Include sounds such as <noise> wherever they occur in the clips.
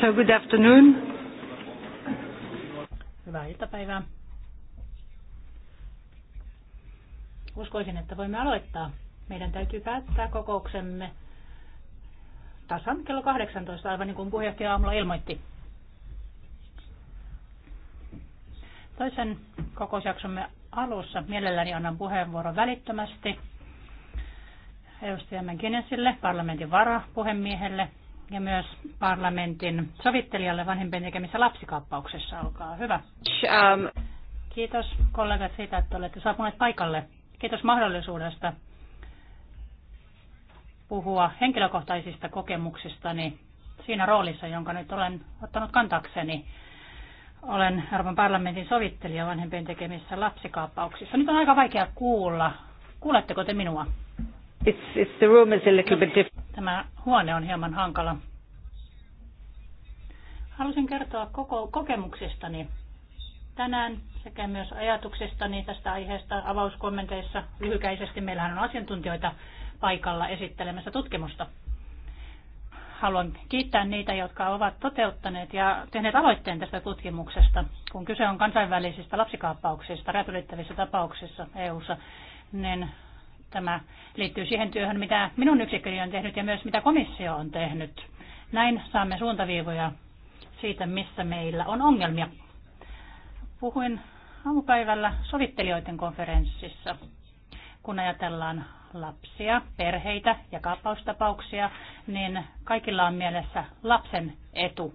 So good afternoon. Hyvää iltapäivää. Uskoisin, että voimme aloittaa. Meidän täytyy päättää kokouksemme tasan kello 18, aivan niin kuin puheenjohtaja aamulla ilmoitti. Toisen kokousjaksomme alussa mielelläni annan puheenvuoron välittömästi edustajamme McGinnisille, parlamentin varapuhemiehelle, ja myös parlamentin sovittelijalle vanhempien tekemissä lapsikaappauksessa. Olkaa hyvä. Um, Kiitos kollegat siitä, että olette saapuneet paikalle. Kiitos mahdollisuudesta puhua henkilökohtaisista kokemuksistani siinä roolissa, jonka nyt olen ottanut kantakseni. Olen Euroopan parlamentin sovittelija vanhempien tekemissä lapsikaappauksissa. Nyt on aika vaikea kuulla. Kuuletteko te minua? It's, it's the room is a little bit different. Tämä huone on hieman hankala. Haluaisin kertoa koko kokemuksestani tänään sekä myös ajatuksestani tästä aiheesta avauskommenteissa lyhykäisesti. Meillähän on asiantuntijoita paikalla esittelemässä tutkimusta. Haluan kiittää niitä, jotka ovat toteuttaneet ja tehneet aloitteen tästä tutkimuksesta. Kun kyse on kansainvälisistä lapsikaappauksista, räpylittävissä tapauksissa EU-ssa, niin Tämä liittyy siihen työhön, mitä minun yksikköni on tehnyt ja myös mitä komissio on tehnyt. Näin saamme suuntaviivoja siitä, missä meillä on ongelmia. Puhuin aamupäivällä sovittelijoiden konferenssissa, kun ajatellaan lapsia, perheitä ja kaappaustapauksia, niin kaikilla on mielessä lapsen etu.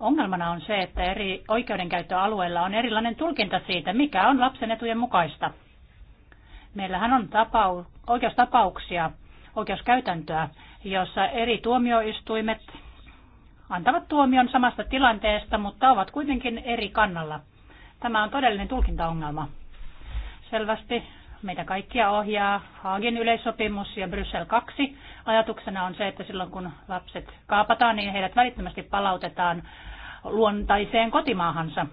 Ongelmana on se, että eri oikeudenkäyttöalueilla on erilainen tulkinta siitä, mikä on lapsen etujen mukaista. Meillähän on tapau, oikeustapauksia, oikeuskäytäntöä, jossa eri tuomioistuimet antavat tuomion samasta tilanteesta, mutta ovat kuitenkin eri kannalla. Tämä on todellinen tulkintaongelma. Selvästi meitä kaikkia ohjaa Haagin yleissopimus ja Bryssel 2. Ajatuksena on se, että silloin kun lapset kaapataan, niin heidät välittömästi palautetaan luontaiseen kotimaahansa,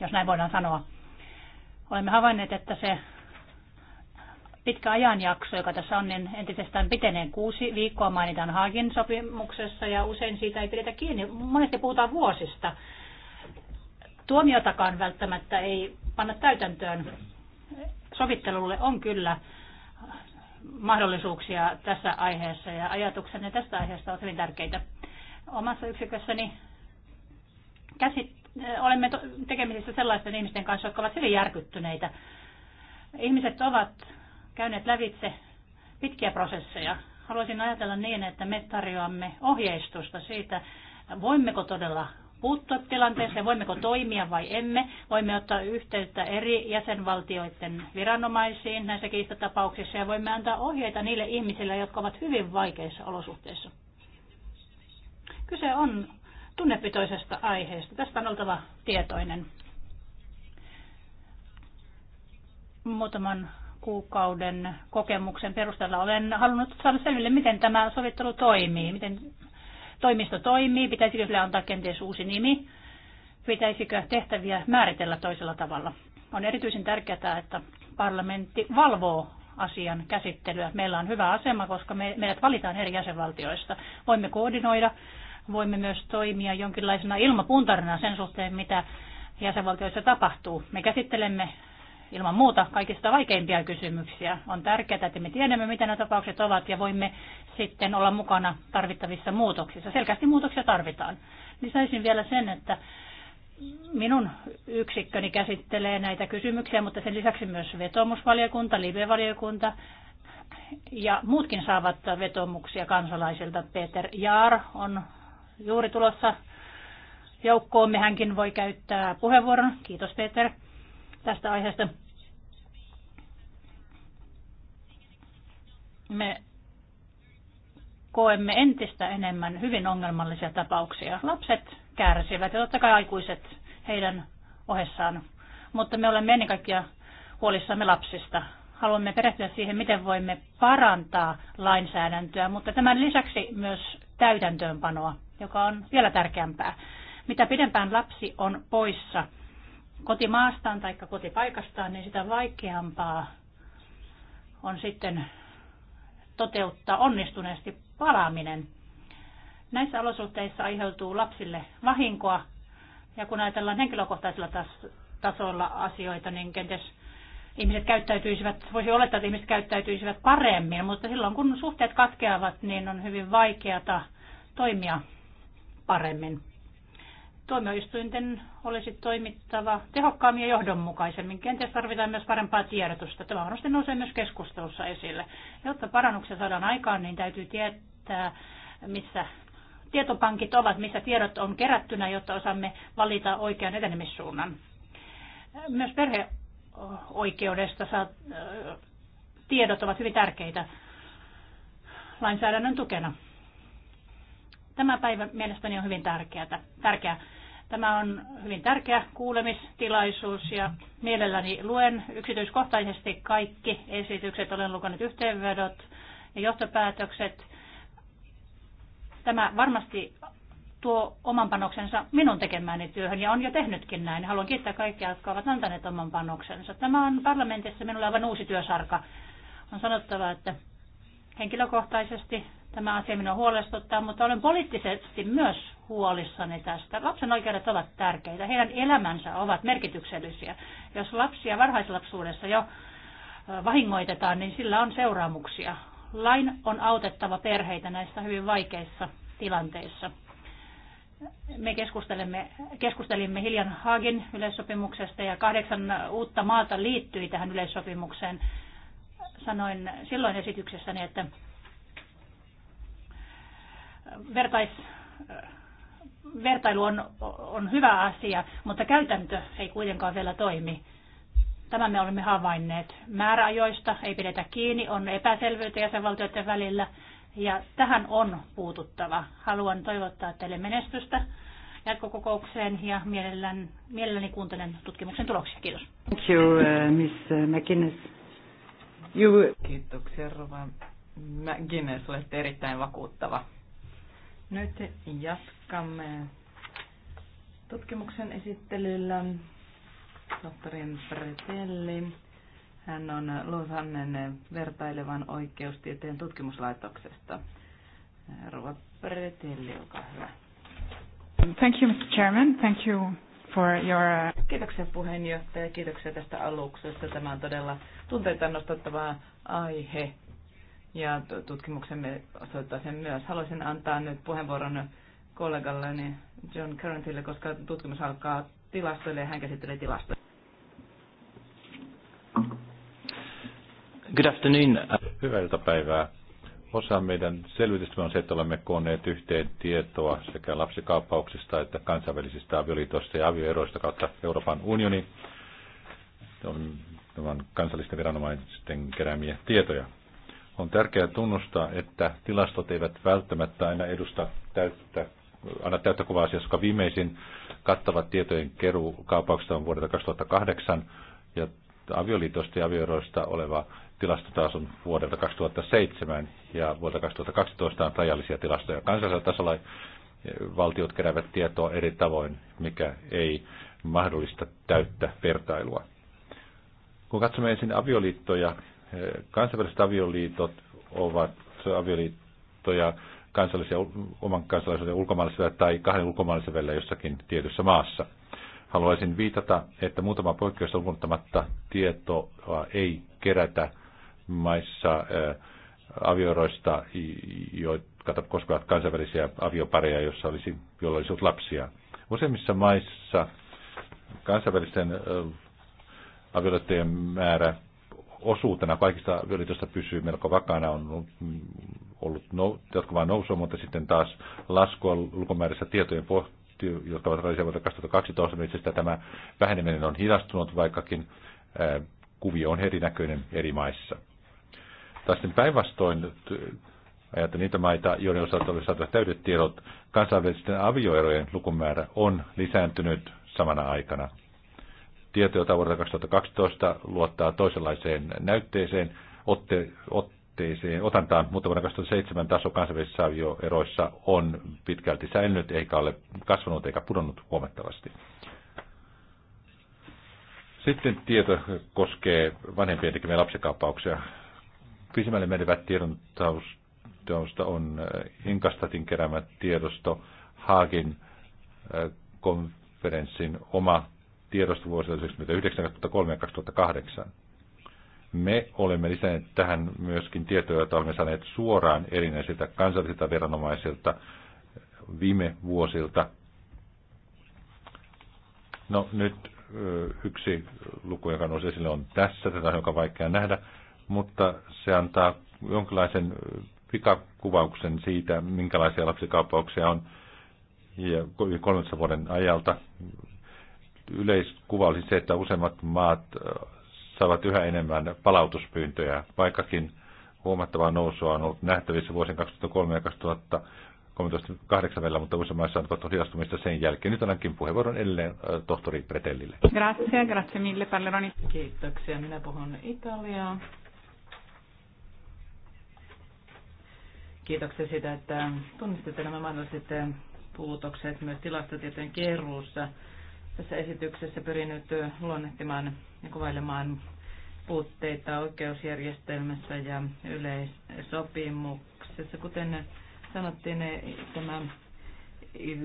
jos näin voidaan sanoa. Olemme havainneet, että se pitkä ajanjakso, joka tässä on, niin entisestään pitenee kuusi viikkoa mainitaan Haagin sopimuksessa ja usein siitä ei pidetä kiinni. Monesti puhutaan vuosista. Tuomiotakaan välttämättä ei panna täytäntöön. Sovittelulle on kyllä mahdollisuuksia tässä aiheessa ja ajatuksenne tästä aiheesta on hyvin tärkeitä. Omassa yksikössäni käsit, olemme tekemisissä sellaisten ihmisten kanssa, jotka ovat hyvin järkyttyneitä. Ihmiset ovat käyneet lävitse pitkiä prosesseja. Haluaisin ajatella niin, että me tarjoamme ohjeistusta siitä, voimmeko todella puuttua tilanteeseen, voimmeko toimia vai emme. Voimme ottaa yhteyttä eri jäsenvaltioiden viranomaisiin näissä kiistatapauksissa ja voimme antaa ohjeita niille ihmisille, jotka ovat hyvin vaikeissa olosuhteissa. Kyse on tunnepitoisesta aiheesta. Tästä on oltava tietoinen. Muutaman kuukauden kokemuksen perusteella olen halunnut saada selville, miten tämä sovittelu toimii, miten toimisto toimii, pitäisikö sille antaa kenties uusi nimi, pitäisikö tehtäviä määritellä toisella tavalla. On erityisen tärkeää, että parlamentti valvoo asian käsittelyä. Meillä on hyvä asema, koska me, meidät valitaan eri jäsenvaltioista. Voimme koordinoida, voimme myös toimia jonkinlaisena ilmapuntarina sen suhteen, mitä jäsenvaltioissa tapahtuu. Me käsittelemme ilman muuta kaikista vaikeimpia kysymyksiä. On tärkeää, että me tiedämme, mitä nämä tapaukset ovat ja voimme sitten olla mukana tarvittavissa muutoksissa. Selkeästi muutoksia tarvitaan. Lisäisin vielä sen, että minun yksikköni käsittelee näitä kysymyksiä, mutta sen lisäksi myös vetomusvaliokunta, livevaliokunta valiokunta ja muutkin saavat vetomuksia kansalaisilta. Peter Jaar on juuri tulossa joukkoon, Hänkin voi käyttää puheenvuoron. Kiitos Peter tästä aiheesta. me koemme entistä enemmän hyvin ongelmallisia tapauksia. Lapset kärsivät ja totta kai aikuiset heidän ohessaan. Mutta me olemme ennen kaikkea huolissamme lapsista. Haluamme perehtyä siihen, miten voimme parantaa lainsäädäntöä, mutta tämän lisäksi myös täytäntöönpanoa, joka on vielä tärkeämpää. Mitä pidempään lapsi on poissa kotimaastaan tai kotipaikastaan, niin sitä vaikeampaa on sitten toteuttaa onnistuneesti palaaminen. Näissä olosuhteissa aiheutuu lapsille vahinkoa, ja kun ajatellaan henkilökohtaisella tasolla asioita, niin kenties ihmiset käyttäytyisivät, voisi olettaa, että ihmiset käyttäytyisivät paremmin, mutta silloin kun suhteet katkeavat, niin on hyvin vaikeata toimia paremmin tuomioistuinten olisi toimittava tehokkaammin ja johdonmukaisemmin. Kenties tarvitaan myös parempaa tiedotusta. Tämä varmasti nousee myös keskustelussa esille. Jotta parannuksia saadaan aikaan, niin täytyy tietää, missä tietopankit ovat, missä tiedot on kerättynä, jotta osaamme valita oikean etenemissuunnan. Myös perheoikeudesta saa, tiedot ovat hyvin tärkeitä lainsäädännön tukena. Tämä päivä mielestäni on hyvin tärkeää. tärkeää. Tämä on hyvin tärkeä kuulemistilaisuus ja mielelläni luen yksityiskohtaisesti kaikki esitykset. Olen lukenut yhteenvedot ja johtopäätökset. Tämä varmasti tuo oman panoksensa minun tekemääni työhön ja on jo tehnytkin näin. Haluan kiittää kaikkia, jotka ovat antaneet oman panoksensa. Tämä on parlamentissa minulle aivan uusi työsarka. On sanottava, että henkilökohtaisesti Tämä asia minua huolestuttaa, mutta olen poliittisesti myös huolissani tästä. Lapsen oikeudet ovat tärkeitä. Heidän elämänsä ovat merkityksellisiä. Jos lapsia varhaislapsuudessa jo vahingoitetaan, niin sillä on seuraamuksia. Lain on autettava perheitä näissä hyvin vaikeissa tilanteissa. Me keskustelimme, keskustelimme Hiljan Haagin yleissopimuksesta ja kahdeksan uutta maata liittyi tähän yleissopimukseen. Sanoin silloin esityksessäni, että vertais, vertailu on, on hyvä asia, mutta käytäntö ei kuitenkaan vielä toimi. Tämä me olemme havainneet. Määräajoista ei pidetä kiinni, on epäselvyyttä jäsenvaltioiden välillä ja tähän on puututtava. Haluan toivottaa teille menestystä jatkokokoukseen ja mielelläni, mielelläni kuuntelen tutkimuksen tuloksia. Kiitos. Thank you, uh, Miss McInnes. You... Kiitoksia, Rova McGuinness. Olette erittäin vakuuttava. Nyt jatkamme tutkimuksen esittelyllä. Tohtori Pretelli. Hän on Luusannen vertailevan oikeustieteen tutkimuslaitoksesta. Rova Pretelli, olkaa hyvä. Thank you, Mr. Chairman. Thank you for your... Uh, kiitoksia puheenjohtaja, kiitoksia tästä aluksesta. Tämä on todella tunteita nostattava aihe ja tutkimuksemme osoittaa sen myös. Haluaisin antaa nyt puheenvuoron kollegalleni John Currentille, koska tutkimus alkaa tilastoille ja hän käsittelee tilastoja. Good afternoon. Hyvää iltapäivää. Osa meidän selvitystä, on se, että olemme koonneet yhteen tietoa sekä lapsikaappauksista että kansainvälisistä avioliitoista ja avioeroista kautta Euroopan unioni. Tämä on kansallisten viranomaisten keräämiä tietoja. On tärkeää tunnustaa, että tilastot eivät välttämättä aina edusta täyttä, aina täyttä kuvaa asiassa, koska viimeisin kattava tietojen keruu kaupauksesta on vuodelta 2008 ja avioliitosta ja avioeroista oleva tilasto taas on vuodelta 2007 ja vuodelta 2012 on rajallisia tilastoja. Kansallisella tasolla valtiot keräävät tietoa eri tavoin, mikä ei mahdollista täyttä vertailua. Kun katsomme ensin avioliittoja Kansainväliset avioliitot ovat avioliittoja kansallisia, oman kansalaisuuden ulkomaalaisella tai kahden ulkomaalaisen välillä jossakin tietyssä maassa. Haluaisin viitata, että muutama poikkeus lukunottamatta tietoa ei kerätä maissa äh, avioroista, jotka koskevat kansainvälisiä aviopareja, joissa olisi, joilla olisi lapsia. Useimmissa maissa kansainvälisten äh, avioliittojen määrä osuutena kaikista yritystä pysyy melko vakaana, on ollut mm, no, jatkuvaa nousua, mutta sitten taas laskua lukumäärissä tietojen pohti, jotka ovat rajoisia vuotta 2012, niin itse tämä väheneminen on hidastunut, vaikkakin kuvio on erinäköinen eri maissa. Taas sitten päinvastoin ajattelen niitä maita, joiden osalta olisi saatu täydet tiedot, kansainvälisten avioerojen lukumäärä on lisääntynyt samana aikana tieto, jota vuodelta 2012 luottaa toisenlaiseen näytteeseen, otte, otteeseen, otantaan, mutta vuonna 2007 taso kansainvälisissä avioeroissa on pitkälti säilynyt, eikä ole kasvanut eikä pudonnut huomattavasti. Sitten tieto koskee vanhempien tekemiä lapsikaappauksia. Pisimmälle menevät tiedon tausta on äh, Inkastatin keräämä tiedosto, Haagin äh, konferenssin oma tiedosta vuosilta 1993 ja 2008. Me olemme lisänneet tähän myöskin tietoja, joita olemme saaneet suoraan erinäisiltä kansallisilta viranomaisilta viime vuosilta. No nyt yksi luku, joka nousi esille, on tässä. Tätä on joka vaikea nähdä, mutta se antaa jonkinlaisen pikakuvauksen siitä, minkälaisia lapsikaupauksia on ja 13 vuoden ajalta yleiskuva olisi se, että useimmat maat äh, saavat yhä enemmän palautuspyyntöjä, vaikkakin huomattavaa nousua on ollut nähtävissä vuosien 2003 ja 2013 välillä, mutta useimmat maissa on tapahtunut hidastumista sen jälkeen. Nyt annankin puheenvuoron edelleen äh, tohtori Pretellille. Grazie, grazie mille parleroni. Kiitoksia, minä puhun Italiaa. Kiitoksia siitä, että tunnistitte nämä mahdolliset puutokset myös tilastotieteen keruussa. Tässä esityksessä pyrin nyt luonnehtimaan ja kuvailemaan puutteita oikeusjärjestelmässä ja yleissopimuksessa. Kuten sanottiin, tämä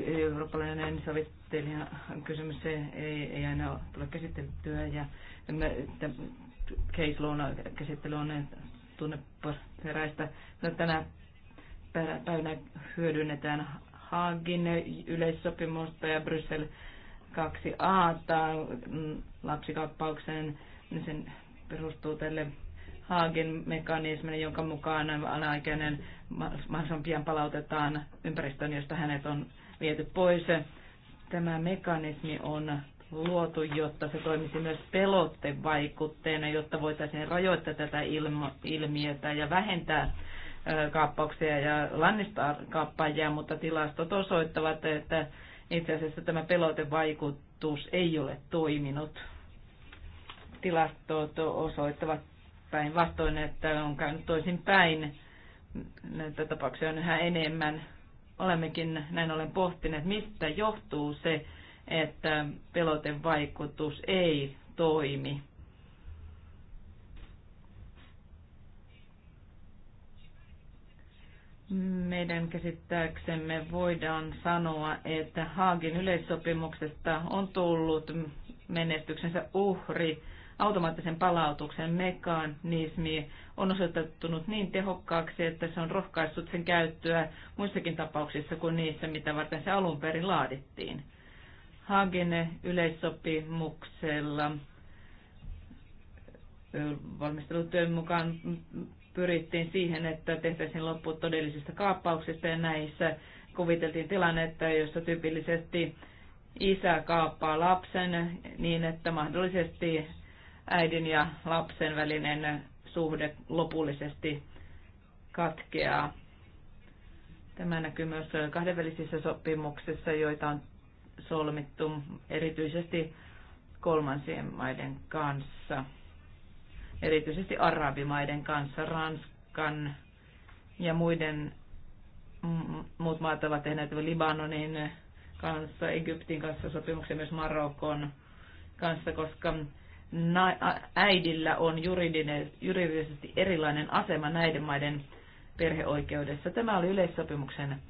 eurooppalainen sovittelijan kysymys se ei, ei aina tule käsiteltyä ja me, case lawn käsittely on tunneperäistä. No, tänä päivänä hyödynnetään Haagin yleissopimusta ja Bryssel 2a mm, lapsikaappaukseen, niin sen perustuu tälle Haagin mekanismille, jonka mukaan alaikäinen mahdollisimman pian palautetaan ympäristöön, josta hänet on viety pois. Tämä mekanismi on luotu, jotta se toimisi myös pelottevaikutteena, jotta voitaisiin rajoittaa tätä ilmiötä ja vähentää kaappauksia ja lannistaa kaappajia, mutta tilastot osoittavat, että itse asiassa tämä pelotevaikutus ei ole toiminut. Tilastot osoittavat päinvastoin, että on käynyt toisin päin. Näitä tapauksia on yhä enemmän. Olemmekin näin ollen pohtineet, mistä johtuu se, että pelotevaikutus ei toimi. Meidän käsittääksemme voidaan sanoa, että Haagin yleissopimuksesta on tullut menestyksensä uhri. Automaattisen palautuksen mekanismi on osoitettunut niin tehokkaaksi, että se on rohkaissut sen käyttöä muissakin tapauksissa kuin niissä, mitä varten se alun perin laadittiin. Haagin yleissopimuksella valmistelutyön mukaan pyrittiin siihen, että tehtäisiin loppu todellisista kaappauksista ja näissä kuviteltiin tilannetta, jossa tyypillisesti isä kaappaa lapsen niin, että mahdollisesti äidin ja lapsen välinen suhde lopullisesti katkeaa. Tämä näkyy myös kahdenvälisissä sopimuksissa, joita on solmittu erityisesti kolmansien maiden kanssa erityisesti arabimaiden kanssa, Ranskan ja muiden muut maat ovat tehneet Libanonin kanssa, Egyptin kanssa sopimuksia myös Marokon kanssa, koska äidillä on juridinen, juridisesti erilainen asema näiden maiden perheoikeudessa. Tämä oli yleissopimuksen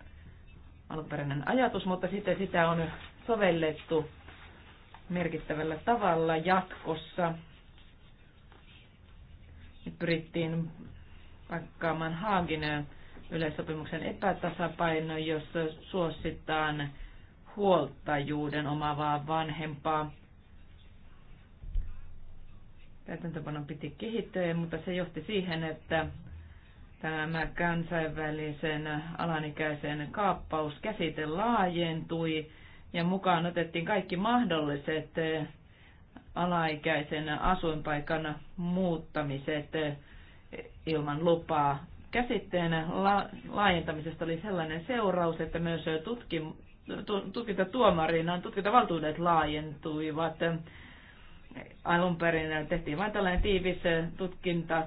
alkuperäinen ajatus, mutta sitten sitä on sovellettu merkittävällä tavalla jatkossa pyrittiin paikkaamaan Haagin yleissopimuksen epätasapaino, jossa suositaan huoltajuuden omaavaa vanhempaa. Täytäntöpanon piti kehittyä, mutta se johti siihen, että tämä kansainvälisen alanikäisen käsite laajentui ja mukaan otettiin kaikki mahdolliset alaikäisen asuinpaikan muuttamiset ilman lupaa. Käsitteen laajentamisesta oli sellainen seuraus, että myös tutkim- tutkintatuomarina tutkintavaltuudet laajentuivat. Alun perin tehtiin vain tällainen tiivis tutkinta,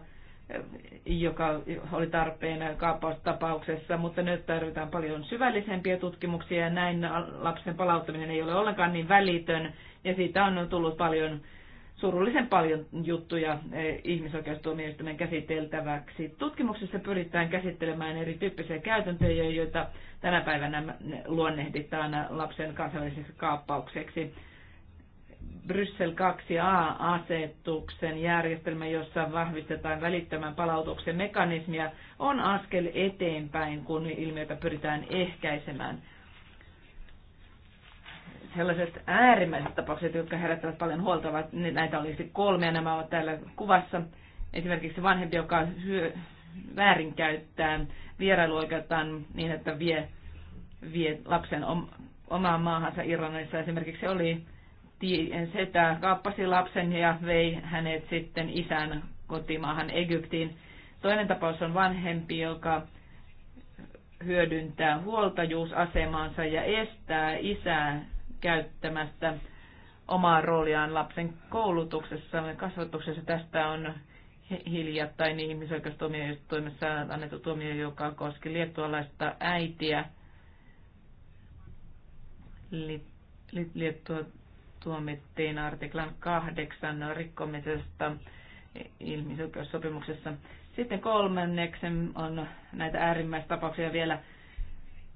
joka oli tarpeen kaappaustapauksessa, mutta nyt tarvitaan paljon syvällisempiä tutkimuksia ja näin lapsen palauttaminen ei ole ollenkaan niin välitön ja siitä on tullut paljon, surullisen paljon juttuja eh, ihmisoikeustuomioistuimen käsiteltäväksi. Tutkimuksessa pyritään käsittelemään erityyppisiä käytäntöjä, joita tänä päivänä luonnehditaan lapsen kansainväliseksi kaappaukseksi. Bryssel 2a-asetuksen järjestelmä, jossa vahvistetaan välittömän palautuksen mekanismia, on askel eteenpäin, kun ilmiötä pyritään ehkäisemään – sellaiset äärimmäiset tapaukset, jotka herättävät paljon huolta, ovat, näitä olisi kolme ja nämä ovat täällä kuvassa. Esimerkiksi vanhempi, joka syö, väärinkäyttää vierailuoikeuttaan niin, että vie, vie lapsen om, omaan maahansa Irlannissa. Esimerkiksi oli setä kaappasi lapsen ja vei hänet sitten isän kotimaahan Egyptiin. Toinen tapaus on vanhempi, joka hyödyntää huoltajuusasemaansa ja estää isää käyttämässä omaa rooliaan lapsen koulutuksessa ja kasvatuksessa. Tästä on hiljattain ihmisoikeustuomioistuimessa annettu tuomio, joka koski liettualaista äitiä. Liettua tuomittiin artiklan kahdeksan rikkomisesta ihmisoikeussopimuksessa. Sitten kolmanneksen on näitä äärimmäistapauksia vielä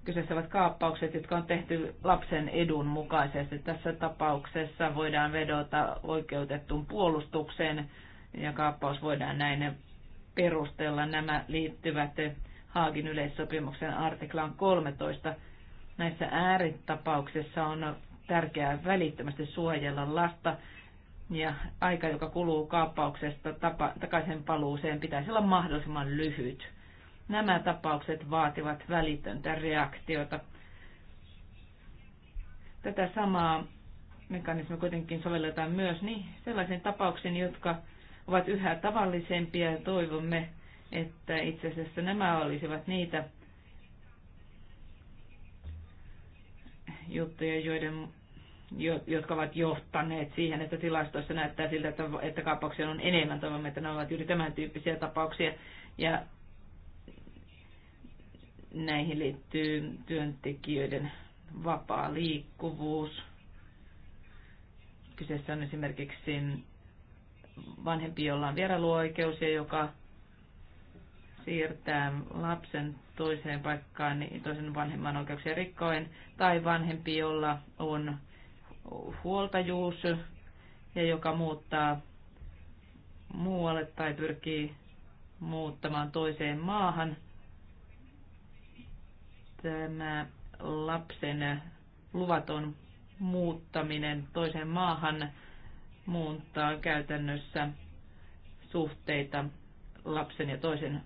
Kyseessä ovat kaappaukset, jotka on tehty lapsen edun mukaisesti. Tässä tapauksessa voidaan vedota oikeutettuun puolustukseen ja kaappaus voidaan näin perustella. Nämä liittyvät Haagin yleissopimuksen artiklaan 13. Näissä ääritapauksissa on tärkeää välittömästi suojella lasta ja aika, joka kuluu kaappauksesta tapa, takaisin paluuseen, pitäisi olla mahdollisimman lyhyt. Nämä tapaukset vaativat välitöntä reaktiota. Tätä samaa mekanismia kuitenkin sovelletaan myös niin sellaisiin tapauksiin, jotka ovat yhä tavallisempia ja toivomme, että itse asiassa nämä olisivat niitä juttuja, joiden, jotka ovat johtaneet siihen, että tilastoissa näyttää siltä, että, että kaappauksia on enemmän. Toivomme, että ne ovat juuri tämän tyyppisiä tapauksia. Ja Näihin liittyy työntekijöiden vapaa liikkuvuus. Kyseessä on esimerkiksi vanhempi, jolla on vierailuoikeus ja joka siirtää lapsen toiseen paikkaan niin toisen vanhemman oikeuksia rikkoen, tai vanhempi, jolla on huoltajuus ja joka muuttaa muualle tai pyrkii muuttamaan toiseen maahan – tämä äh, lapsen luvaton muuttaminen toiseen maahan muuntaa käytännössä suhteita lapsen ja toisen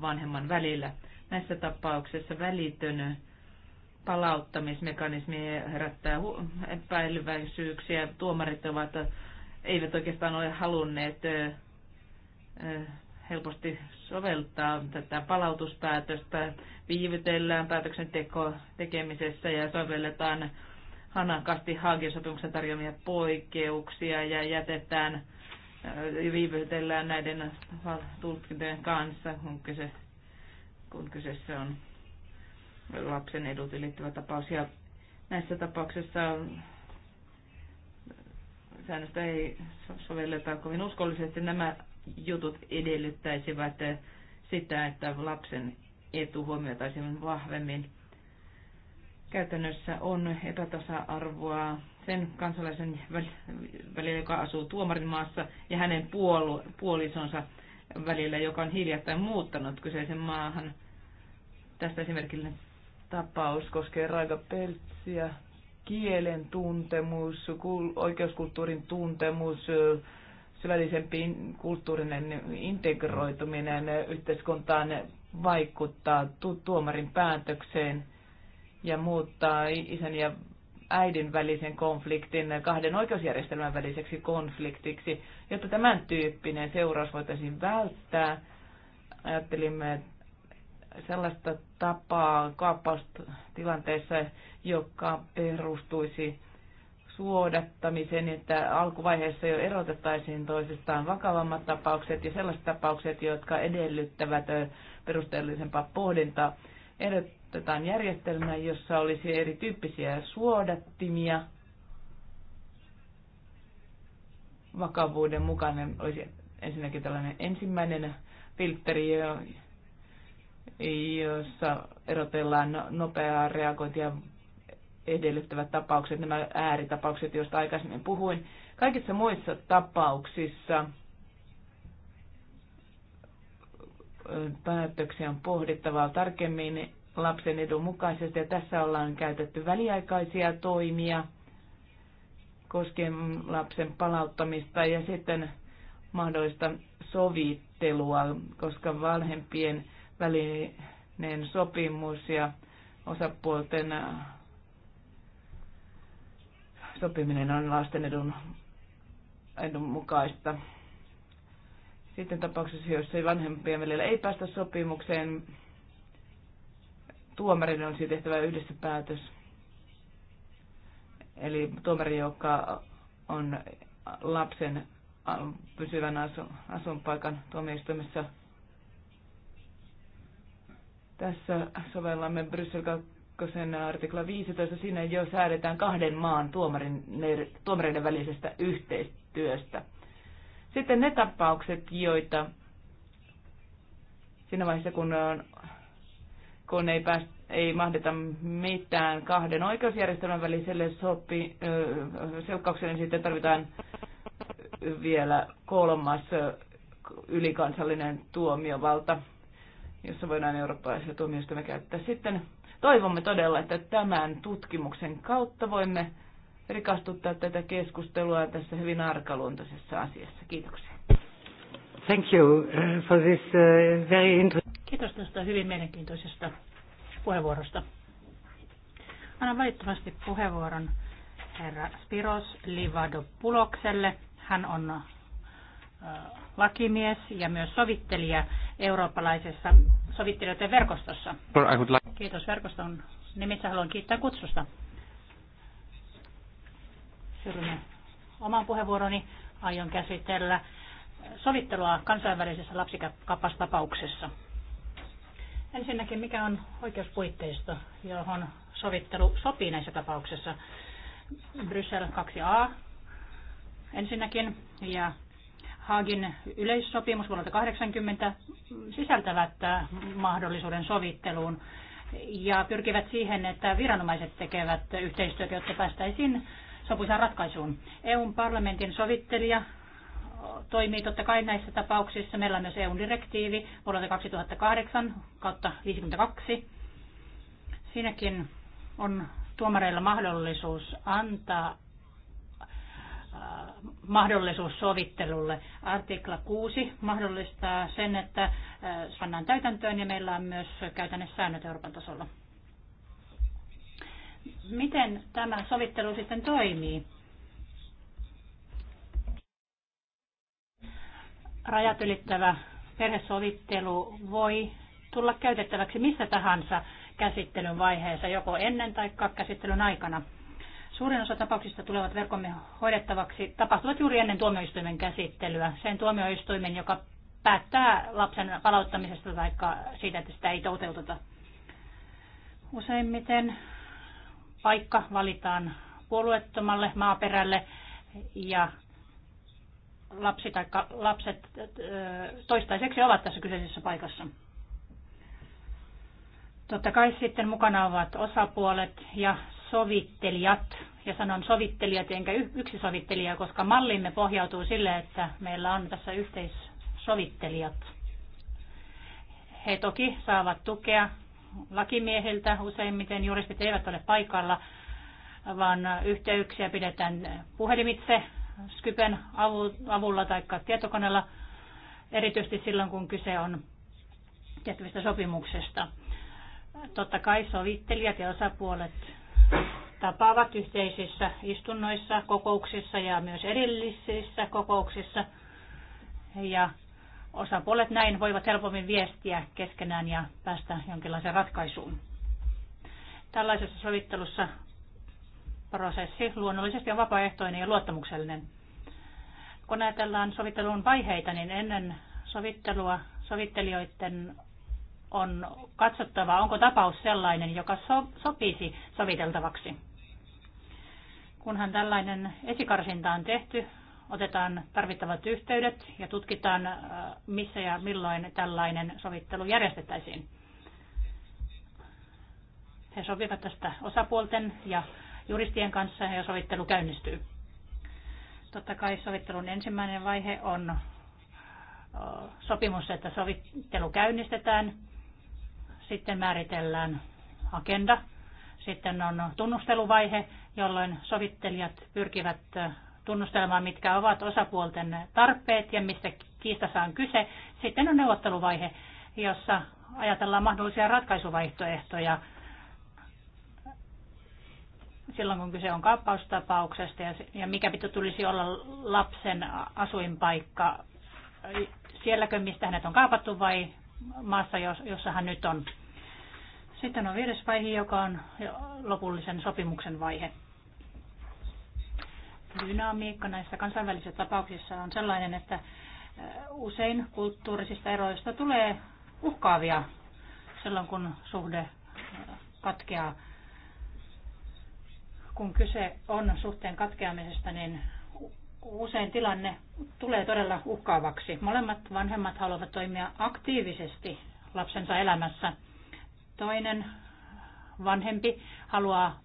vanhemman välillä. Näissä tapauksissa välitön palauttamismekanismi herättää epäilyväisyyksiä. Tuomarit ovat, eivät oikeastaan ole halunneet helposti soveltaa tätä palautuspäätöstä viivytellään päätöksenteko tekemisessä ja sovelletaan hanakasti Haagin tarjoamia poikkeuksia ja jätetään viivytellään näiden tulkintojen kanssa, kun, kyse, kun kyseessä on lapsen edut liittyvä tapaus. Ja näissä tapauksissa säännöstä ei sovelleta kovin uskollisesti. Nämä jutut edellyttäisivät sitä, että lapsen etu huomioitaisiin vahvemmin. Käytännössä on epätasa-arvoa sen kansalaisen välillä, joka asuu maassa, ja hänen puolisonsa välillä, joka on hiljattain muuttanut kyseisen maahan. Tästä esimerkillinen tapaus koskee Raika Peltsiä, kielen tuntemus, oikeuskulttuurin tuntemus, syvällisempi kulttuurinen integroituminen yhteiskuntaan vaikuttaa tu- tuomarin päätökseen ja muuttaa isän ja äidin välisen konfliktin kahden oikeusjärjestelmän väliseksi konfliktiksi, jotta tämän tyyppinen seuraus voitaisiin välttää. Ajattelimme sellaista tapaa kaappaustilanteessa, joka perustuisi suodattamiseen, että alkuvaiheessa jo erotettaisiin toisistaan vakavammat tapaukset ja sellaiset tapaukset, jotka edellyttävät perusteellisempaa pohdintaa. Ehdotetaan järjestelmää, jossa olisi erityyppisiä suodattimia. Vakavuuden mukainen olisi ensinnäkin tällainen ensimmäinen filtteri, jossa erotellaan nopeaa reagointia edellyttävät tapaukset, nämä ääritapaukset, joista aikaisemmin puhuin. Kaikissa muissa tapauksissa päätöksiä on pohdittava tarkemmin lapsen edun mukaisesti. Ja tässä ollaan käytetty väliaikaisia toimia koskien lapsen palauttamista ja sitten mahdollista sovittelua, koska vanhempien välinen sopimus ja osapuolten äh, sopiminen on lasten edun, edun mukaista. Sitten tapauksessa, jos ei vanhempien välillä ei päästä sopimukseen, tuomarin on siitä tehtävä yhdessä päätös. Eli tuomari, joka on lapsen pysyvän asunpaikan tuomioistuimessa. Tässä sovellamme Bryssel 2. artikla 15. Siinä jo säädetään kahden maan tuomarin, tuomareiden välisestä yhteistyöstä. Sitten ne tapaukset, joita siinä vaiheessa, kun, on, äh, kun ei, pääs, ei mahdeta mitään kahden oikeusjärjestelmän väliselle sopi, äh, selkkaukselle, niin sitten tarvitaan vielä kolmas äh, ylikansallinen tuomiovalta, jossa voidaan eurooppalaisia tuomioistuimia käyttää. Sitten toivomme todella, että tämän tutkimuksen kautta voimme rikastuttaa tätä keskustelua tässä hyvin arkaluontoisessa asiassa. Kiitoksia. Thank you uh, for this uh, very interesting... Kiitos tästä hyvin mielenkiintoisesta puheenvuorosta. Annan välittömästi puheenvuoron herra Spiros Livadopulokselle. Hän on uh, lakimies ja myös sovittelija eurooppalaisessa sovittelijoiden verkostossa. Kiitos verkoston nimissä. Haluan kiittää kutsusta. Syrjinen oman puheenvuoroni. Aion käsitellä sovittelua kansainvälisessä lapsikapastapauksessa. Ensinnäkin, mikä on oikeuspuitteisto, johon sovittelu sopii näissä tapauksissa? Bryssel 2a ensinnäkin ja Haagin yleissopimus vuodelta 80 sisältävät mahdollisuuden sovitteluun ja pyrkivät siihen, että viranomaiset tekevät yhteistyötä, jotta päästäisiin sopuisaan ratkaisuun. EUn parlamentin sovittelija toimii totta kai näissä tapauksissa. Meillä on myös EUn direktiivi vuodelta 2008 kautta 52. Siinäkin on tuomareilla mahdollisuus antaa äh, mahdollisuus sovittelulle. Artikla 6 mahdollistaa sen, että äh, pannaan täytäntöön ja meillä on myös käytännössä säännöt Euroopan tasolla. Miten tämä sovittelu sitten toimii? Rajat ylittävä perhesovittelu voi tulla käytettäväksi missä tahansa käsittelyn vaiheessa, joko ennen tai käsittelyn aikana. Suurin osa tapauksista tulevat verkomme hoidettavaksi tapahtuvat juuri ennen tuomioistuimen käsittelyä. Sen tuomioistuimen, joka päättää lapsen palauttamisesta tai siitä, että sitä ei toteuteta. Useimmiten paikka valitaan puolueettomalle maaperälle ja lapsi tai lapset toistaiseksi ovat tässä kyseisessä paikassa. Totta kai sitten mukana ovat osapuolet ja sovittelijat. Ja sanon sovittelijat enkä yksi sovittelija, koska mallimme pohjautuu sille, että meillä on tässä yhteissovittelijat. He toki saavat tukea lakimieheltä. Useimmiten juristit eivät ole paikalla, vaan yhteyksiä pidetään puhelimitse, Skypen avulla tai tietokoneella, erityisesti silloin kun kyse on tehtävistä sopimuksesta. Totta kai sovittelijat ja osapuolet tapaavat yhteisissä istunnoissa, kokouksissa ja myös erillisissä kokouksissa. Ja osapuolet näin voivat helpommin viestiä keskenään ja päästä jonkinlaiseen ratkaisuun. Tällaisessa sovittelussa prosessi luonnollisesti on vapaaehtoinen ja luottamuksellinen. Kun ajatellaan sovittelun vaiheita, niin ennen sovittelua sovittelijoiden on katsottava, onko tapaus sellainen, joka so- sopisi soviteltavaksi. Kunhan tällainen esikarsinta on tehty, otetaan tarvittavat yhteydet ja tutkitaan, äh, missä ja milloin tällainen sovittelu järjestettäisiin. He sopivat tästä osapuolten ja juristien kanssa ja sovittelu käynnistyy. Totta kai sovittelun ensimmäinen vaihe on äh, sopimus, että sovittelu käynnistetään, sitten määritellään agenda, sitten on tunnusteluvaihe, jolloin sovittelijat pyrkivät äh, tunnustelemaan, mitkä ovat osapuolten tarpeet ja mistä kiistassa on kyse. Sitten on neuvotteluvaihe, jossa ajatellaan mahdollisia ratkaisuvaihtoehtoja silloin, kun kyse on kaappaustapauksesta ja, mikä pito tulisi olla lapsen asuinpaikka, sielläkö, mistä hänet on kaapattu vai maassa, jossa hän nyt on. Sitten on viides vaihe, joka on lopullisen sopimuksen vaihe dynamiikka näissä kansainvälisissä tapauksissa on sellainen, että äh, usein kulttuurisista eroista tulee uhkaavia silloin, kun suhde äh, katkeaa. Kun kyse on suhteen katkeamisesta, niin usein tilanne tulee todella uhkaavaksi. Molemmat vanhemmat haluavat toimia aktiivisesti lapsensa elämässä. Toinen vanhempi haluaa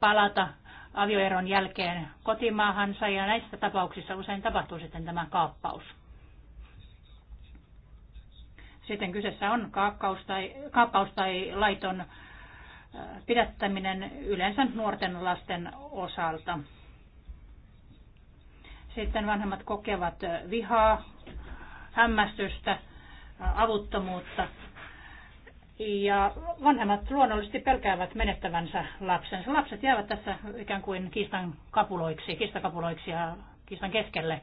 palata avioeron jälkeen kotimaahansa ja näissä tapauksissa usein tapahtuu sitten tämä kaappaus. Sitten kyseessä on kaappaus tai, kaappaus tai laiton pidättäminen yleensä nuorten lasten osalta. Sitten vanhemmat kokevat vihaa, hämmästystä, avuttomuutta ja vanhemmat luonnollisesti pelkäävät menettävänsä lapsensa. Lapset jäävät tässä ikään kuin kiistan kapuloiksi, kiistakapuloiksi ja kiistan keskelle.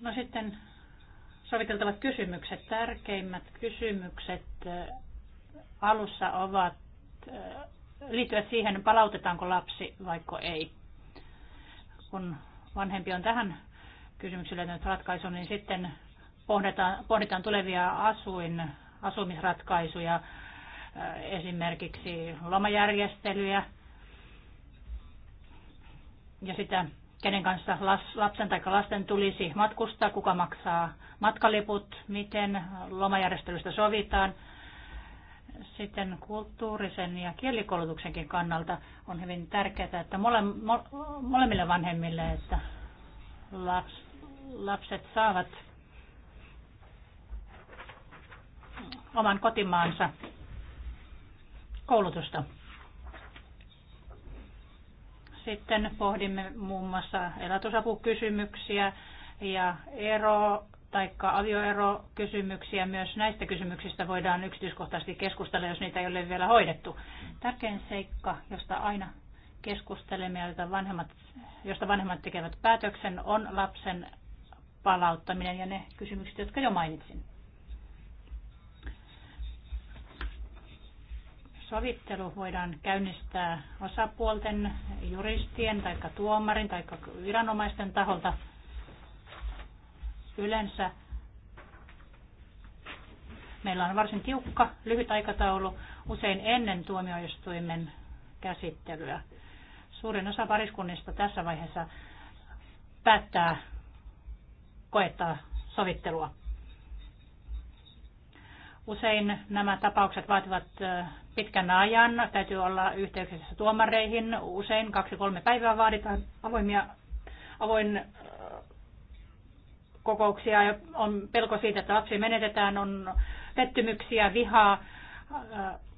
No sitten soviteltavat kysymykset, tärkeimmät kysymykset äh, alussa ovat äh, liittyvät siihen, palautetaanko lapsi vaiko ei. Kun vanhempi on tähän kysymykseen löytänyt ratkaisun, niin sitten pohditaan, pohditaan tulevia asuin, asumisratkaisuja, äh, esimerkiksi lomajärjestelyjä ja sitä, kenen kanssa lapsen tai lasten tulisi matkustaa, kuka maksaa matkaliput, miten lomajärjestelystä sovitaan. Sitten kulttuurisen ja kielikoulutuksenkin kannalta on hyvin tärkeää, että molemmille vanhemmille, että lapset saavat oman kotimaansa koulutusta. Sitten pohdimme muun muassa elatusapukysymyksiä ja ero- tai avioerokysymyksiä. Myös näistä kysymyksistä voidaan yksityiskohtaisesti keskustella, jos niitä ei ole vielä hoidettu. Tärkein seikka, josta aina keskustelemme ja josta vanhemmat, josta vanhemmat tekevät päätöksen, on lapsen palauttaminen ja ne kysymykset, jotka jo mainitsin. sovittelu voidaan käynnistää osapuolten, juristien tai tuomarin tai viranomaisten taholta. Yleensä meillä on varsin tiukka, lyhyt aikataulu usein ennen tuomioistuimen käsittelyä. Suurin osa pariskunnista tässä vaiheessa päättää koettaa sovittelua. Usein nämä tapaukset vaativat pitkän ajan. Täytyy olla yhteyksissä tuomareihin. Usein kaksi-kolme päivää vaaditaan avoimia, avoin kokouksia. On pelko siitä, että lapsi menetetään, on pettymyksiä, vihaa,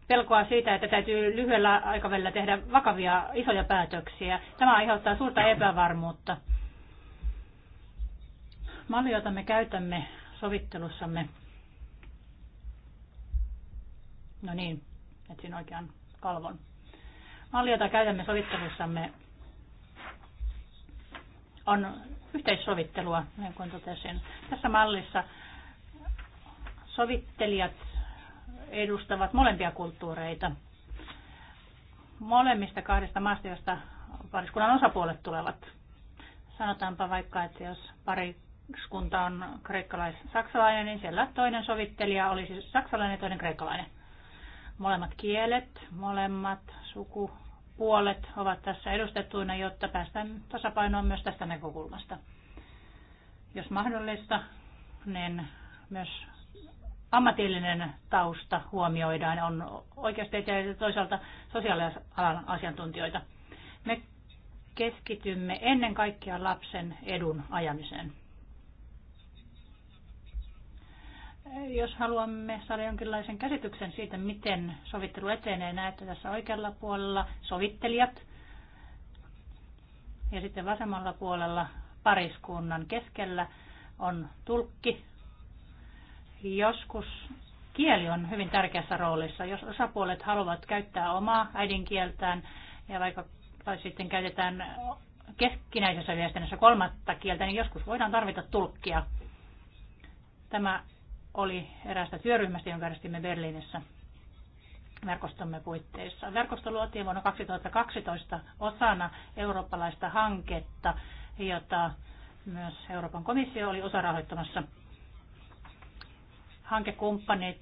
pelkoa siitä, että täytyy lyhyellä aikavälillä tehdä vakavia isoja päätöksiä. Tämä aiheuttaa suurta epävarmuutta. Malli, jota me käytämme sovittelussamme. No niin, että siinä oikean kalvon. Malli, jota käytämme sovittelussamme, on yhteissovittelua, niin kuin totesin. Tässä mallissa sovittelijat edustavat molempia kulttuureita. Molemmista kahdesta maasta, josta pariskunnan osapuolet tulevat. Sanotaanpa vaikka, että jos kunta on kreikkalais-saksalainen, niin siellä toinen sovittelija olisi saksalainen ja toinen kreikkalainen. Molemmat kielet, molemmat sukupuolet ovat tässä edustettuina, jotta päästään tasapainoon myös tästä näkökulmasta. Jos mahdollista, niin myös ammatillinen tausta huomioidaan. On oikeustieteilijöitä ja toisaalta sosiaalialan asiantuntijoita. Me keskitymme ennen kaikkea lapsen edun ajamiseen. jos haluamme saada jonkinlaisen käsityksen siitä, miten sovittelu etenee, näette tässä oikealla puolella sovittelijat ja sitten vasemmalla puolella pariskunnan keskellä on tulkki. Joskus kieli on hyvin tärkeässä roolissa. Jos osapuolet haluavat käyttää omaa äidinkieltään ja vaikka tai sitten käytetään keskinäisessä viestinnässä kolmatta kieltä, niin joskus voidaan tarvita tulkkia. Tämä oli eräästä työryhmästä, jonka järjestimme Berliinissä verkostomme puitteissa. Verkosto luotiin vuonna 2012 osana eurooppalaista hanketta, jota myös Euroopan komissio oli osarahoittamassa. Hankekumppanit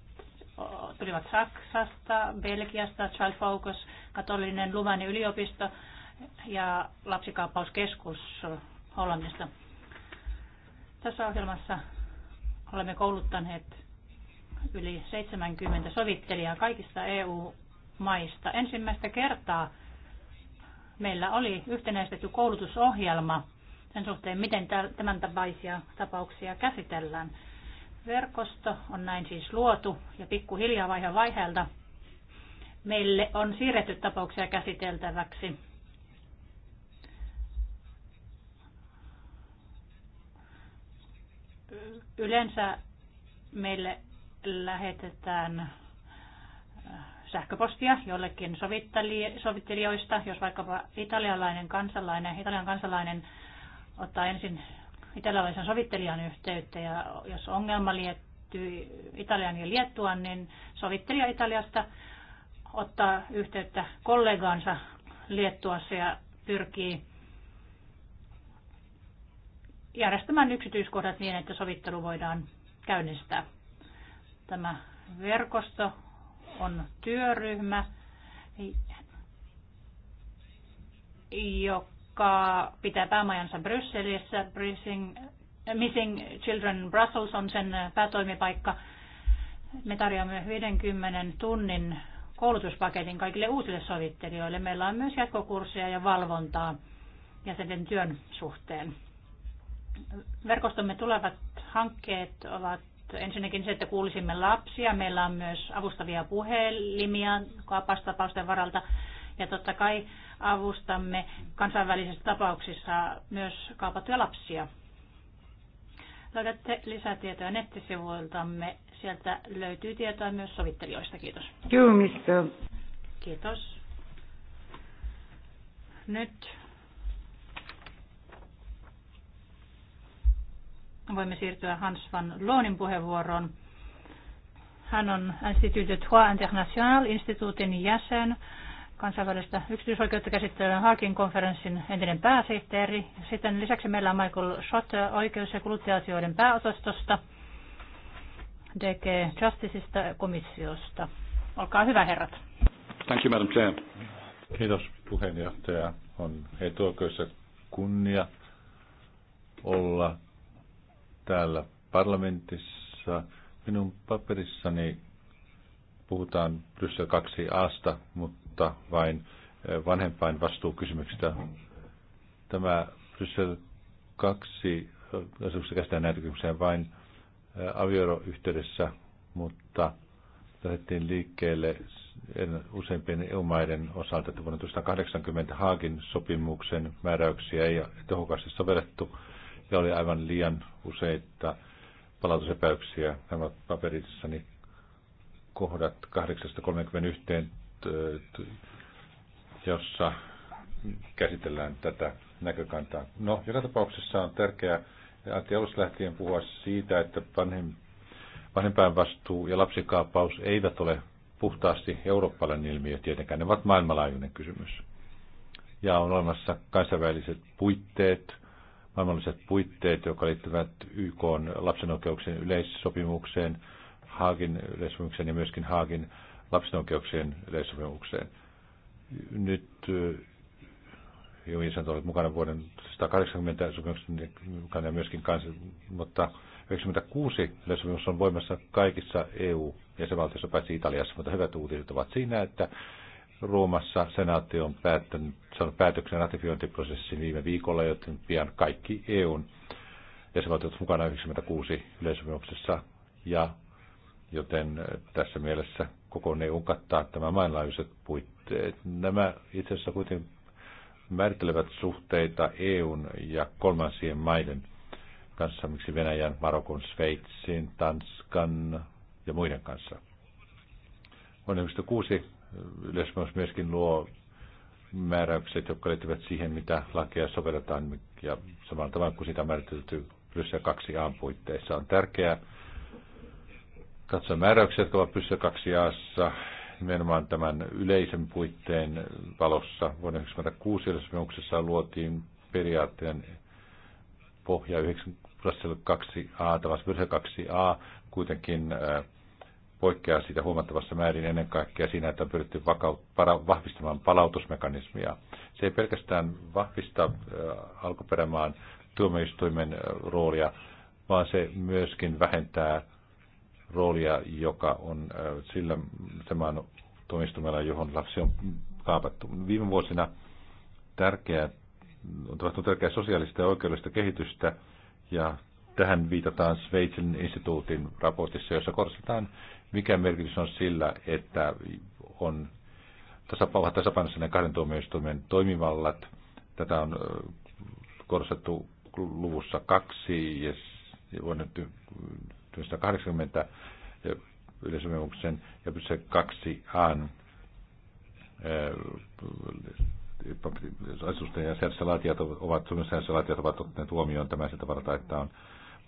tulivat Saksasta, Belgiasta, Child Focus, katolinen Lumani yliopisto ja lapsikaappauskeskus Hollannista. Tässä ohjelmassa Olemme kouluttaneet yli 70 sovittelijaa kaikista EU-maista. Ensimmäistä kertaa meillä oli yhtenäistetty koulutusohjelma sen suhteen, miten tämän tapaisia tapauksia käsitellään. Verkosto on näin siis luotu ja pikkuhiljaa vaihe vaiheelta meille on siirretty tapauksia käsiteltäväksi Yleensä meille lähetetään äh, sähköpostia jollekin sovittelijoista, jos vaikkapa italialainen kansalainen, italian kansalainen ottaa ensin italialaisen sovittelijan yhteyttä ja jos ongelma liittyy Italian ja Liettuan, niin sovittelija Italiasta ottaa yhteyttä kollegaansa Liettuassa ja pyrkii järjestämään yksityiskohdat niin, että sovittelu voidaan käynnistää. Tämä verkosto on työryhmä, joka pitää päämajansa Brysselissä. Missing Children Brussels on sen päätoimipaikka. Me tarjoamme 50 tunnin koulutuspaketin kaikille uusille sovittelijoille. Meillä on myös jatkokursseja ja valvontaa jäsenten työn suhteen. Verkostomme tulevat hankkeet ovat ensinnäkin se, että kuulisimme lapsia. Meillä on myös avustavia puhelimia kaapastapausten varalta. Ja totta kai avustamme kansainvälisissä tapauksissa myös kaupattuja lapsia. Löydätte lisätietoja nettisivuiltamme. Sieltä löytyy tietoa myös sovittelijoista. Kiitos. Kiitos. Kiitos. Nyt voimme siirtyä Hans van Loonin puheenvuoroon. Hän on Institut de Trois International instituutin jäsen, kansainvälistä yksityisoikeutta käsittelevän Haakin konferenssin entinen pääsihteeri. Sitten lisäksi meillä on Michael Schott oikeus- ja kuluttajasioiden pääosastosta, DG Justiceista komissiosta. Olkaa hyvä, herrat. Thank you, Madam Chair. Kiitos, puheenjohtaja. On etuoikeus ja kunnia olla täällä parlamentissa. Minun paperissani puhutaan Bryssel 2asta, mutta vain eh, vanhempain vastuukysymyksistä. Tämä Bryssel 2 eh, asuksessa käsitellään näitä kysymyksiä vain eh, avioroyhteydessä, mutta lähdettiin liikkeelle useimpien EU-maiden osalta, että vuonna 1980 Haagin sopimuksen määräyksiä ei tehokkaasti sovellettu ja oli aivan liian useita palautusepäyksiä. Nämä paperissani kohdat 8.31, jossa käsitellään tätä näkökantaa. No, joka tapauksessa on tärkeää Antti alusta lähtien puhua siitä, että vanhem, vanhempain vastuu ja lapsikaapaus eivät ole puhtaasti eurooppalainen ilmiö tietenkään. Ne ovat maailmanlaajuinen kysymys. Ja on olemassa kansainväliset puitteet, maailmalliset puitteet, jotka liittyvät YK lapsen oikeuksien yleissopimukseen, Haagin yleissopimukseen ja myöskin Haagin lapsen oikeuksien yleissopimukseen. Nyt eh, Jumisanto oli mukana vuoden 180 sopimuksen mukana ja myöskin kansi, mutta 96 yleissopimus on voimassa kaikissa EU-jäsenvaltioissa, paitsi Italiassa, mutta hyvät uutiset ovat siinä, että Ruumassa senaatti on päättänyt, saanut päätöksen ratifiointiprosessin viime viikolla, joten pian kaikki EUn jäsenvaltiot mukana 96 yleisömyöksessä. ja joten eh, tässä mielessä koko EU kattaa tämä maailmanlaajuiset puitteet. Nämä itse asiassa kuitenkin määrittelevät suhteita EUn ja kolmansien maiden kanssa, miksi Venäjän, Marokon, Sveitsin, Tanskan ja muiden kanssa. Vuonna 1996 yleissopimus myöskin luo määräykset, jotka liittyvät siihen, mitä lakia sovelletaan ja samalla tavalla kuin sitä määritelty Bryssel 2a puitteissa. On tärkeää katsoa määräyksiä, jotka ovat Bryssel 2 a nimenomaan tämän yleisen puitteen valossa. Vuonna 1996 yleissopimuksessa luotiin periaatteen pohja 9 2a, tai Bryssel 2a kuitenkin äh, poikkeaa siitä huomattavassa määrin ennen kaikkea siinä, että on pyritty vakaut, para, vahvistamaan palautusmekanismia. Se ei pelkästään vahvista äh, alkuperämaan tuomioistuimen äh, roolia, vaan se myöskin vähentää roolia, joka on äh, sillä tämän tuomioistuimella, johon lapsi on kaapattu. Viime vuosina tärkeä on tapahtunut tärkeää sosiaalista ja oikeudellista kehitystä, ja tähän viitataan Sveitsin instituutin raportissa, jossa korostetaan mikä merkitys on sillä, että on tasapainossa ne kahden tuomioistuimen toimivallat. Tätä on korostettu luvussa kaksi ja vuonna 1980 yleisömyymyksen ja se kaksi an asusten ja säädösalaatiot ovat, Suomen säädösalaatiot ovat ottaneet huomioon tämän siltä varalta, että on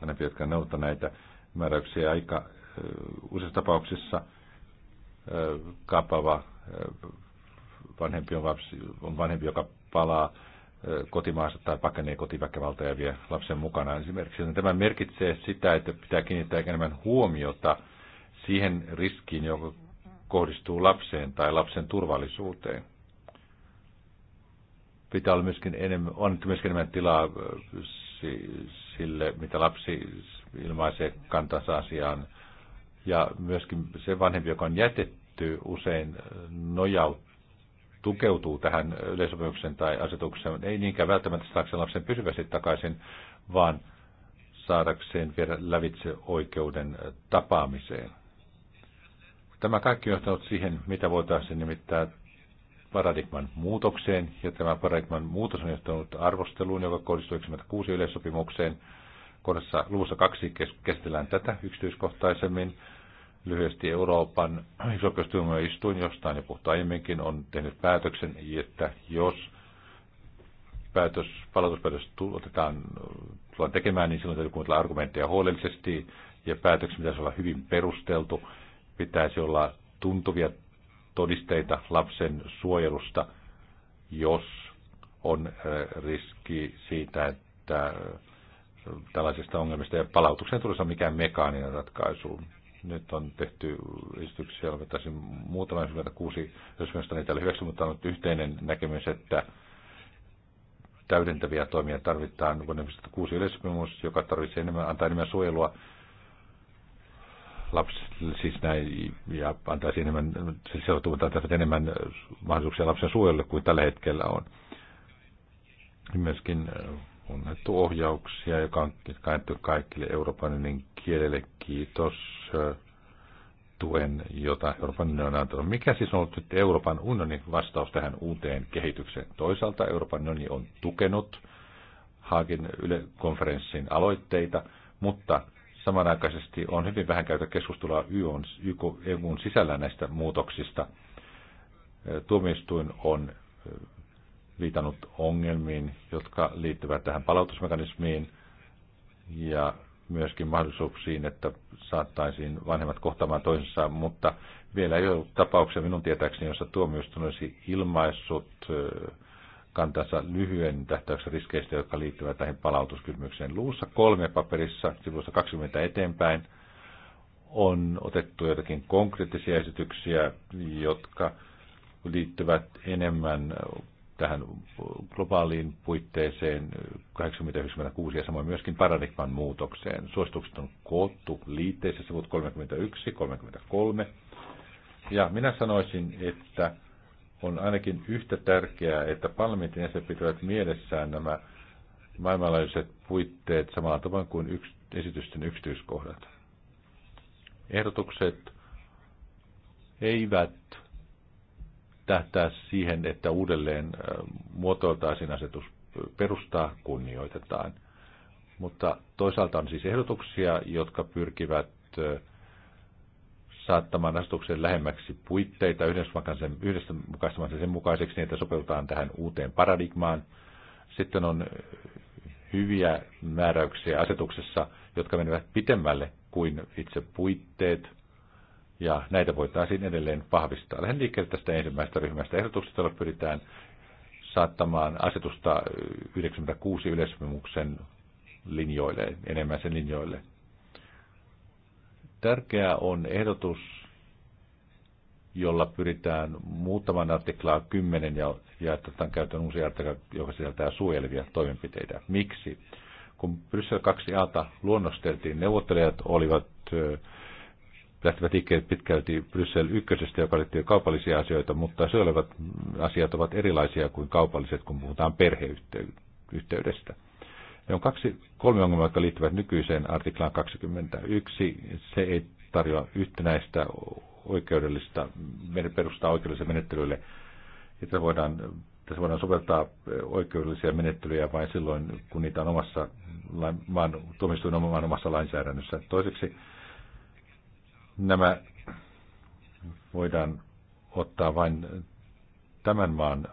vanhempi, jotka näitä määräyksiä aika useissa tapauksissa kapava vanhempi on, lapsi, on vanhempi, joka palaa kotimaassa tai pakenee kotiväkevalta ja vie lapsen mukana. Esimerkiksi tämä merkitsee sitä, että pitää kiinnittää enemmän huomiota siihen riskiin, joka kohdistuu lapseen tai lapsen turvallisuuteen. Pitää olla myöskin enemmän, on myöskin enemmän tilaa sille, mitä lapsi ilmaisee kantansa asiaan ja myöskin se vanhempi, joka on jätetty, usein äh, nojaut tukeutuu tähän yleisopimuksen tai asetukseen, ei niinkään välttämättä saakseen lapsen pysyvästi takaisin, vaan saadakseen viedä lävitse oikeuden äh, tapaamiseen. Tämä kaikki on johtanut siihen, mitä voitaisiin nimittää paradigman muutokseen, ja tämä paradigman muutos on johtanut arvosteluun, joka kohdistuu 96 yleissopimukseen. Kohdassa luvussa kaksi käsitellään tätä yksityiskohtaisemmin. Lyhyesti Euroopan ihmisoikeustuomioistuin, jostain, ja jo aiemminkin, on tehnyt päätöksen, että jos päätös, palautuspäätös otetaan, tullaan tekemään, niin silloin täytyy kuuntella argumentteja huolellisesti ja päätöksen pitäisi olla hyvin perusteltu. Pitäisi olla tuntuvia todisteita lapsen suojelusta, jos on äh, riski siitä, että äh, tällaisista ongelmista ja palautuksen tulisi mikään mekaaninen ratkaisu. Nyt on tehty esityksiä, muutama muutaman kuusi, jos minusta niitä oli hyväksi, mutta on ollut yhteinen näkemys, että täydentäviä toimia tarvitaan vuonna 2006 yleissopimus, joka tarvitsee enemmän, antaa enemmän suojelua lapsille siis näin, ja antaisi enemmän, siis antaisivat enemmän mahdollisuuksia lapsen suojelulle kuin tällä hetkellä on. Myöskin annettu ohjauksia, joka on käännetty kaikille Euroopan kielelle. Kiitos tuen, jota Euroopan unioni on antanut. Mikä siis on ollut nyt Euroopan unionin vastaus tähän uuteen kehitykseen? Toisaalta Euroopan unioni on tukenut Haagin ylekonferenssin aloitteita, mutta samanaikaisesti on hyvin vähän käytä keskustelua YKn e sisällä näistä muutoksista. Tuomioistuin on viitannut ongelmiin, jotka liittyvät tähän palautusmekanismiin ja myöskin mahdollisuuksiin, että saattaisiin vanhemmat kohtaamaan toisensa, mutta vielä ei ollut tapauksia minun tietääkseni, jossa tuomioistuin olisi ilmaissut kantansa lyhyen tähtäyksen riskeistä, jotka liittyvät tähän palautuskysymykseen. Luussa kolme paperissa, sivusta 20 eteenpäin, on otettu jotakin konkreettisia esityksiä, jotka liittyvät enemmän tähän globaaliin puitteeseen 8096 ja samoin myöskin paradigman muutokseen. Suositukset on koottu liitteissä sivut 31, 33. Ja minä sanoisin, että on ainakin yhtä tärkeää, että parlamentin jäsenet pitävät mielessään nämä maailmanlaajuiset puitteet samalla tavoin kuin yks, esitysten yksityiskohdat. Ehdotukset eivät tähtää siihen, että uudelleen muotoiltaisiin asetus perustaa kunnioitetaan. Mutta toisaalta on siis ehdotuksia, jotka pyrkivät saattamaan asetuksen lähemmäksi puitteita yhdenmukaistamaan sen mukaiseksi niin, että sopeutetaan tähän uuteen paradigmaan. Sitten on hyviä määräyksiä asetuksessa, jotka menevät pitemmälle kuin itse puitteet – ja näitä voitaisiin edelleen vahvistaa. Lähden liikkeelle tästä ensimmäisestä ryhmästä ehdotuksesta, jolla pyritään saattamaan asetusta 96 yleisömyksen linjoille, enemmän sen linjoille. Tärkeää on ehdotus, jolla pyritään muuttamaan artiklaa 10 ja, ja otetaan käyttöön uusi artikla, joka sisältää suojelevia toimenpiteitä. Miksi? Kun Bryssel 2a luonnosteltiin, neuvottelijat olivat lähtevät liikkeet pitkälti Bryssel ykkösestä, joka liittyy kaupallisia asioita, mutta se olevat asiat ovat erilaisia kuin kaupalliset, kun puhutaan perheyhteydestä. Ne on kaksi, kolme ongelmaa, jotka liittyvät nykyiseen artiklaan 21. Se ei tarjoa yhtenäistä oikeudellista perustaa oikeudelliselle menettelylle. Että voidaan, tässä voidaan soveltaa oikeudellisia menettelyjä vain silloin, kun niitä on omassa, tuomistuin omassa lainsäädännössä. Toiseksi nämä voidaan ottaa vain tämän maan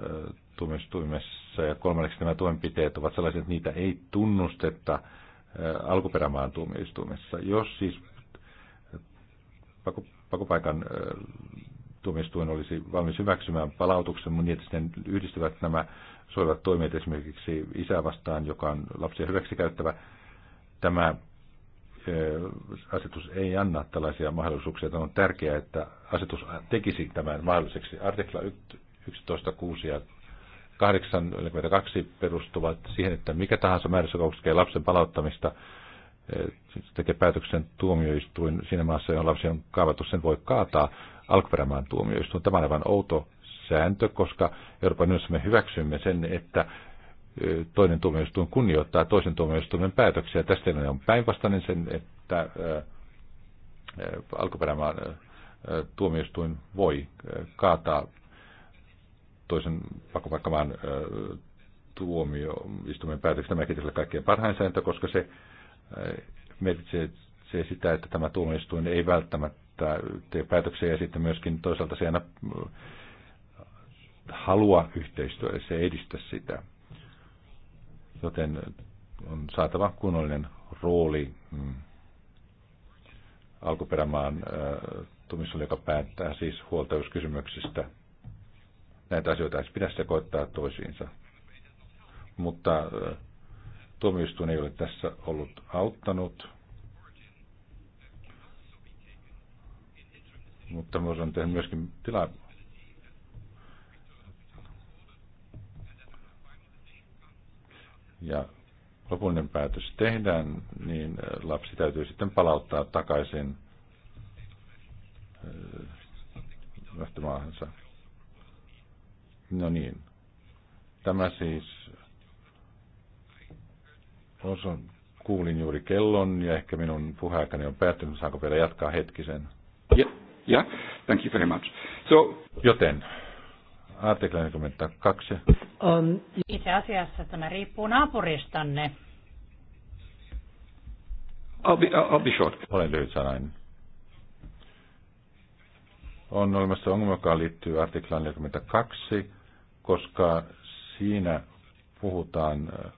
tuomioistuimessa ja kolmanneksi nämä toimenpiteet ovat sellaiset, että niitä ei tunnusteta alkuperämaan tuomioistuimessa. Jos siis pakopaikan tuomioistuin olisi valmis hyväksymään palautuksen, mutta niin, että sitten yhdistyvät nämä soivat toimijat esimerkiksi isää vastaan, joka on lapsia hyväksikäyttävä, tämä asetus ei anna tällaisia mahdollisuuksia. Tämä on tärkeää, että asetus tekisi tämän mahdolliseksi. Artikla 11.6 ja 8.42 perustuvat siihen, että mikä tahansa määrässä, joka koskee lapsen palauttamista, tekee päätöksen tuomioistuin siinä maassa, johon lapsi on kaavattu, sen voi kaataa alkuperämaan tuomioistuin. Tämä on aivan outo sääntö, koska Euroopan unionissa me hyväksymme sen, että toinen tuomioistuin kunnioittaa toisen tuomioistuimen päätöksiä. Tästä on päinvastainen sen, että alkuperämaan tuomioistuin voi kaataa toisen pakopaikkamaan tuomioistuimen päätöksiä Tämä kaikkien kaikkein parhain sääntö, koska se merkitsee se sitä, että tämä tuomioistuin ei välttämättä tee päätöksiä ja sitten myöskin toisaalta se aina halua yhteistyölle, se edistä sitä joten on saatava kunnollinen rooli mm, alkuperämaan äh, tunnistelu, joka päättää siis huoltajuuskysymyksistä. Näitä asioita ei pidä sekoittaa toisiinsa. Mutta äh, tuomioistuin ei ole tässä ollut auttanut. Mutta myös on tehnyt myöskin tilaa. ja lopullinen päätös tehdään, niin äh, lapsi täytyy sitten palauttaa takaisin lähtömaahansa. No niin. Tämä siis Osa, kuulin juuri kellon ja ehkä minun puheaikani on päättynyt. Saanko vielä jatkaa hetkisen? Yeah, yeah. thank you very much. So... Joten artikla 42. On. Itse asiassa tämä riippuu naapuristanne. I'll be, I'll be short. Olen lyhyt sanainen. On olemassa ongelma, joka liittyy artiklaan 42, koska siinä puhutaan äh,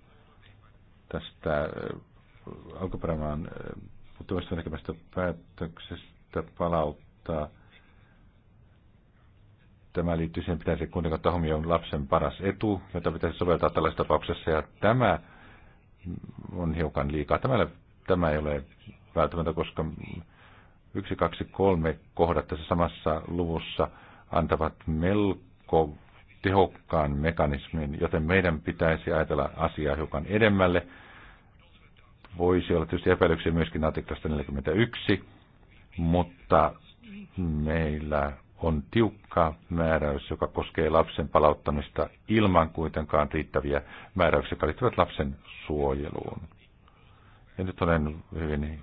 tästä äh, alkuperämaan äh, puuttumista näkemästä päätöksestä palauttaa – tämä liittyy siihen, pitäisi kuitenkin ottaa huomioon lapsen paras etu, jota pitäisi soveltaa tällaisessa tapauksessa, ja tämä on hiukan liikaa. Tämä, tämä ei ole välttämättä, koska yksi, kaksi, kolme kohdat tässä samassa luvussa antavat melko tehokkaan mekanismin, joten meidän pitäisi ajatella asiaa hiukan edemmälle. Voisi olla tietysti epäilyksiä myöskin artiklasta 41, mutta meillä on tiukka määräys, joka koskee lapsen palauttamista ilman kuitenkaan riittäviä määräyksiä, jotka liittyvät lapsen suojeluun. Ja nyt olen hyvin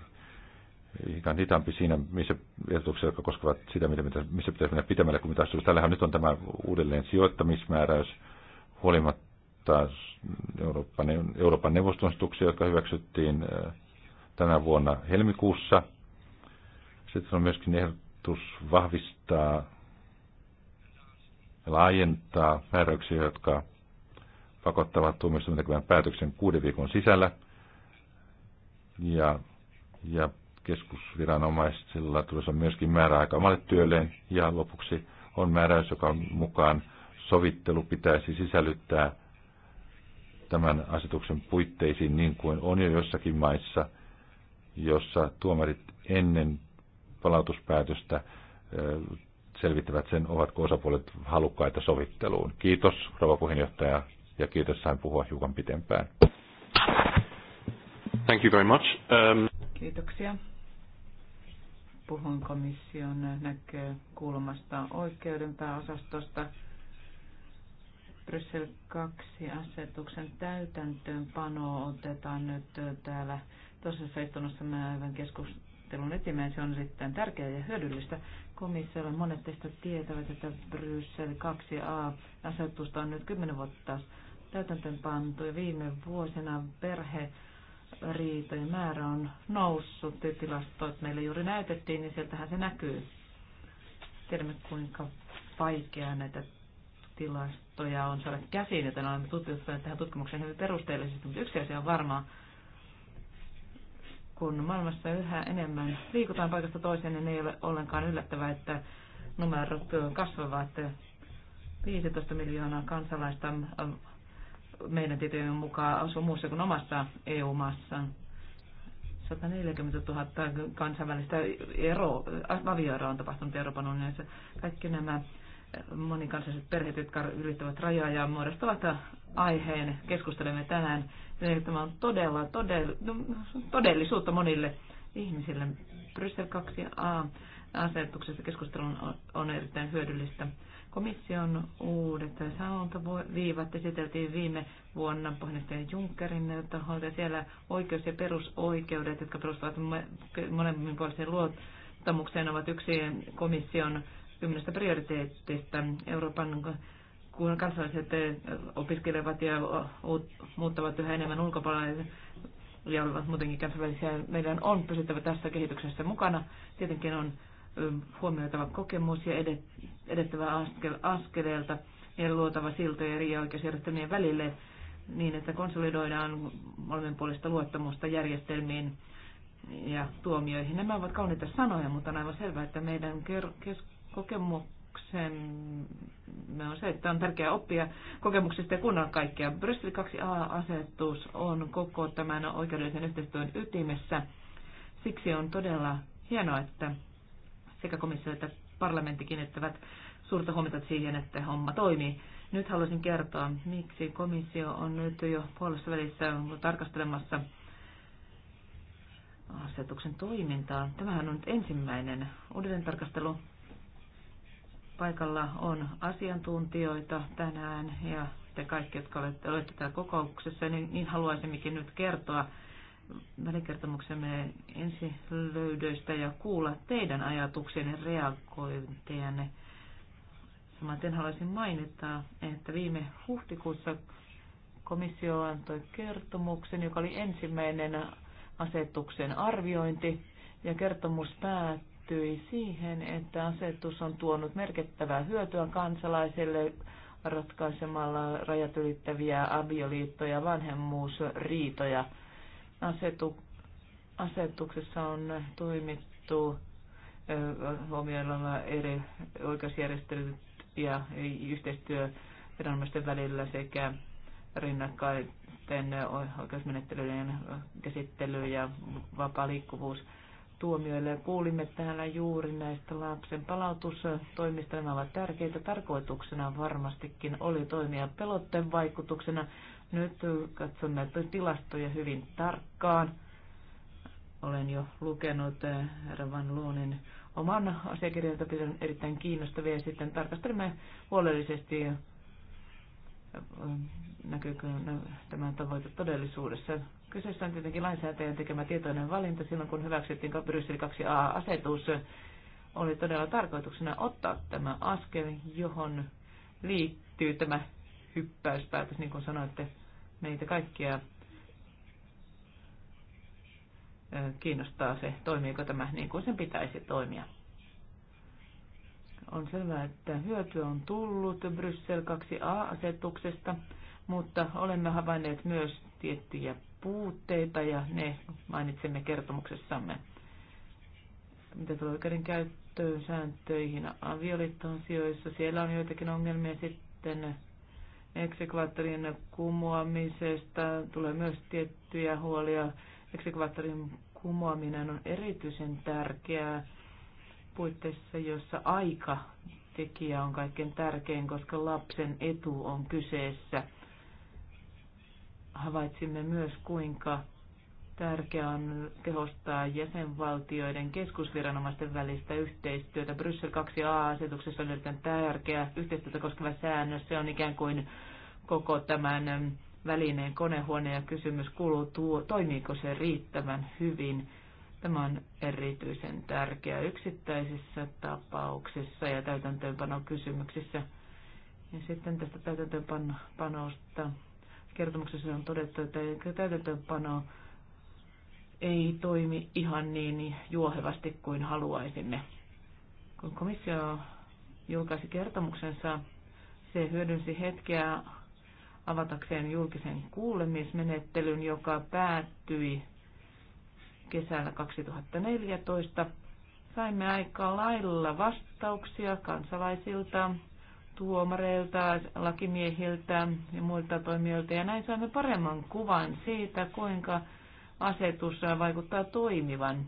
ikään hitaampi siinä, missä ehdotuksia, jotka koskevat sitä, mitä, missä pitäisi mennä pitemmälle kuin mitä asioita. Tällähän nyt on tämä uudelleen sijoittamismääräys huolimatta Euroopan, Euroopan neuvoston jotka hyväksyttiin eh, tänä vuonna helmikuussa. Sitten on myöskin ehdotus ehdotus vahvistaa laajentaa määräyksiä, jotka pakottavat tuomioistuimen tekemään päätöksen kuuden viikon sisällä. Ja, ja keskusviranomaisilla tulisi on myöskin määräaika omalle työlleen. Ja lopuksi on määräys, joka mukaan sovittelu pitäisi sisällyttää tämän asetuksen puitteisiin niin kuin on jo jossakin maissa, jossa tuomarit ennen palautuspäätöstä selvittävät sen, ovatko osapuolet halukkaita sovitteluun. Kiitos, rouva puheenjohtaja, ja kiitos, sain puhua hiukan pitempään. Thank you very much. Um... Kiitoksia. Puhun komission näkökulmasta oikeuden pääosastosta. Bryssel 2 asetuksen täytäntöönpano otetaan nyt täällä toisessa istunnossa me keskustelussa keskustelun etimeen. Se on erittäin tärkeää ja hyödyllistä. komissiolle monet teistä tietävät, että Bryssel 2a-asetusta on nyt 10 vuotta täytäntöönpantu ja viime vuosina perhe riitojen määrä on noussut ja tilastot meille juuri näytettiin, niin sieltähän se näkyy. Tiedämme, kuinka vaikeaa näitä tilastoja on saada käsiin, joten olemme tutustuneet tähän tutkimukseen hyvin perusteellisesti, mutta yksi asia on varmaa, kun maailmassa yhä enemmän liikutaan paikasta toiseen, niin ei ole ollenkaan yllättävää, että numerot kasvavat. 15 miljoonaa kansalaista ähm, meidän tietojen mukaan asuu muussa kuin omassa eu maassa 140 000 kansainvälistä ero, avioero on tapahtunut Euroopan unionissa. Kaikki nämä äh, monikansalliset perheet, jotka ylittävät rajaa ja muodostavat aiheen. Keskustelemme tänään Tämä on todella todella, no, todellisuutta monille ihmisille. Bryssel 2a asetuksessa keskustelun on erittäin hyödyllistä. Komission uudet saantoviivat esiteltiin viime vuonna puheenjohtaja Junckerin taholta. Siellä oikeus- ja perusoikeudet, jotka perustuvat molemminpuoliseen luottamukseen, ovat yksi komission kymmenestä prioriteettista. Euroopan kun kansalaiset eh, opiskelevat ja muuttavat yhä enemmän ulkopuolelle ja ovat muutenkin kansainvälisiä, meidän on pysyttävä tässä kehityksessä mukana. Tietenkin on eh, huomioitava kokemus ja edettävä askel, askeleelta ja luotava siltoja eri oikeusjärjestelmien välille niin, että konsolidoidaan molemminpuolista luottamusta järjestelmiin ja tuomioihin. Nämä ovat kauniita sanoja, mutta on aivan selvää, että meidän kes- kokemu- kokemuksen no se, että on tärkeää oppia kokemuksista ja kuunnella kaikkea. Bryssel 2a-asetus on koko tämän oikeudellisen yhteistyön ytimessä. Siksi on todella hienoa, että sekä komissio että parlamentti kiinnittävät suurta huomiota siihen, että homma toimii. Nyt haluaisin kertoa, miksi komissio on nyt jo puolessa välissä tarkastelemassa asetuksen toimintaa. Tämähän on nyt ensimmäinen uudelleen tarkastelu Paikalla on asiantuntijoita tänään ja te kaikki, jotka olette, olette täällä kokouksessa, niin, niin haluaisimmekin nyt kertoa välikertomuksemme ensi löydöistä ja kuulla teidän ajatuksenne reagointejanne. Samaten haluaisin mainita, että viime huhtikuussa komissio antoi kertomuksen, joka oli ensimmäinen asetuksen arviointi ja kertomus päättyi liittyi siihen, että asetus on tuonut merkittävää hyötyä kansalaisille ratkaisemalla rajat ylittäviä avioliittoja, vanhemmuusriitoja. Asetu, asetuksessa on toimittu huomioilla eri oikeusjärjestelyt ja yhteistyö viranomaisten välillä sekä rinnakkaiden oikeusmenettelyjen käsittely ja vapaa liikkuvuus – tuomioille. Kuulimme täällä juuri näistä lapsen palautustoimista. Nämä ovat tärkeitä. Tarkoituksena varmastikin oli toimia pelotteen vaikutuksena. Nyt katson näitä tilastoja hyvin tarkkaan. Olen jo lukenut eh, herra Van Luunin oman asiakirjansa pidän erittäin kiinnostavia. Sitten tarkastelemme huolellisesti eh, näkyykö tämä tavoite todellisuudessa. Kyseessä on tietenkin lainsäätäjän tekemä tietoinen valinta silloin, kun hyväksyttiin Brysseli 2a-asetus. Oli todella tarkoituksena ottaa tämä askel, johon liittyy tämä hyppäyspäätös, niin kuin sanoitte, meitä kaikkia kiinnostaa se, toimiiko tämä niin kuin sen pitäisi toimia. On selvää, että hyötyä on tullut Bryssel 2a-asetuksesta, mutta olemme havainneet myös tiettyjä puutteita ja ne mainitsemme kertomuksessamme. Mitä tulee käyttöön sääntöihin, avioliittoasioissa, siellä on joitakin ongelmia sitten eksekvaattorin kumoamisesta. Tulee myös tiettyjä huolia. Eksekvaattorin kumoaminen on erityisen tärkeää puitteissa, jossa aika tekijä on kaikkein tärkein, koska lapsen etu on kyseessä – Havaitsimme myös, kuinka tärkeää on tehostaa jäsenvaltioiden keskusviranomaisten välistä yhteistyötä. Bryssel 2a-asetuksessa on erittäin tärkeä yhteistyötä koskeva säännös. Se on ikään kuin koko tämän välineen konehuone ja kysymys kuuluu, tuo, toimiiko se riittävän hyvin. Tämä on erityisen tärkeä yksittäisissä tapauksissa ja täytäntöönpanokysymyksissä. Ja sitten tästä täytäntöönpanosta kertomuksessa on todettu, että täytäntöönpano ei toimi ihan niin juohevasti kuin haluaisimme. Kun komissio julkaisi kertomuksensa, se hyödynsi hetkeä avatakseen julkisen kuulemismenettelyn, joka päättyi kesällä 2014. Saimme aika lailla vastauksia kansalaisilta, tuomareilta, lakimiehiltä ja muilta toimijoilta. Ja näin saamme paremman kuvan siitä, kuinka asetus vaikuttaa toimivan.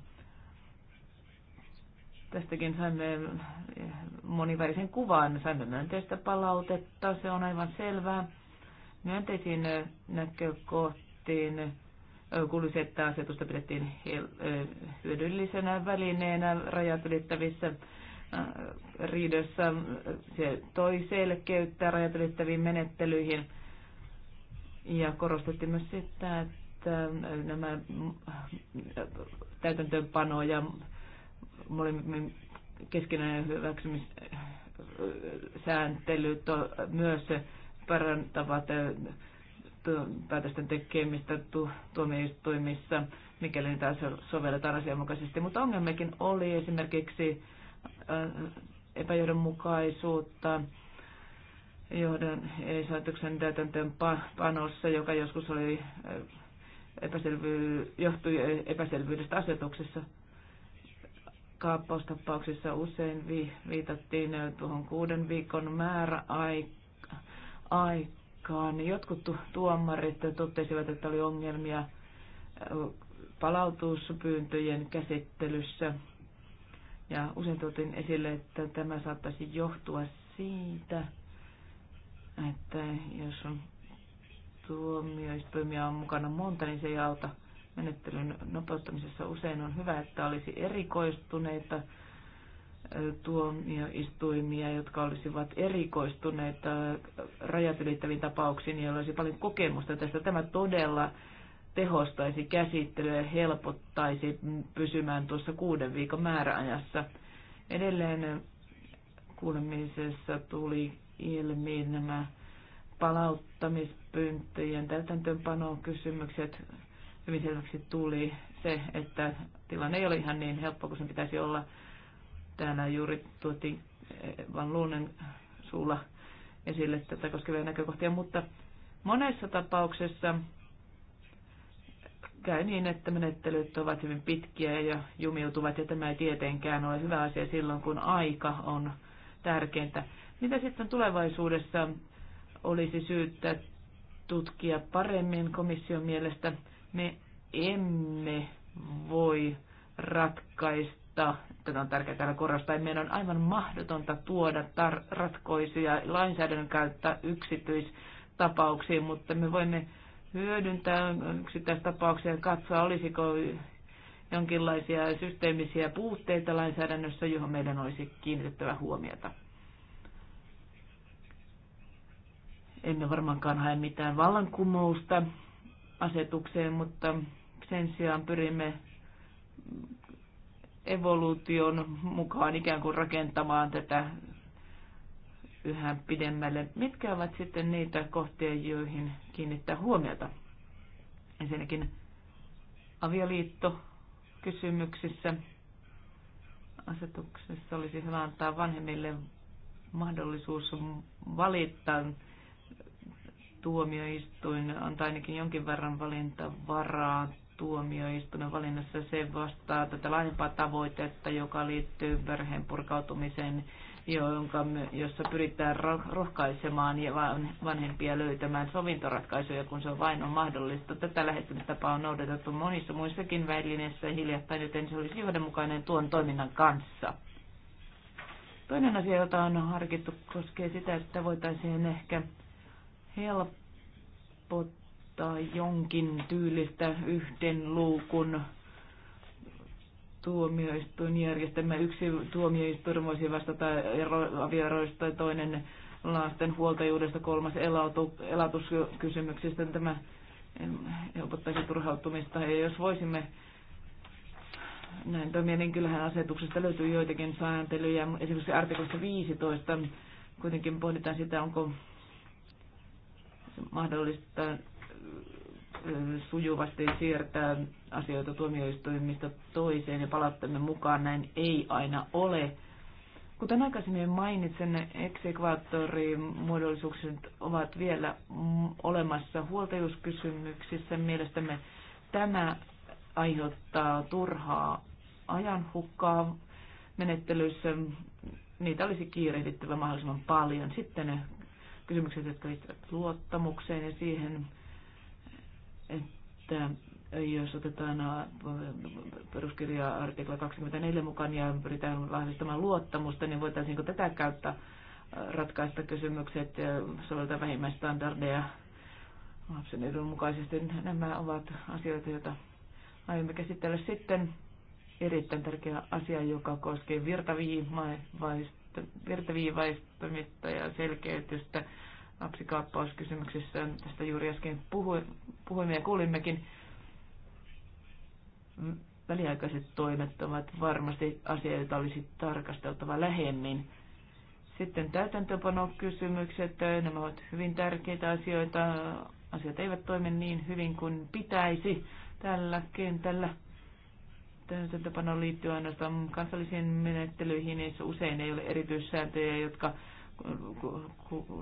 Tästäkin saimme monivärisen kuvan, saimme myönteistä palautetta, se on aivan selvää. Myönteisiin näkökohtiin kuulisi, että asetusta pidettiin eh, hyödyllisenä välineenä rajat ylittävissä Äh, riidossa. Äh, se toi selkeyttä rajat menettelyihin ja korostettiin myös sitä, että äh, nämä täytäntöönpano ja molemmin keskinäinen hyväksymissääntely myös parantavat päätösten tekemistä tuomioistuimissa, mikäli niitä sovelletaan asianmukaisesti. Mutta ongelmakin oli esimerkiksi Äh, epäjohdonmukaisuutta johdon esoituksen täytäntöön panossa, joka joskus oli äh, epäselvy, johtui epäselvyydestä asetuksessa. Kaappaustapauksissa usein vi, viitattiin äh, tuohon kuuden viikon määräaikaan. Jotkut tu, tuomarit totesivat, että oli ongelmia palautuspyyntöjen käsittelyssä ja usein tuotin esille, että tämä saattaisi johtua siitä, että jos on tuomioistuimia on mukana monta, niin se ei auta menettelyn nopeuttamisessa. Usein on hyvä, että olisi erikoistuneita tuomioistuimia, jotka olisivat erikoistuneita rajat ylittäviin tapauksiin, joilla olisi paljon kokemusta tästä. Tämä todella tehostaisi käsittelyä ja helpottaisi pysymään tuossa kuuden viikon määräajassa. Edelleen kuulemisessa tuli ilmi nämä palauttamispyyntöjen täytäntöönpanon kysymykset. Hyvin selväksi tuli se, että tilanne ei ole ihan niin helppo kuin sen pitäisi olla. Täällä juuri tuotiin Van Luunen suulla esille tätä koskevia näkökohtia, mutta monessa tapauksessa käy niin, että menettelyt ovat hyvin pitkiä ja jumiutuvat, ja tämä ei tietenkään ole hyvä asia silloin, kun aika on tärkeintä. Mitä sitten tulevaisuudessa olisi syyttä tutkia paremmin komission mielestä? Me emme voi ratkaista, tätä on tärkeää täällä korostaa, meidän on aivan mahdotonta tuoda tar- ratkoisia lainsäädännön käyttä yksityistapauksiin, mutta me voimme hyödyntää yksittäistapauksia ja katsoa, olisiko jonkinlaisia systeemisiä puutteita lainsäädännössä, johon meidän olisi kiinnitettävä huomiota. Emme varmaankaan hae mitään vallankumousta asetukseen, mutta sen sijaan pyrimme evoluution mukaan ikään kuin rakentamaan tätä yhä pidemmälle. Mitkä ovat sitten niitä kohtia, joihin kiinnittää huomiota? Ensinnäkin avioliitto kysymyksissä asetuksessa olisi hyvä antaa vanhemmille mahdollisuus valittaa tuomioistuin, antaa ainakin jonkin verran valintavaraa tuomioistuimen valinnassa. Se vastaa tätä laajempaa tavoitetta, joka liittyy perheen purkautumiseen jonka, jossa pyritään rohkaisemaan ja vanhempia löytämään sovintoratkaisuja, kun se on vain on mahdollista. Tätä lähestymistapaa on noudatettu monissa muissakin välineissä hiljattain, joten se olisi johdonmukainen tuon toiminnan kanssa. Toinen asia, jota on harkittu, koskee sitä, että voitaisiin ehkä helpottaa jonkin tyylistä yhden luukun tuomioistuinjärjestelmä. Yksi tuomioistuin voisi vastata ero, avioeroista, toinen lasten huoltajuudesta, kolmas elautu, elatuskysymyksistä. Tämä helpottaisi turhautumista. Ja jos voisimme näin toimia, niin kyllähän asetuksesta löytyy joitakin sääntelyjä. Esimerkiksi artikosta 15 kuitenkin pohditaan sitä, onko mahdollista sujuvasti siirtää asioita tuomioistuimista toiseen ja palauttamme mukaan. Näin ei aina ole. Kuten aikaisemmin mainitsen, muodollisuukset ovat vielä olemassa huoltajuuskysymyksissä. Mielestämme tämä aiheuttaa turhaa ajanhukkaa menettelyssä. Niitä olisi kiirehdittävä mahdollisimman paljon. Sitten ne kysymykset, jotka liittyvät luottamukseen ja siihen, että jos otetaan peruskirja artikla 24 mukaan ja pyritään vahvistamaan luottamusta, niin voitaisiinko tätä käyttää ratkaista kysymykset ja soveltaa vähimmäistandardeja lapsen edun mukaisesti. Nämä ovat asioita, joita aiomme käsitellä sitten. Erittäin tärkeä asia, joka koskee virtaviivaistamista ja selkeytystä lapsikaappauskysymyksissä. Tästä juuri äsken puhuimme ja kuulimmekin. Väliaikaiset toimet ovat varmasti asia, jota olisi tarkasteltava lähemmin. Sitten täytäntöpanokysymykset, nämä ovat hyvin tärkeitä asioita. Asiat eivät toimi niin hyvin kuin pitäisi tällä kentällä. Täytäntöpano liittyy ainoastaan kansallisiin menettelyihin, niissä usein ei ole erityissääntöjä, jotka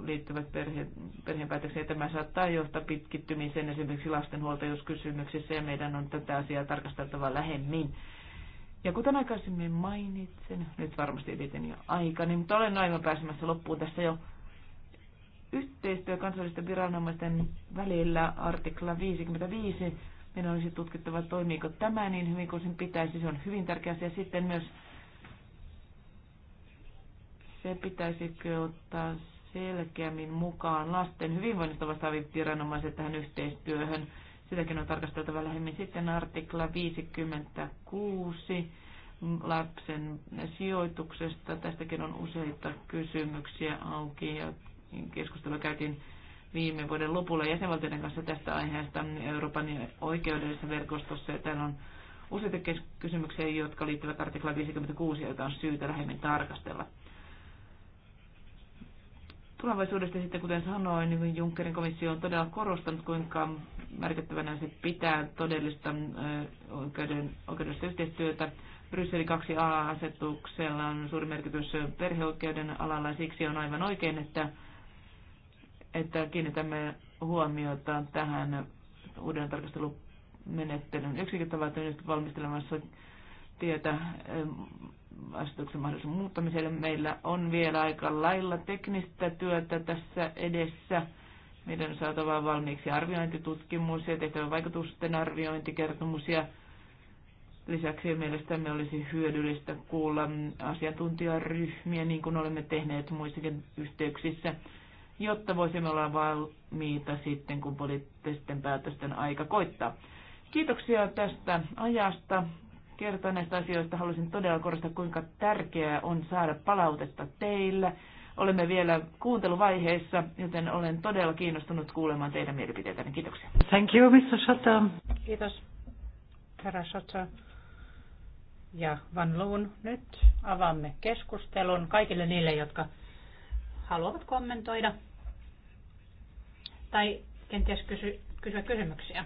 liittyvät perhe, perheenpäätöksiin. Tämä saattaa johtaa pitkittymiseen esimerkiksi lastenhuoltajuuskysymyksissä ja meidän on tätä asiaa tarkasteltava lähemmin. Ja kuten aikaisemmin mainitsin, nyt varmasti ylitän jo aika, niin mutta olen aivan pääsemässä loppuun tässä jo yhteistyö kansallisten viranomaisten välillä artikla 55. Meidän olisi tutkittava, toimiiko tämä niin hyvin kuin sen pitäisi. Se on hyvin tärkeä asia. Sitten myös se pitäisikö ottaa selkeämmin mukaan lasten hyvinvoinnista vastaavat viranomaiset tähän yhteistyöhön. Sitäkin on tarkasteltava lähemmin. Sitten artikla 56 lapsen sijoituksesta. Tästäkin on useita kysymyksiä auki ja keskustelu käytiin viime vuoden lopulla jäsenvaltioiden kanssa tästä aiheesta Euroopan oikeudellisessa verkostossa. Ja täällä on useita kysymyksiä, jotka liittyvät artikla 56, joita on syytä lähemmin tarkastella tulevaisuudesta sitten, kuten sanoin, niin Junckerin komissio on todella korostanut, kuinka merkittävänä se pitää todellista oikeuden, oikeudellista yhteistyötä. Brysseli 2a-asetuksella on suuri merkitys perheoikeuden alalla ja siksi on aivan oikein, että, että kiinnitämme huomiota tähän uuden tarkastelumenettelyn yksiköt ovat nyt valmistelemassa tietä asetuksen mahdollisuuden muuttamiselle. Meillä on vielä aika lailla teknistä työtä tässä edessä. Meidän on saatava valmiiksi arviointitutkimus ja tehtävä vaikutusten arviointikertomus ja Lisäksi mielestämme olisi hyödyllistä kuulla asiantuntijaryhmiä, niin kuin olemme tehneet muissakin yhteyksissä, jotta voisimme olla valmiita sitten, kun poliittisten päätösten aika koittaa. Kiitoksia tästä ajasta kertoa näistä asioista. Haluaisin todella korostaa, kuinka tärkeää on saada palautetta teillä. Olemme vielä kuunteluvaiheessa, joten olen todella kiinnostunut kuulemaan teidän mielipiteitänne. Kiitoksia. Thank you, Mr. Shota. Kiitos, herra Shota. Ja Van Loon, nyt avaamme keskustelun kaikille niille, jotka haluavat kommentoida tai kenties kysy, kysyä kysymyksiä.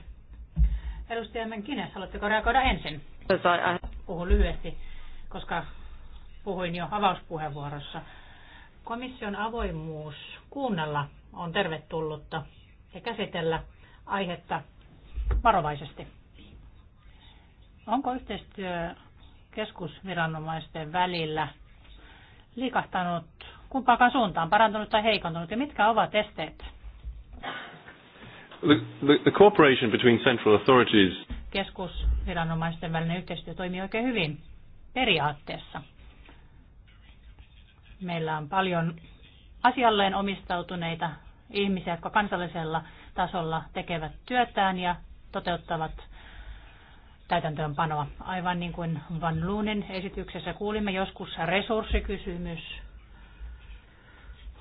Edustaja Menkines, haluatteko reagoida ensin? Puhun lyhyesti, koska puhuin jo avauspuheenvuorossa. Komission avoimuus kuunnella on tervetullutta ja käsitellä aihetta varovaisesti. Onko yhteistyö keskusviranomaisten välillä liikahtanut kumpaakaan suuntaan, parantunut tai heikontunut, ja mitkä ovat esteet? The, the, the cooperation between central authorities. Keskus viranomaisten välinen yhteistyö toimii oikein hyvin periaatteessa. Meillä on paljon asialleen omistautuneita ihmisiä, jotka kansallisella tasolla tekevät työtään ja toteuttavat täytäntöönpanoa. Aivan niin kuin Van Luunen esityksessä kuulimme, joskus resurssikysymys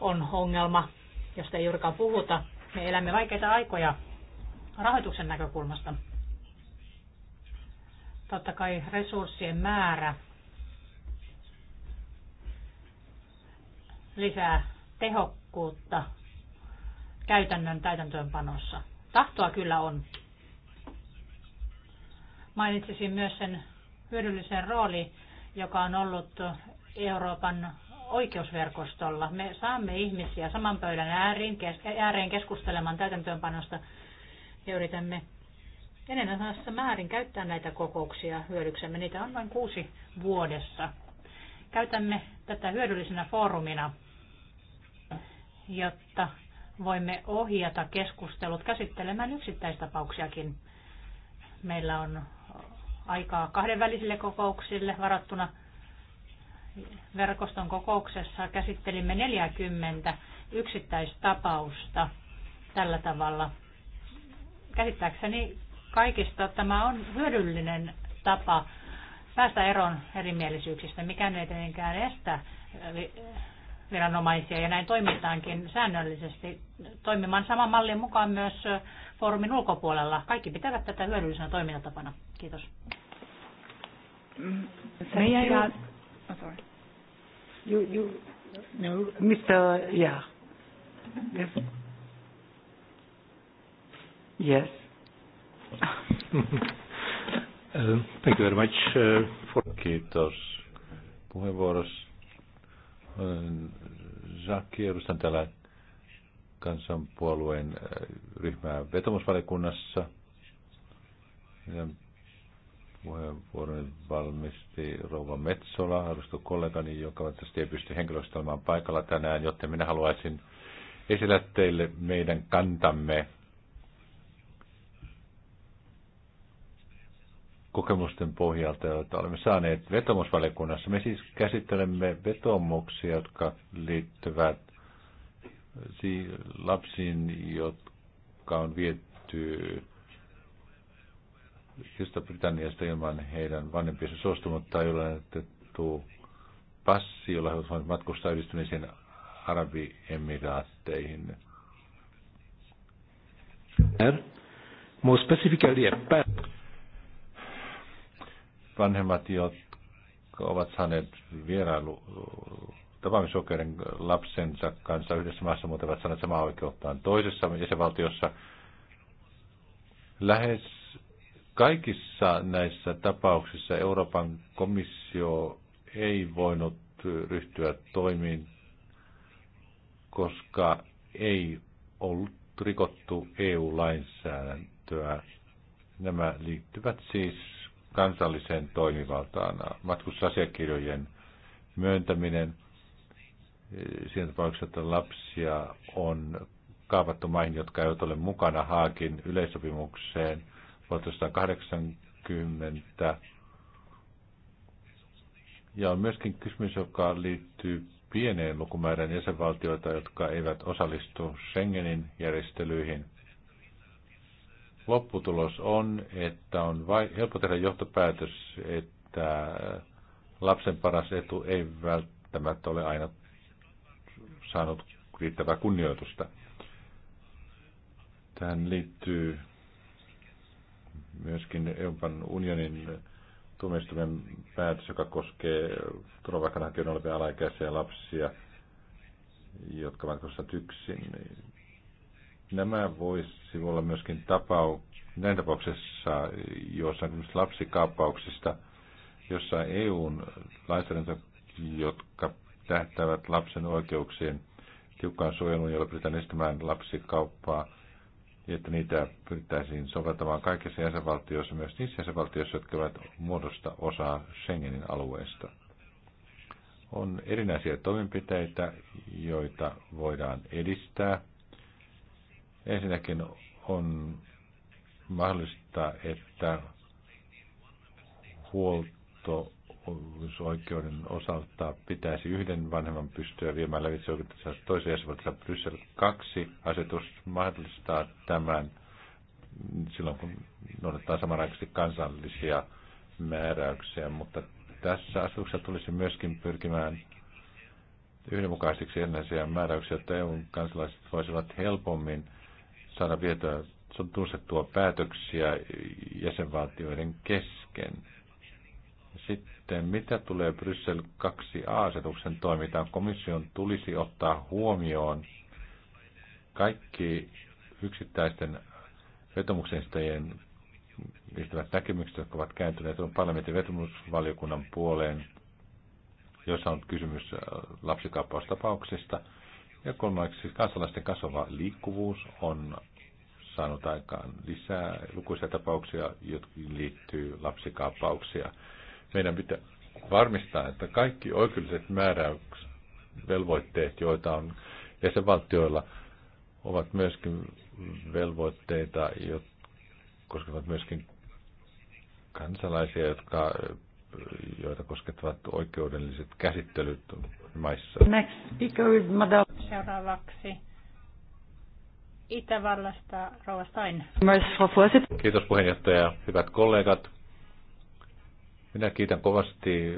on ongelma, josta ei juurikaan puhuta. Me elämme vaikeita aikoja rahoituksen näkökulmasta. Totta kai resurssien määrä lisää tehokkuutta käytännön täytäntöönpanossa. Tahtoa kyllä on. Mainitsisin myös sen hyödyllisen rooli, joka on ollut Euroopan oikeusverkostolla. Me saamme ihmisiä saman pöydän ääreen, ääreen keskustelemaan täytäntöönpanosta ja yritämme enenevässä määrin käyttää näitä kokouksia hyödyksemme. Niitä on vain kuusi vuodessa. Käytämme tätä hyödyllisenä foorumina, jotta voimme ohjata keskustelut käsittelemään yksittäistapauksiakin. Meillä on aikaa kahdenvälisille kokouksille varattuna. Verkoston kokouksessa käsittelimme 40 yksittäistapausta tällä tavalla. Käsittääkseni kaikista tämä on hyödyllinen tapa päästä eroon erimielisyyksistä. mikä ei tietenkään estä eh, viranomaisia ja näin toimitaankin säännöllisesti toimimaan saman mallin mukaan myös eh, foorumin ulkopuolella. Kaikki pitävät tätä hyödyllisenä toimintatapana. Kiitos. Mm, may I ask? Oh, sorry. You, you, no, Mr. Yeah. Yes. Yes. Thank you very much. For... Kiitos puheenvuorossa. Jacques, edustan täällä kansanpuolueen ryhmää vetomusvaliokunnassa. Puheenvuoron valmisti Rouva Metsola, arvostu kollegani, joka tietysti ei pysty henkilöstä olemaan paikalla tänään, joten minä haluaisin esitellä teille meidän kantamme kokemusten pohjalta, joita olemme saaneet vetomusvaliokunnassa. Me siis käsittelemme vetomuksia, jotka liittyvät lapsiin, jotka on vietty Kirsta Britanniasta ilman heidän vanhempiensa suostumusta, jolla on annettu passi, jolla he ovat matkustaa yhdistyneisiin Arabiemiraatteihin. More specifically, vanhemmat, jotka ovat saaneet vierailu tapaamisoikeuden lapsensa kanssa yhdessä maassa, mutta ovat saaneet samaa oikeuttaan toisessa jäsenvaltiossa. Lähes kaikissa näissä tapauksissa Euroopan komissio ei voinut ryhtyä toimiin, koska ei ollut rikottu EU-lainsäädäntöä. Nämä liittyvät siis kansalliseen toimivaltaan. Matkustusasiakirjojen myöntäminen eh, siinä tapauksessa, että lapsia on kaavattu maihin, jotka eivät ole mukana Haakin yleissopimukseen vuotta 180. Ja on myöskin kysymys, joka liittyy pieneen lukumäärään jäsenvaltioita, jotka eivät osallistu Schengenin järjestelyihin lopputulos on, että on vai, helppo tehdä johtopäätös, että lapsen paras etu ei välttämättä ole aina saanut riittävää kunnioitusta. Tähän liittyy myöskin Euroopan unionin tuomioistuimen päätös, joka koskee turvapaikanhakijoiden olevia alaikäisiä lapsia, jotka ovat yksin Nämä voisi olla myöskin tapau, näin tapauksessa jossain lapsikaappauksista, jossa EUn lainsäädäntö, jotka tähtävät lapsen oikeuksien tiukkaan suojeluun, jolla pyritään estämään lapsikauppaa, että niitä pyrittäisiin soveltamaan kaikissa jäsenvaltioissa, myös niissä jäsenvaltioissa, jotka ovat muodosta osaa Schengenin alueesta. On erinäisiä toimenpiteitä, joita voidaan edistää Ensinnäkin on mahdollista, että huolto-oikeuden osalta pitäisi yhden vanhemman pystyä viemään lävitse oikeutensa toisen jäsenvaltion Bryssel 2 asetus mahdollistaa tämän silloin, kun noudattaa samanaikaisesti kansallisia määräyksiä, mutta tässä asetuksessa tulisi myöskin pyrkimään yhdenmukaisiksi erinäisiä määräyksiä, jotta EUn kansalaiset voisivat helpommin saada vietyä tunnustettua päätöksiä jäsenvaltioiden kesken. Sitten mitä tulee Bryssel 2a-asetuksen toimintaan, komission tulisi ottaa huomioon kaikki yksittäisten vetomuksenstajien liittyvät näkemykset, jotka ovat kääntyneet on parlamentin vetomusvaliokunnan puoleen, jossa on kysymys lapsikaappaustapauksista – ja kolmanneksi kansalaisten kasvava liikkuvuus on saanut aikaan lisää lukuisia tapauksia, jotka liittyy lapsikaappauksia. Meidän pitää varmistaa, että kaikki oikeudelliset määräykset, velvoitteet, joita on jäsenvaltioilla, ovat myöskin velvoitteita, jotka koskevat myöskin kansalaisia, jotka joita koskettavat oikeudelliset käsittelyt maissa. Next speaker is Madame. Seuraavaksi Itävallasta Rova Stein. Kiitos puheenjohtaja. Hyvät kollegat, minä kiitän kovasti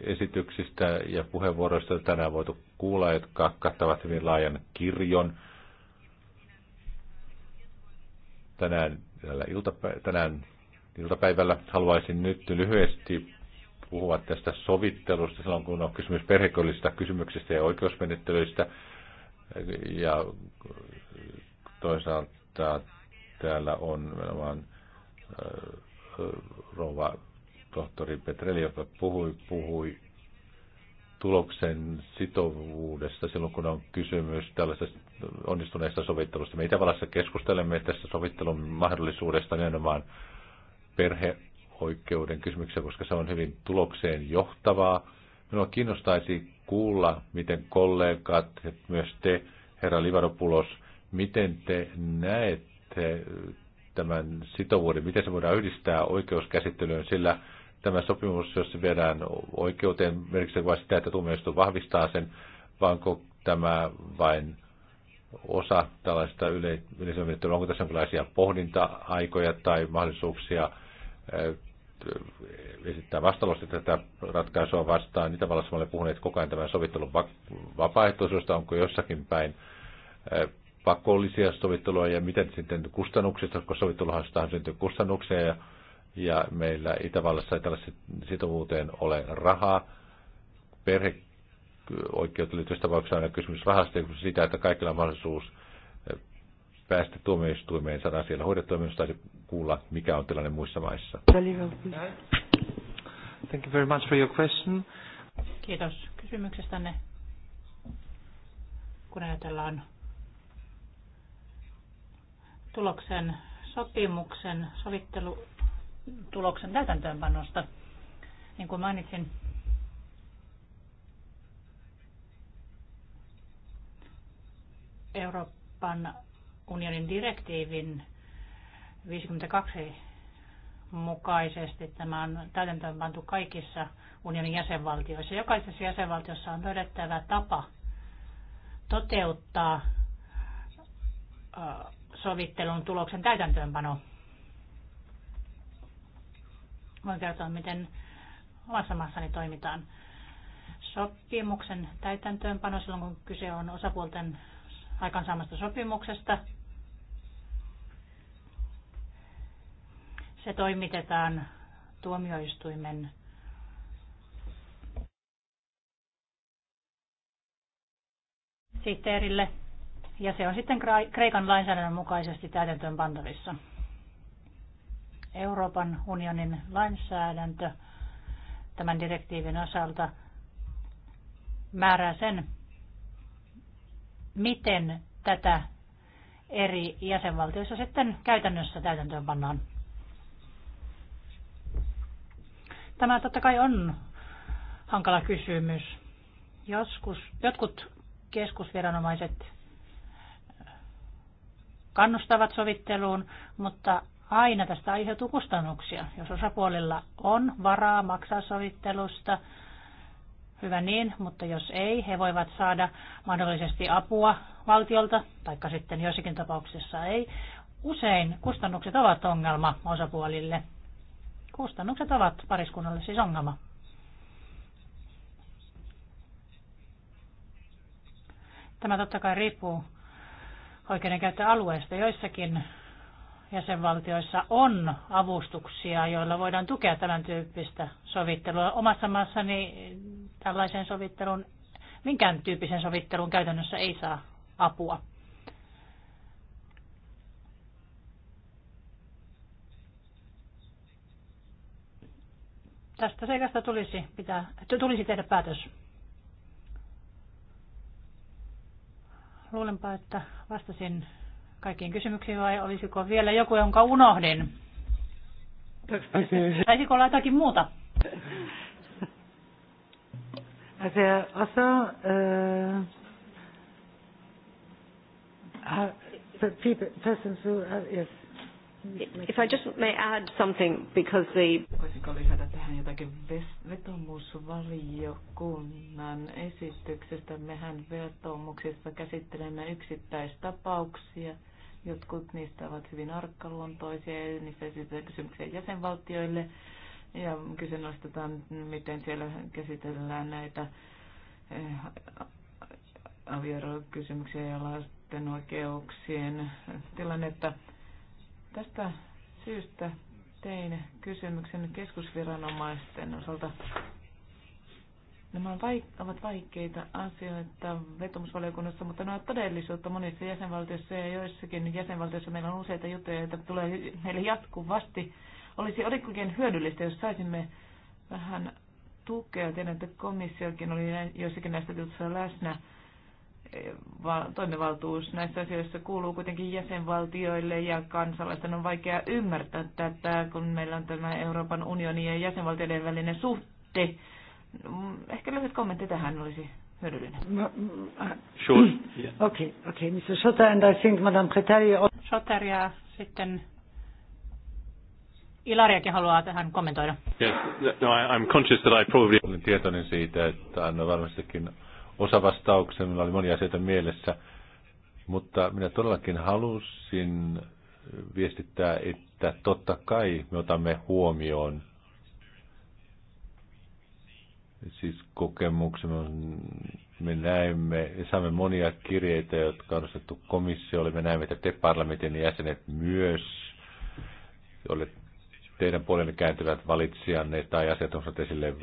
esityksistä ja puheenvuoroista, joita tänään voitu kuulla, jotka kattavat hyvin laajan kirjon. Tänään, tänään, iltapä, tänään iltapäivällä. Haluaisin nyt lyhyesti puhua tästä sovittelusta silloin, kun on kysymys perhekollisista kysymyksistä ja oikeusmenettelyistä. Ja toisaalta täällä on vaan rouva tohtori Petreli, joka puhui, puhui tuloksen sitovuudesta silloin, kun on kysymys tällaisesta onnistuneesta sovittelusta. Me Itävallassa keskustelemme tästä sovittelun mahdollisuudesta nimenomaan perheoikeuden kysymyksiä, koska se on hyvin tulokseen johtavaa. Minua kiinnostaisi kuulla, miten kollegat, myös te, herra Livaropulos, miten te näette tämän sitovuuden, miten se voidaan yhdistää oikeuskäsittelyyn, sillä tämä sopimus, jos se viedään oikeuteen, merkitsee vain sitä, että tuomioistuin vahvistaa sen, vaanko tämä vain osa tällaista yleisömenettelyä, onko tässä jonkinlaisia pohdinta-aikoja tai mahdollisuuksia esittää vastalausta tätä ratkaisua vastaan. Itävallassa me olemme puhuneet koko ajan tämän sovittelun vapaaehtoisuudesta, onko jossakin päin pakollisia sovitteluja ja miten sitten kustannuksista, koska sovitteluhan syntynyt kustannuksia ja, ja meillä Itävallassa ei tällaisen sitovuuteen ole rahaa. Perheoikeuteen liittyvissä tapauksissa on aina kysymys rahasta ja siitä, että kaikilla on mahdollisuus – päästä tuomioistuimeen, saadaan siellä hoidettua, minusta taisi kuulla, mikä on tilanne muissa maissa. Thank you very much for your question. Kiitos kysymyksestänne. Kun ajatellaan tuloksen sopimuksen sovittelutuloksen täytäntöönpanosta, niin kuin mainitsin, Euroopan unionin direktiivin 52 mukaisesti tämä on täytäntöön pantu kaikissa unionin jäsenvaltioissa. Jokaisessa jäsenvaltiossa on löydettävä tapa toteuttaa sovittelun tuloksen täytäntöönpano. Voin kertoa, miten omassa maassani toimitaan. Sopimuksen täytäntöönpano silloin, kun kyse on osapuolten aikaansaamasta sopimuksesta, Se toimitetaan tuomioistuimen sihteerille ja se on sitten Kreikan lainsäädännön mukaisesti täytäntöön pantavissa. Euroopan unionin lainsäädäntö tämän direktiivin osalta määrää sen, miten tätä eri jäsenvaltioissa sitten käytännössä täytäntöön pannaan. Tämä totta kai on hankala kysymys. Joskus, jotkut keskusviranomaiset kannustavat sovitteluun, mutta aina tästä aiheutuu kustannuksia. Jos osapuolilla on varaa maksaa sovittelusta, hyvä niin, mutta jos ei, he voivat saada mahdollisesti apua valtiolta, taikka sitten joissakin tapauksessa ei. Usein kustannukset ovat ongelma osapuolille. Kustannukset ovat pariskunnalle siis ongelma. Tämä totta kai riippuu oikeudenkäyttöalueesta. Joissakin jäsenvaltioissa on avustuksia, joilla voidaan tukea tämän tyyppistä sovittelua. Omassa maassani tällaisen sovittelun, minkään tyyppisen sovittelun käytännössä ei saa apua. Tästä seikasta tulisi, pitää, tulisi tehdä päätös. Luulenpa, että vastasin kaikkiin kysymyksiin vai olisiko vielä joku, jonka unohdin? Taisiko olla jotakin muuta? Alltså, uh, who, uh, yes. If I just may add something because the ensinnäkin vetomusvaliokunnan esityksestä. Mehän vetomuksessa käsittelemme yksittäistapauksia. Jotkut niistä ovat hyvin arkkaluontoisia ja niistä esitetään kysymyksiä jäsenvaltioille. Ja kyseenalaistetaan, miten siellä käsitellään näitä eh, avioerokysymyksiä ja lasten oikeuksien tilannetta. Tästä syystä tein kysymyksen keskusviranomaisten osalta. Nämä ovat vaikeita asioita vetomusvaliokunnassa, mutta ne ovat todellisuutta monissa jäsenvaltioissa ja joissakin jäsenvaltioissa meillä on useita juttuja, joita tulee meille jatkuvasti. Olisi oikein hyödyllistä, jos saisimme vähän tukea. Tiedän, että komissiokin oli joissakin näistä jutuissa läsnä toimivaltuus näissä asioissa kuuluu kuitenkin jäsenvaltioille ja kansalaisten on vaikea ymmärtää tätä, kun meillä on tämä Euroopan unionin ja jäsenvaltioiden välinen suhte. Ehkä lyhyt kommentti tähän olisi hyödyllinen. Äh, <clears throat> okei, Okei, Mr. Schotter and I think Madame Pretari... Schotter ja sitten Ilariakin haluaa tähän kommentoida. Yes. No, I, I'm conscious that I probably... Olen tietoinen siitä, että aina varmastikin osa vastauksia, minulla oli monia asioita mielessä, mutta minä todellakin halusin viestittää, että totta kai me otamme huomioon siis kokemuksemme. Me näemme, saamme monia kirjeitä, jotka on nostettu komissiolle. Me näemme, että te parlamentin jäsenet myös, joille teidän puolenne kääntyvät valitsijanne tai asiat on esille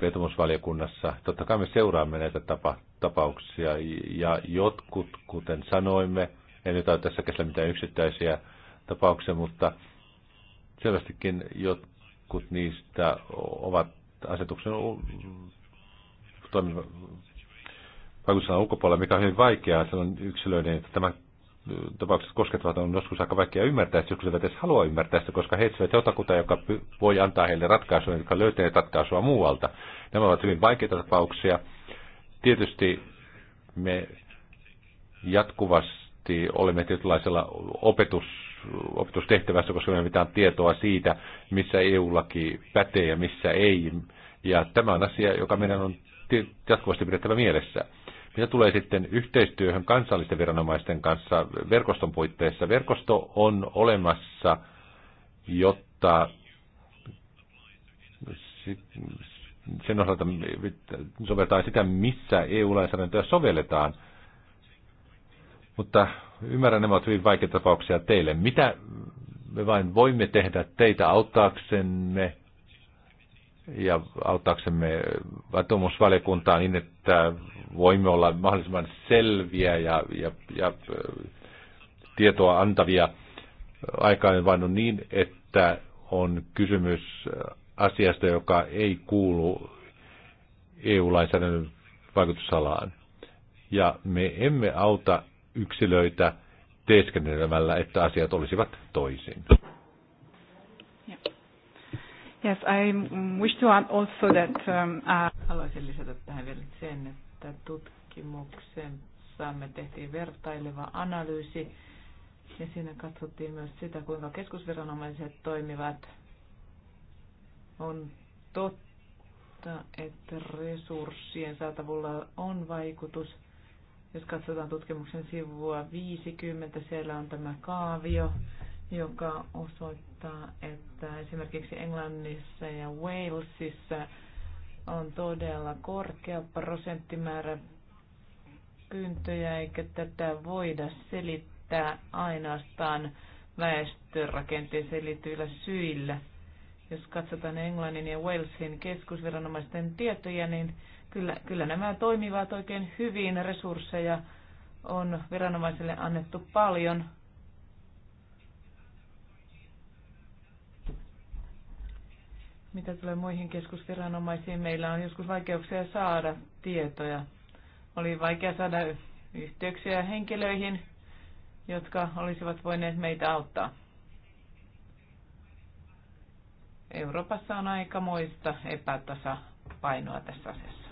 vetomusvaliokunnassa. Totta kai me seuraamme näitä tapa, tapauksia ja jotkut, kuten sanoimme, en nyt ole tässä käsillä mitään yksittäisiä tapauksia, mutta selvästikin jotkut niistä ovat asetuksen toimivan vaikutusalan ulkopuolella, mikä on hyvin vaikeaa on yksilöiden, että tämä tapaukset koskettavat, on joskus aika vaikea ymmärtää, että joskus eivät edes halua ymmärtää sitä, koska he etsivät jotakuta, joka voi antaa heille ratkaisuja, jotka löytävät ratkaisua muualta. Nämä ovat hyvin vaikeita tapauksia. Tietysti me jatkuvasti olemme tietynlaisella opetus, opetustehtävässä, koska me mitään tietoa siitä, missä EU-laki pätee ja missä ei. Ja tämä on asia, joka meidän on jatkuvasti pidettävä mielessä. Mitä tulee sitten yhteistyöhön kansallisten viranomaisten kanssa verkoston puitteissa? Verkosto on olemassa, jotta sen osalta sovelletaan sitä, missä EU-lainsäädäntöä sovelletaan. Mutta ymmärrän, nämä ovat hyvin vaikeita tapauksia teille. Mitä me vain voimme tehdä teitä auttaaksemme ja auttaaksemme vatumusvaliokuntaa niin, että voimme olla mahdollisimman selviä ja, ja, ja äh, tietoa antavia. Aikaan vain on niin, että on kysymys äh, asiasta, joka ei kuulu EU-lainsäädännön vaikutusalaan. Ja me emme auta yksilöitä teeskennelemällä, että asiat olisivat toisin. Yes, I wish to add also that... Um, uh, Haluaisin lisätä tähän vielä sen, että tutkimuksen saamme tehtiin vertaileva analyysi ja siinä katsottiin myös sitä, kuinka keskusviranomaiset toimivat. On totta, että resurssien saatavuudella on vaikutus. Jos katsotaan tutkimuksen sivua 50, siellä on tämä kaavio, joka osoittaa mutta että esimerkiksi Englannissa ja Walesissa on todella korkea prosenttimäärä pyyntöjä, eikä tätä voida selittää ainoastaan väestörakenteen selityillä syillä. Jos katsotaan Englannin ja Walesin keskusviranomaisten tietoja, niin kyllä, kyllä nämä toimivat oikein hyvin. Resursseja on viranomaisille annettu paljon Mitä tulee muihin keskusviranomaisiin, meillä on joskus vaikeuksia saada tietoja. Oli vaikea saada yhteyksiä henkilöihin, jotka olisivat voineet meitä auttaa. Euroopassa on epätasa epätasapainoa tässä asiassa.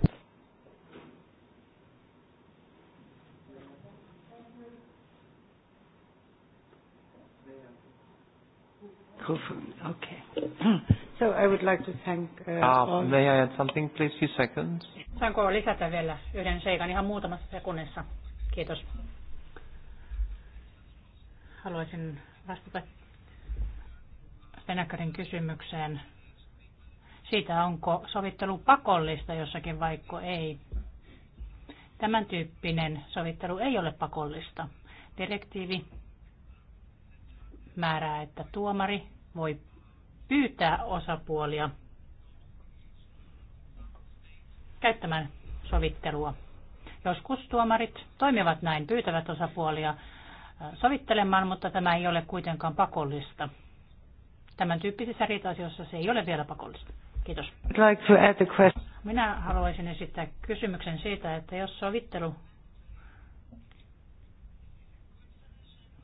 Okei. Okay. So I would like to thank uh, ah, all. may I add something, please, few seconds? Saanko lisätä vielä yhden seikan ihan muutamassa sekunnissa? Kiitos. Haluaisin vastata Venäkärin kysymykseen siitä, onko sovittelu pakollista jossakin vaikka ei. Tämän tyyppinen sovittelu ei ole pakollista. Direktiivi määrää, että tuomari voi pyytää osapuolia käyttämään sovittelua. Joskus tuomarit toimivat näin, pyytävät osapuolia äh, sovittelemaan, mutta tämä ei ole kuitenkaan pakollista. Tämän tyyppisissä riita-asioissa se ei ole vielä pakollista. Kiitos. Like to add Minä haluaisin esittää kysymyksen siitä, että jos sovittelu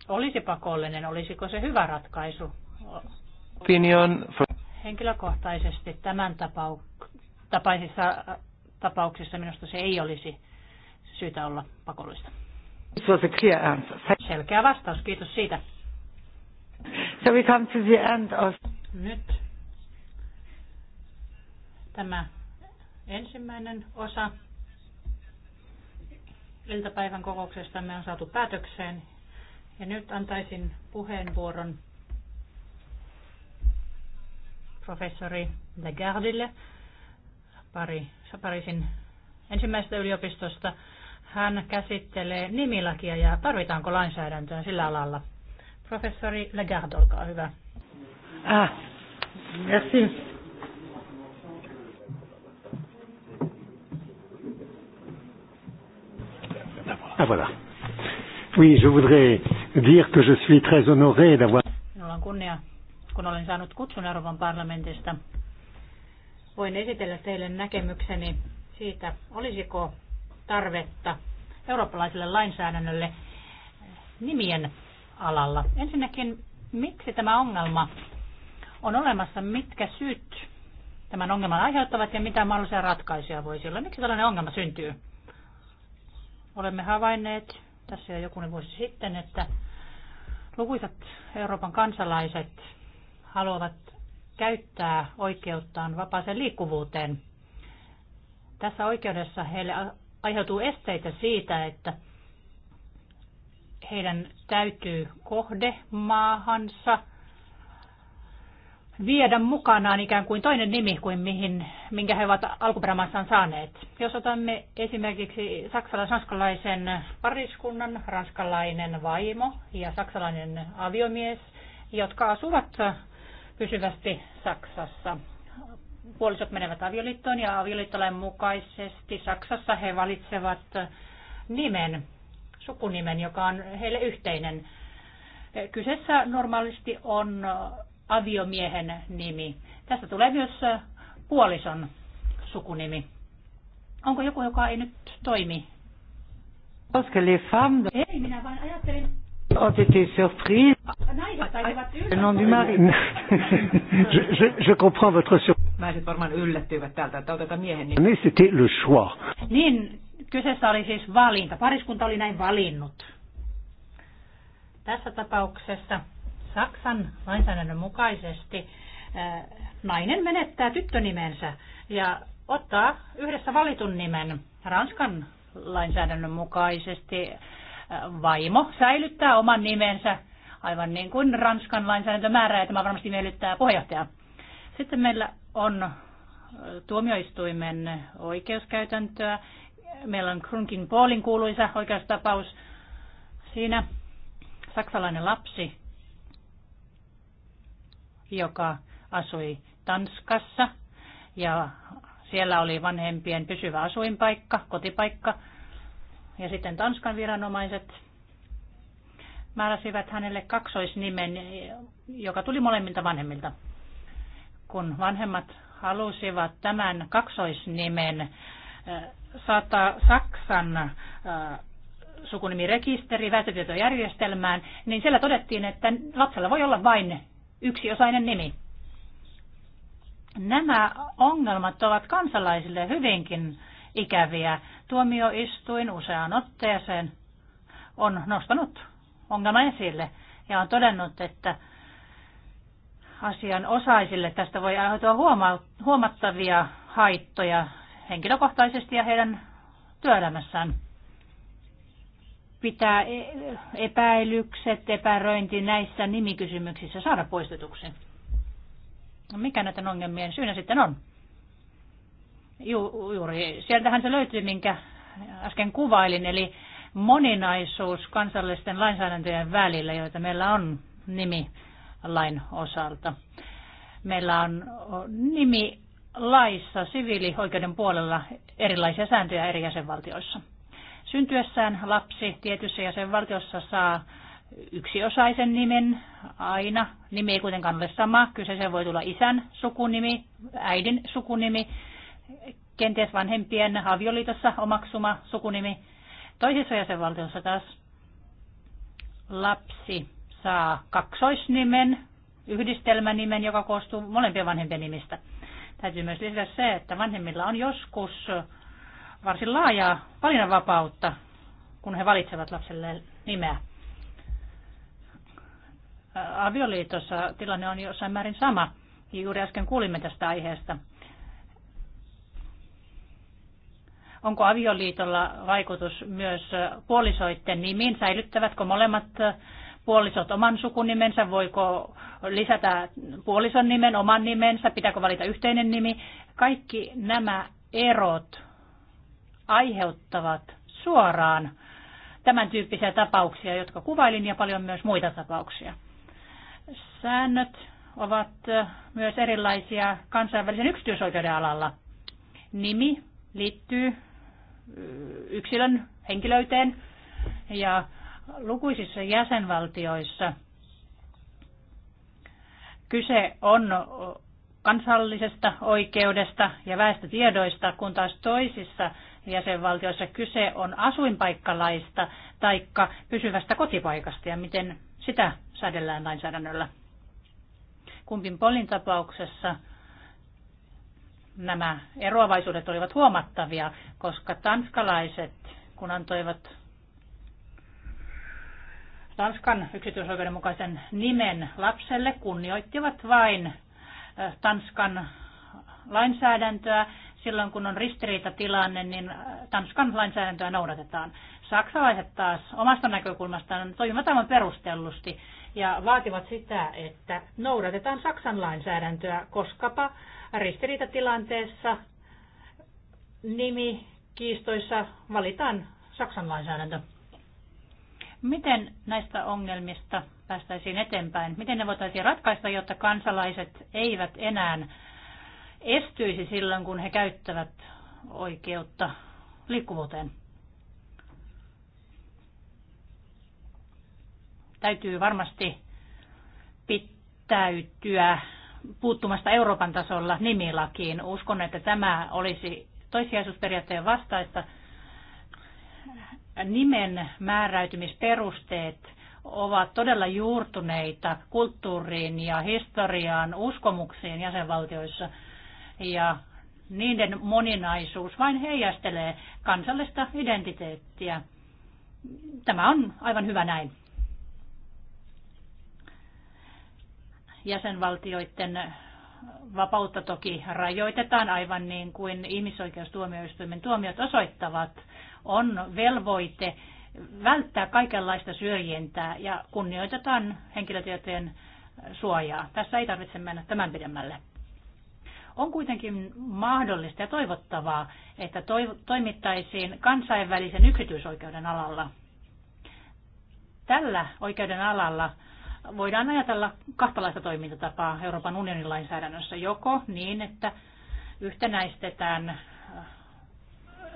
olisi pakollinen, olisiko se hyvä ratkaisu? Opinion for... Henkilökohtaisesti tämän tapauk- tapaisissa äh, tapauksissa minusta se ei olisi syytä olla pakollista. This was a clear answer. Selkeä vastaus, kiitos siitä. So we come to the end of... Nyt tämä ensimmäinen osa iltapäivän Me on saatu päätökseen. Ja nyt antaisin puheenvuoron professori Legardille Pari, Pariisin ensimmäisestä yliopistosta. Hän käsittelee nimilakia ja tarvitaanko lainsäädäntöä sillä alalla. Professori Legard, olkaa hyvä. Ah, merci. Ah voilà. Oui, je voudrais dire que je suis très honoré d'avoir. Minulla on kunnia kun olen saanut kutsun Euroopan parlamentista, voin esitellä teille näkemykseni siitä, olisiko tarvetta eurooppalaiselle lainsäädännölle nimien alalla. Ensinnäkin, miksi tämä ongelma on olemassa, mitkä syyt tämän ongelman aiheuttavat ja mitä mahdollisia ratkaisuja voisi olla. Miksi tällainen ongelma syntyy? Olemme havainneet tässä jo jokunen vuosi sitten, että lukuisat Euroopan kansalaiset haluavat käyttää oikeuttaan vapaaseen liikkuvuuteen. Tässä oikeudessa heille aiheutuu esteitä siitä, että heidän täytyy kohdemaahansa viedä mukanaan ikään kuin toinen nimi kuin mihin, minkä he ovat alkuperämaassaan saaneet. Jos otamme esimerkiksi saksalais-ranskalaisen pariskunnan, ranskalainen vaimo ja saksalainen aviomies, jotka asuvat pysyvästi Saksassa. Puolisot menevät avioliittoon ja avioliittolain mukaisesti Saksassa he valitsevat nimen, sukunimen, joka on heille yhteinen. Kyseessä normaalisti on aviomiehen nimi. Tästä tulee myös puolison sukunimi. Onko joku, joka ei nyt toimi? Ei, minä vain ajattelin, Oh, t'étais surprise. nom du mari. <laughs> je, je, je comprends votre surprise. c'était le choix. Niin, kyseessä oli siis valinta. Pariskunta oli näin valinnut. Tässä tapauksessa Saksan lainsäädännön mukaisesti äh, nainen menettää tyttönimensä ja ottaa yhdessä valitun nimen Ranskan lainsäädännön mukaisesti vaimo säilyttää oman nimensä, aivan niin kuin Ranskan lainsäädäntö määrää, ja tämä varmasti miellyttää puheenjohtajaa. Sitten meillä on tuomioistuimen oikeuskäytäntöä. Meillä on Krunkin Paulin kuuluisa oikeustapaus. Siinä saksalainen lapsi, joka asui Tanskassa ja siellä oli vanhempien pysyvä asuinpaikka, kotipaikka – ja sitten Tanskan viranomaiset määräsivät hänelle kaksoisnimen, joka tuli molemmilta vanhemmilta. Kun vanhemmat halusivat tämän kaksoisnimen äh, saattaa Saksan äh, sukunimirekisteri väestötietojärjestelmään, niin siellä todettiin, että lapsella voi olla vain yksiosainen nimi. Nämä ongelmat ovat kansalaisille hyvinkin ikäviä. Tuomioistuin useaan otteeseen on nostanut ongelman esille ja on todennut, että asian osaisille tästä voi aiheutua huomattavia haittoja henkilökohtaisesti ja heidän työelämässään. Pitää e-, epäilykset, epäröinti näissä nimikysymyksissä saada poistetuksi. No mikä näiden ongelmien syynä sitten on? Ju, juuri sieltähän se löytyy, minkä äsken kuvailin, eli moninaisuus kansallisten lainsäädäntöjen välillä, joita meillä on nimi lain osalta. Meillä on nimi laissa siviilioikeuden puolella erilaisia sääntöjä eri jäsenvaltioissa. Syntyessään lapsi tietyssä jäsenvaltiossa saa yksiosaisen nimen aina. Nimi ei kuitenkaan ole sama. Kyseeseen voi tulla isän sukunimi, äidin sukunimi kenties vanhempien avioliitossa omaksuma sukunimi. Toisessa jäsenvaltiossa taas lapsi saa kaksoisnimen, yhdistelmänimen, joka koostuu molempien vanhempien nimistä. Täytyy myös lisätä se, että vanhemmilla on joskus varsin laajaa valinnanvapautta, kun he valitsevat lapselle nimeä. Avioliitossa tilanne on jossain määrin sama. Juuri äsken kuulimme tästä aiheesta. Onko avioliitolla vaikutus myös puolisoiden nimiin? Säilyttävätkö molemmat puolisot oman sukunimensä? Voiko lisätä puolison nimen, oman nimensä? Pitääkö valita yhteinen nimi? Kaikki nämä erot aiheuttavat suoraan tämän tyyppisiä tapauksia, jotka kuvailin, ja paljon myös muita tapauksia. Säännöt ovat myös erilaisia kansainvälisen yksityisoikeuden alalla. Nimi liittyy yksilön henkilöiteen ja lukuisissa jäsenvaltioissa kyse on kansallisesta oikeudesta ja väestötiedoista, kun taas toisissa jäsenvaltioissa kyse on asuinpaikkalaista tai pysyvästä kotipaikasta ja miten sitä säädellään lainsäädännöllä. Kumpin polin tapauksessa nämä eroavaisuudet olivat huomattavia, koska tanskalaiset, kun antoivat Tanskan yksityisoikeuden mukaisen nimen lapselle, kunnioittivat vain Tanskan lainsäädäntöä. Silloin kun on ristiriitatilanne, niin Tanskan lainsäädäntöä noudatetaan. Saksalaiset taas omasta näkökulmastaan toimivat aivan perustellusti ja vaativat sitä, että noudatetaan Saksan lainsäädäntöä, koskapa ristiriitatilanteessa kiistoissa valitaan Saksan lainsäädäntö. Miten näistä ongelmista päästäisiin eteenpäin? Miten ne voitaisiin ratkaista, jotta kansalaiset eivät enää estyisi silloin, kun he käyttävät oikeutta liikkuvuuteen? Täytyy varmasti pitäytyä puuttumasta Euroopan tasolla nimilakiin. Uskon, että tämä olisi toissijaisuusperiaatteen vastaista. Nimen määräytymisperusteet ovat todella juurtuneita kulttuuriin ja historiaan, uskomuksiin jäsenvaltioissa. Ja niiden moninaisuus vain heijastelee kansallista identiteettiä. Tämä on aivan hyvä näin. Jäsenvaltioiden Vapautta toki rajoitetaan aivan niin kuin ihmisoikeustuomioistuimen tuomiot osoittavat. On velvoite välttää kaikenlaista syrjintää ja kunnioitetaan henkilötietojen suojaa. Tässä ei tarvitse mennä tämän pidemmälle. On kuitenkin mahdollista ja toivottavaa, että toimittaisiin kansainvälisen yksityisoikeuden alalla. Tällä oikeuden alalla voidaan ajatella kahtalaista toimintatapaa Euroopan unionin lainsäädännössä joko niin, että yhtenäistetään äh,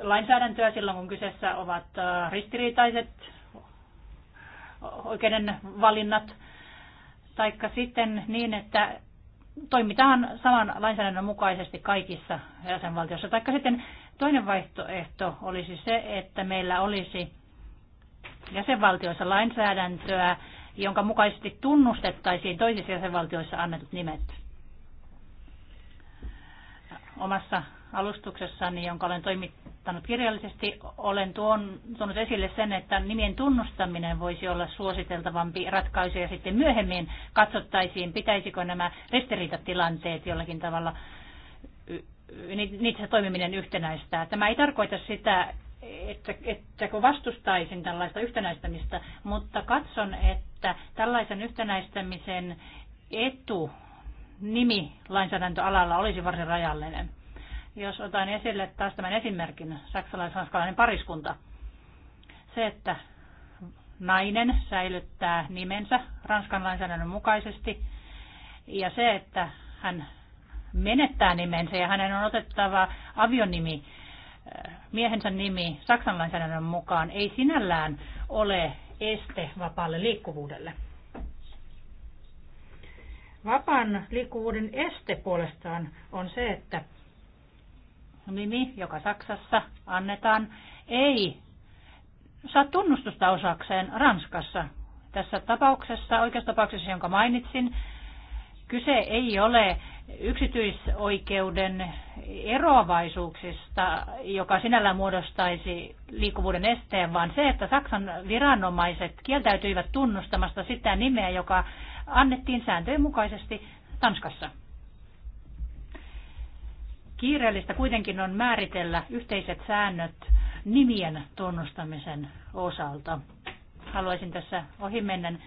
lainsäädäntöä silloin, kun kyseessä ovat äh, ristiriitaiset oikeuden valinnat, taikka sitten niin, että toimitaan saman lainsäädännön mukaisesti kaikissa jäsenvaltioissa. Taikka sitten toinen vaihtoehto olisi se, että meillä olisi jäsenvaltioissa lainsäädäntöä, jonka mukaisesti tunnustettaisiin toisissa jäsenvaltioissa annetut nimet. Omassa alustuksessani, jonka olen toimittanut kirjallisesti, olen tuon, tuonut esille sen, että nimien tunnustaminen voisi olla suositeltavampi ratkaisu ja sitten myöhemmin katsottaisiin, pitäisikö nämä ristiriitatilanteet jollakin tavalla niitä toimiminen yhtenäistää. Tämä ei tarkoita sitä, että, että kun vastustaisin tällaista yhtenäistämistä, mutta katson, että että tällaisen yhtenäistämisen etu nimi lainsäädäntöalalla olisi varsin rajallinen. Jos otan esille taas tämän esimerkin, saksalais ranskalainen pariskunta. Se, että nainen säilyttää nimensä Ranskan lainsäädännön mukaisesti ja se, että hän menettää nimensä ja hänen on otettava avionimi, äh, miehensä nimi Saksan lainsäädännön mukaan ei sinällään ole este vapaalle liikkuvuudelle. Vapaan liikkuvuuden este puolestaan on se, että nimi, joka Saksassa annetaan, ei saa tunnustusta osakseen Ranskassa. Tässä tapauksessa, tapauksessa, jonka mainitsin, Kyse ei ole yksityisoikeuden eroavaisuuksista, joka sinällä muodostaisi liikkuvuuden esteen, vaan se, että Saksan viranomaiset kieltäytyivät tunnustamasta sitä nimeä, joka annettiin sääntöjen mukaisesti Tanskassa. Kiireellistä kuitenkin on määritellä yhteiset säännöt nimien tunnustamisen osalta. Haluaisin tässä ohimennen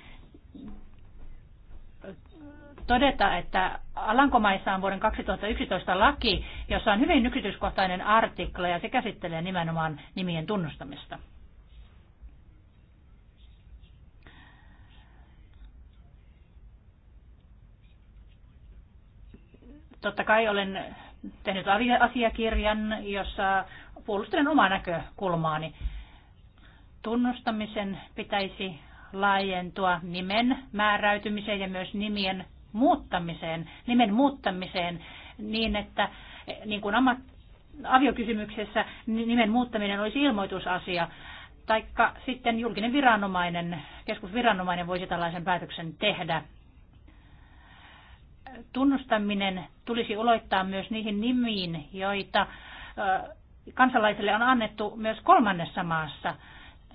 todeta, että Alankomaissa on vuoden 2011 laki, jossa on hyvin yksityiskohtainen artikla ja se käsittelee nimenomaan nimien tunnustamista. Totta kai olen tehnyt asiakirjan, jossa puolustelen omaa näkökulmaani. Tunnustamisen pitäisi laajentua nimen määräytymiseen ja myös nimien muuttamiseen, nimen muuttamiseen niin, että niin kuin ammat, aviokysymyksessä nimen muuttaminen olisi ilmoitusasia, taikka sitten julkinen viranomainen, keskusviranomainen voisi tällaisen päätöksen tehdä. Tunnustaminen tulisi uloittaa myös niihin nimiin, joita kansalaisille on annettu myös kolmannessa maassa –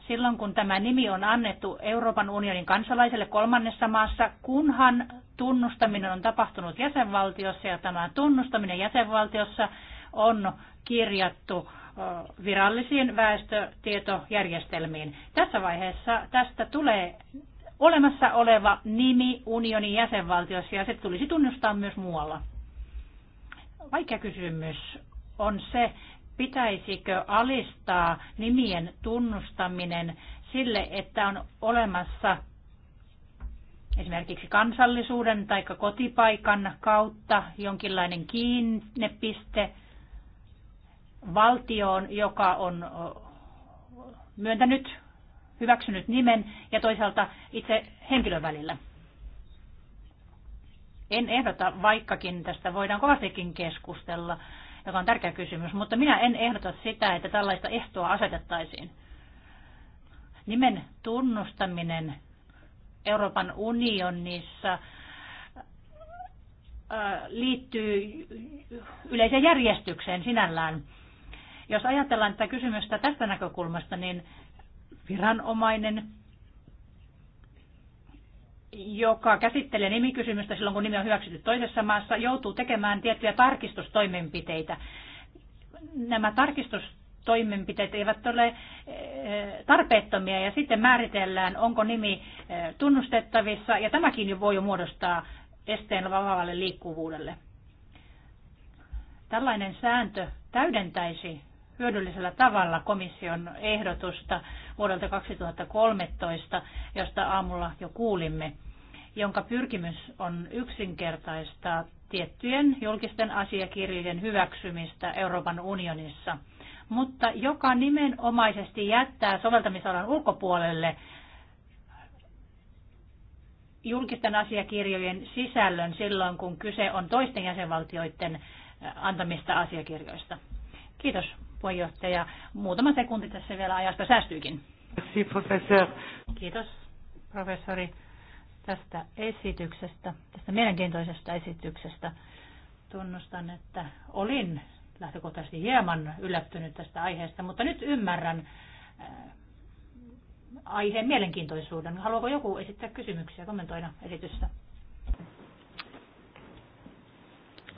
silloin, kun tämä nimi on annettu Euroopan unionin kansalaiselle kolmannessa maassa, kunhan tunnustaminen on tapahtunut jäsenvaltiossa ja tämä tunnustaminen jäsenvaltiossa on kirjattu virallisiin väestötietojärjestelmiin. Tässä vaiheessa tästä tulee olemassa oleva nimi unionin jäsenvaltiossa ja se tulisi tunnustaa myös muualla. Vaikea kysymys on se, pitäisikö alistaa nimien tunnustaminen sille, että on olemassa esimerkiksi kansallisuuden tai kotipaikan kautta jonkinlainen kiinnepiste valtioon, joka on myöntänyt, hyväksynyt nimen ja toisaalta itse henkilön välillä. En ehdota, vaikkakin tästä voidaan kovastikin keskustella, joka on tärkeä kysymys, mutta minä en ehdota sitä, että tällaista ehtoa asetettaisiin. Nimen tunnustaminen Euroopan unionissa äh, liittyy yleiseen järjestykseen sinällään. Jos ajatellaan tätä kysymystä tästä näkökulmasta, niin viranomainen joka käsittelee nimikysymystä silloin, kun nimi on hyväksytty toisessa maassa, joutuu tekemään tiettyjä tarkistustoimenpiteitä. Nämä tarkistustoimenpiteet eivät ole eh, tarpeettomia ja sitten määritellään, onko nimi eh, tunnustettavissa ja tämäkin jo voi jo muodostaa esteen vapaavalle liikkuvuudelle. Tällainen sääntö täydentäisi hyödyllisellä tavalla komission ehdotusta vuodelta 2013, josta aamulla jo kuulimme, jonka pyrkimys on yksinkertaistaa tiettyjen julkisten asiakirjojen hyväksymistä Euroopan unionissa, mutta joka nimenomaisesti jättää soveltamisalan ulkopuolelle julkisten asiakirjojen sisällön silloin, kun kyse on toisten jäsenvaltioiden antamista asiakirjoista. Kiitos puheenjohtaja. Muutama sekunti tässä vielä ajasta säästyykin. Merci, professor. Kiitos, professori, tästä esityksestä, tästä mielenkiintoisesta esityksestä. Tunnustan, että olin lähtökohtaisesti hieman yllättynyt tästä aiheesta, mutta nyt ymmärrän äh, aiheen mielenkiintoisuuden. Haluaako joku esittää kysymyksiä, kommentoida esitystä?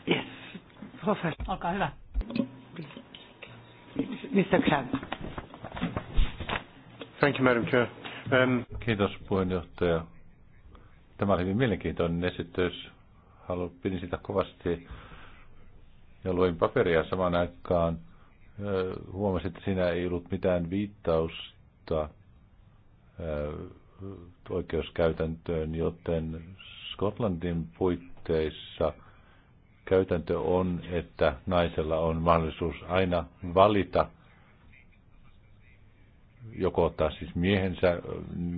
Yes, professor. Olkaa hyvä. Um, Kiitos puheenjohtaja. Tämä oli hyvin mielenkiintoinen esitys. Haluan, pidin sitä kovasti ja luin paperia samaan aikaan. Huomasin, että siinä ei ollut mitään viittausta oikeuskäytäntöön, joten Skotlantin puitteissa käytäntö on, että naisella on mahdollisuus aina valita joko ottaa siis miehensä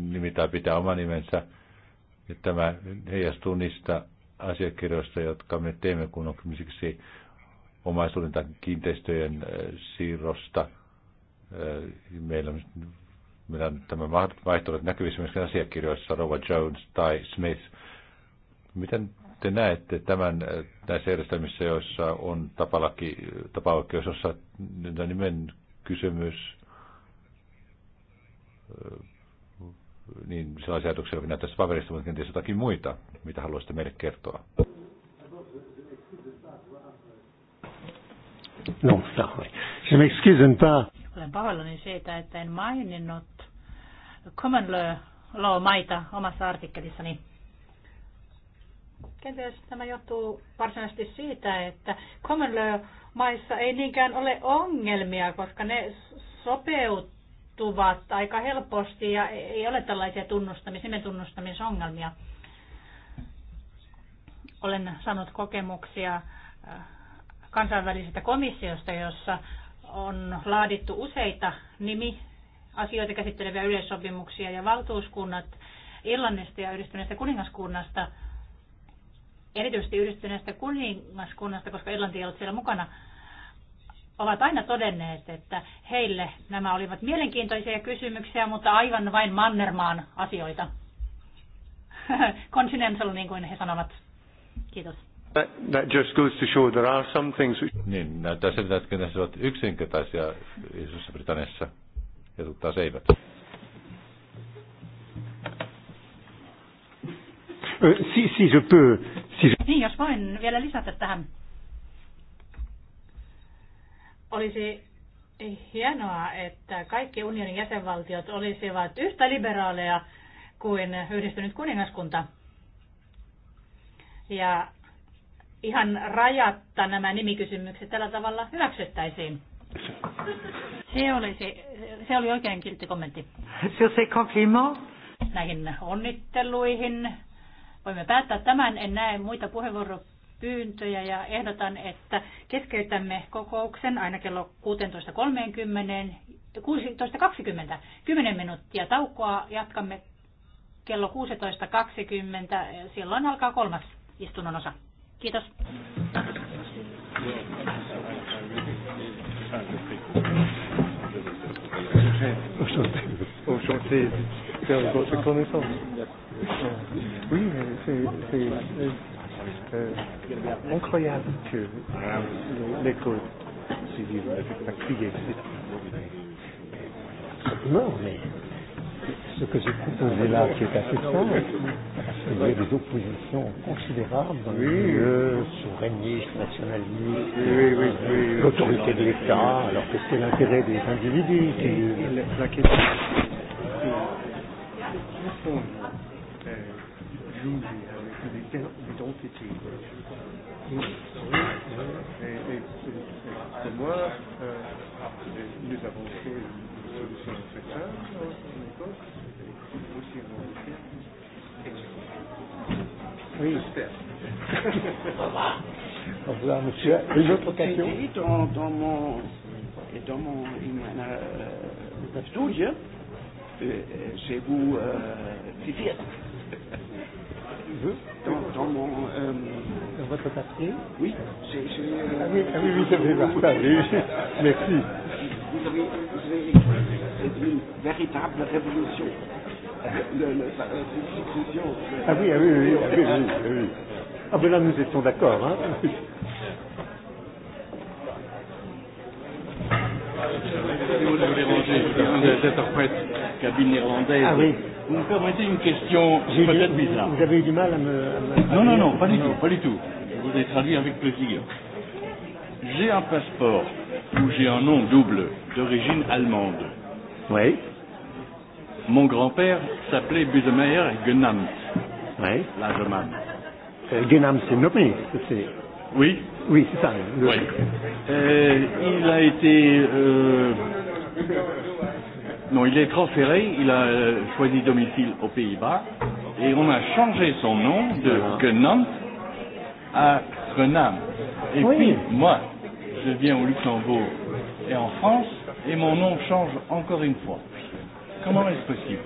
nimi tai pitää oma nimensä. Ja tämä heijastuu niistä asiakirjoista, jotka me teemme, kun on omaisuuden tai kiinteistöjen äh, siirrosta. Äh, meillä on, meillä on tämä vaihtoehto näkyvissä myös asiakirjoissa, Rova Jones tai Smith. Miten te näette tämän äh, näissä järjestelmissä, joissa on tapalaki, tapaoikeus, jossa nimen kysymys niin sellaisia ajatuksia, joita tässä paperissa, mutta kenties jotakin muita, mitä haluaisitte meille kertoa. No, siis Olen pahoillani siitä, että en maininnut common law maita omassa artikkelissani. Kenties tämä johtuu varsinaisesti siitä, että common law maissa ei niinkään ole ongelmia, koska ne sopeut muuttuvat aika helposti ja ei ole tällaisia tunnustamisimien tunnustamisongelmia. Olen saanut kokemuksia äh, kansainvälisestä komissiosta, jossa on laadittu useita nimi asioita käsitteleviä yleissopimuksia ja valtuuskunnat Irlannista ja yhdistyneestä kuningaskunnasta, erityisesti yhdistyneestä kuningaskunnasta, koska Irlanti ei ollut siellä mukana, ovat aina todenneet, että heille nämä olivat mielenkiintoisia kysymyksiä, mutta aivan vain Mannermaan asioita. <laughs> Continental, niin kuin he sanovat. Kiitos. That, just goes to show there are some things... Niin, näyttää siltä, että ne ovat yksinkertaisia Isossa Britanniassa, ja tuttaa seivät. Uh, si, si, je peux, si Niin, jos voin vielä lisätä tähän olisi hienoa, että kaikki unionin jäsenvaltiot olisivat yhtä liberaaleja kuin yhdistynyt kuningaskunta. Ja ihan rajatta nämä nimikysymykset tällä tavalla hyväksyttäisiin. Se, olisi, se oli oikein kiltti kommentti. Se Näihin onnitteluihin. Voimme päättää tämän. En näe muita puheenvuoroja pyyntöjä ja ehdotan, että keskeytämme kokouksen aina kello 16.30, 16.20, 10 minuuttia taukoa, jatkamme kello 16.20, silloin alkaa kolmas istunnon osa. Kiitos. Enchanté. Enchanté. C'est votre connaissance. Oui, mais euh, incroyable que l'école civile a crié. Non, mais ce que j'ai proposé là, qui est assez simple, il y a des oppositions considérables dans le milieu souverainiste, nationaliste, oui, oui, oui, l'autorité de l'État, alors que c'est l'intérêt des individus. Qui... La question, c'est, au euh, because they, don't, they don't achieve it. Et, et, et pour moi, euh, nous avons fait une solution très simple en Écosse, et aussi en Angleterre. Oui. J'espère. Au revoir, monsieur. Une autre question dans, dans mon, dans mon euh, studio, euh, euh, c'est vous euh, citer. Mhm. dans, dans mon. Euh... Dans votre papier Oui, j'ai. Euh... Ah oui, ah oui, oui, j'avais <laughs> partagé. Ah Merci. Vous avez, vous avez écrit une véritable révolution. Le, le, euh, ah oui, ah oui, oui, oui, ah oui, oui, Ah ben ah, là, nous étions d'accord, hein. Désolé de vous déranger, je viens cabine irlandaise. Ah oui. Vous me permettez une question peut-être bizarre. Vous avez eu du mal à me. À me non, non, non, pas du non. tout, pas du tout. Je vous ai traduit avec plaisir. J'ai un passeport où j'ai un nom double d'origine allemande. Oui. Mon grand-père s'appelait Busemeyer Genamt. Oui. L'Allemagne. Euh, Genamt, c'est nommé. C'est... Oui. Oui, c'est ça. Le... Oui. Euh, il a été. Euh, Non, il est transféré, il a euh, choisi domicile aux Pays-Bas et on a changé son nom de ah. Genant à Renam. Et oui. puis, moi, je viens au Luxembourg et en France et mon nom change encore une fois. Comment est-ce possible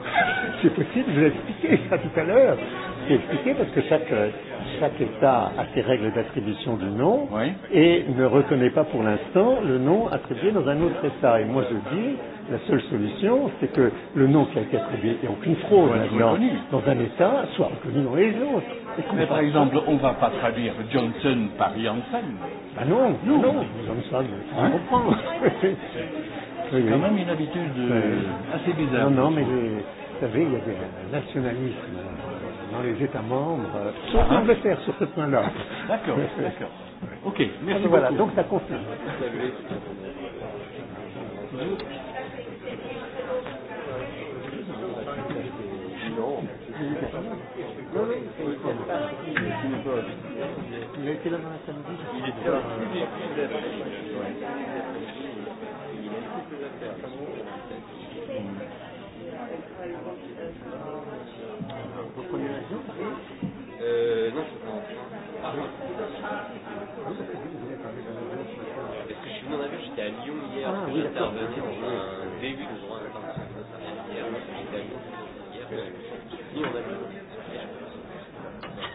<laughs> C'est possible, je l'ai expliqué ça tout à l'heure. C'est expliqué parce que chaque, chaque État a ses règles d'attribution du nom oui. et ne reconnaît pas pour l'instant le nom attribué dans un autre État. Et moi je dis, La seule solution, c'est que le nom qui a été attribué, il aucune fraude maintenant, dans un État, soit reconnu dans les autres. Et Mais par exemple, on ne va pas traduire Johnson par Janssen. Ben ah non, ah non, non. non. Johnson, hein? on comprend. <laughs> oui, oui. quand même une habitude euh, assez bizarre. Non, non, mais les, vous savez, il y avait un nationalisme dans les États membres, sauf ah, l'Angleterre sur ce point-là. D'accord, <laughs> d'accord. Ok, ah, merci. Alors, voilà, donc ça confirme. om. Non, non, c'est Vous avez été là dans la samedi Il était là. Vous prenez l'avion Euh, non, je prends en train. Est-ce que je suis venu en avion J'étais à Lyon hier, ah, parce que oui, j'intervenais dans un début de journée.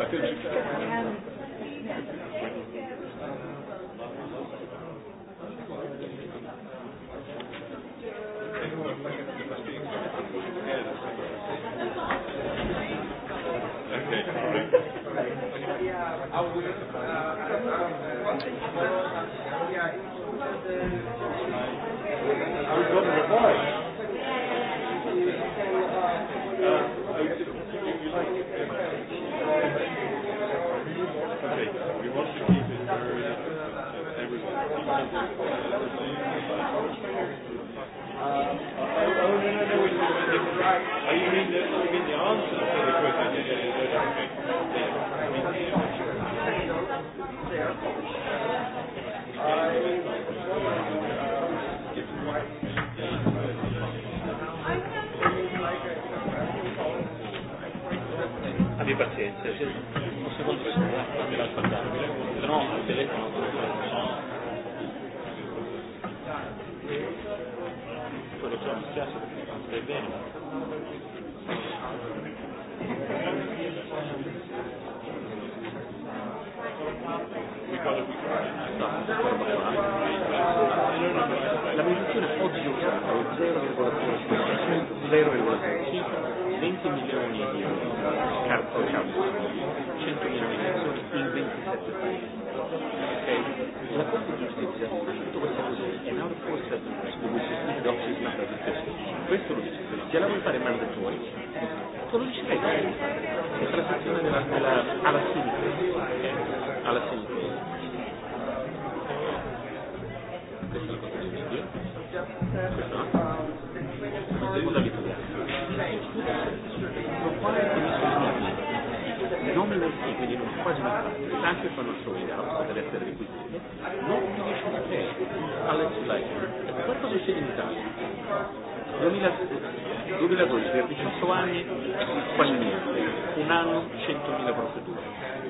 package I was going to reply. Uh, I was Are you mean the, you mean the answer to the question? Yeah, yeah, yeah. Okay. Yeah. pazienza, non se no al telefono non so. Quello che mi piace perché non stai bene. La mediazione è 0,3%, 20 milioni di euro. questo lo dice, lo dice la vuoi fare fuori, tu lo dice lei, questa no? è la sezione della, della, alla sinistra, eh? alla sinistra. Questa è la cosa che dice questa no? Non quale condizioni non deve essere requisito, non mi riesce a fare, alla legislazione. Qualcosa succede in Italia. 2000, 2012, per 18 anni, fallimento, un anno, 100.000 procedure,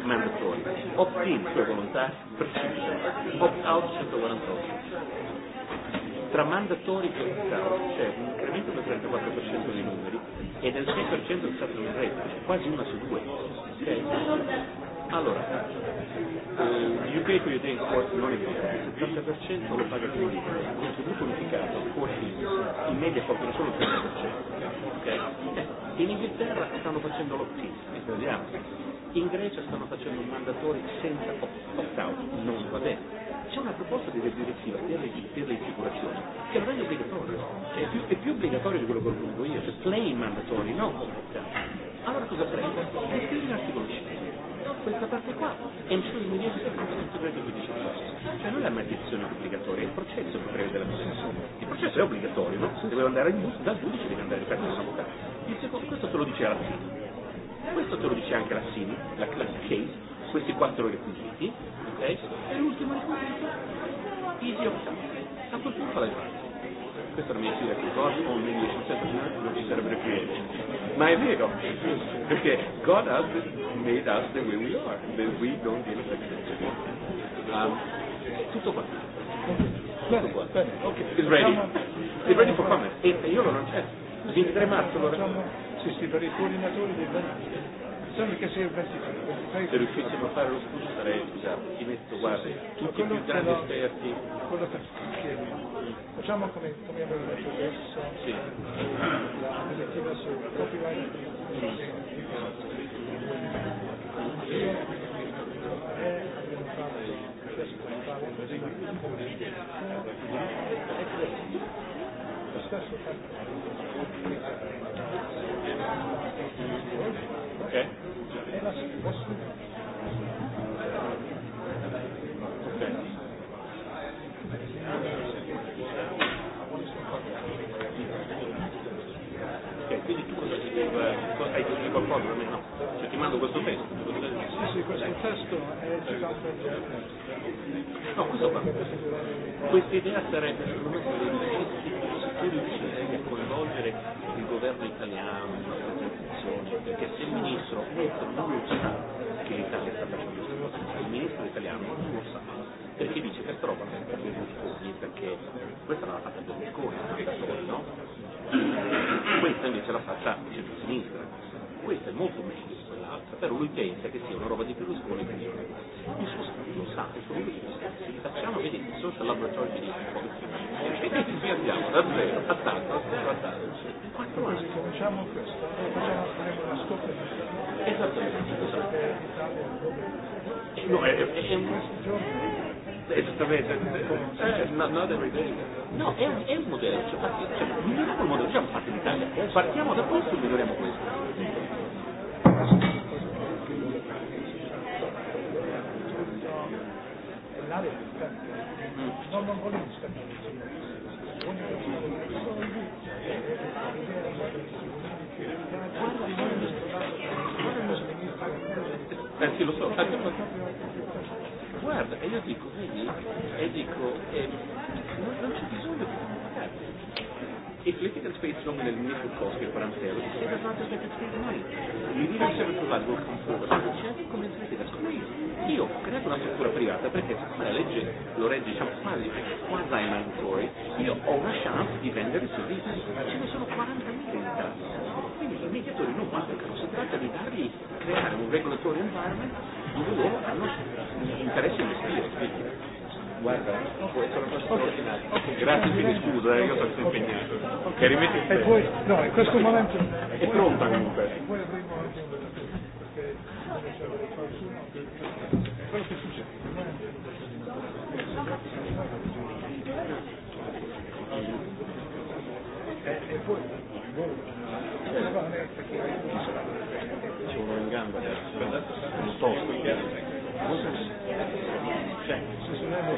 mandatori, opt-in, sua volontà, precisa, opt-out, 148 tra mandatori e opt-out c'è un incremento del 34% dei numeri e del 6% del stato di rete, quasi una su due. Okay? Allora, eh, io clico io dentro non è il 70% lo paga il politico questo gruppo unificato forse in media portano solo il 30% okay? in Inghilterra stanno facendo l'opt-in in Grecia stanno facendo un mandatore senza opt-out non va bene c'è una proposta di direttiva per le, per le assicurazioni che non è obbligatorio, è più, è più obbligatorio di quello che ho voluto io, cioè plain mandatori, non opt-out. Allora cosa prendo? Che l'articolo 5 questa parte qua è un solo migliore aspetto pratico di successo. Ah, no, cioè non è la maledizione obbligatoria, è il processo che prevede la maledizione. Il processo è obbligatorio, no? Se devo andare dal giudice devi andare per un avvocato. Il secondo, questo te lo dice la Sini, questo te lo dice anche la Sini, la class case, questi quattro requisiti, ok? E l'ultimo requisito, easy of A quel punto la fatto. Questa è la mia teoria che cosa con mediation settlement non ci sarebbe più mediation my way of thinking. Okay, God has made us the way we are, but we don't deal with it. Um, tutto qua. Tutto qua. Okay, he's ready. He's ready for comment. E, e io lo lancerò. 23 marzo lo Sì, sì, per i coordinatori del Sono che sei il 23. Se riuscissimo a fare lo studio sarei, scusa, ti metto, guarda, tutti i più grandi esperti. Quello che chiedo. Facciamo come, come abbiamo detto adesso sì. la direttiva sul copyright. E abbiamo fatto come fare lo stesso fatto. Ok. questo testo è no cosa fa questa idea sarebbe secondo me se tu riuscirai coinvolgere il governo italiano in questa transizione perché se il ministro non lo sa che l'Italia sta facendo questa cosa il ministro italiano non lo sa perché dice questa roba l'ha fatta Berlusconi perché questa l'ha fatta Berlusconi no? questa invece l'ha fatta il centro-sinistra questo è molto meglio però lui pensa che sia una roba di Berlusconi che io il suo studio sa che sono questi scazzi facciamo vedere il social laboratory di più e andiamo da zero a tanto a zero a tanto quattro anni facciamo questo eh, facciamo una scoperta esattamente eh, no è, è, è un esattamente eh, eh, not, no è un, è un modello cioè, partiamo, cioè, miglioriamo il modello diciamo parte partiamo da questo e miglioriamo questo parlare No, non volevo scattare. Eh sì, lo so, guarda, e io dico, vedi, e dico, eh, non, non c'è bisogno di Εκλήθηκαν τις περιπτώσεις με ελληνική φουκός και παραμφέρον και έβαζαν τα κατευθυνόμενη. Η ίδια σε ritrovare due confuso, c'è come siete da scoprire. Io ho creato una struttura privata perché siccome la legge lo regge diciamo quasi quasi ai mandatori, io ho una chance di vendere i servizi. Ce ne sono 40.000 in Italia. Quindi i mediatori non mancano, si tratta di dargli, creare un regulatory environment dove loro hanno interesse a investire. Guarda, Grazie, mi scusa, eh, io sono stato impegnato. Che rimetti E poi, no, in questo momento... È pronta comunque. non c'era nessuno che... sono in gamba, non tosto, chiaro.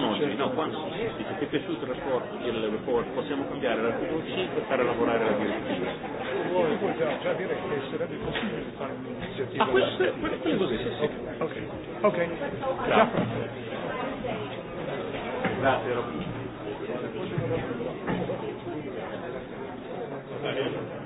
non oggi, no, quando si dice che è piaciuto il report, il report possiamo cambiare l'articolo 5 e fare lavorare la direttiva. Ah, questo è, questo è così, sì, sì. Ok, ok. Grazie. Thank you.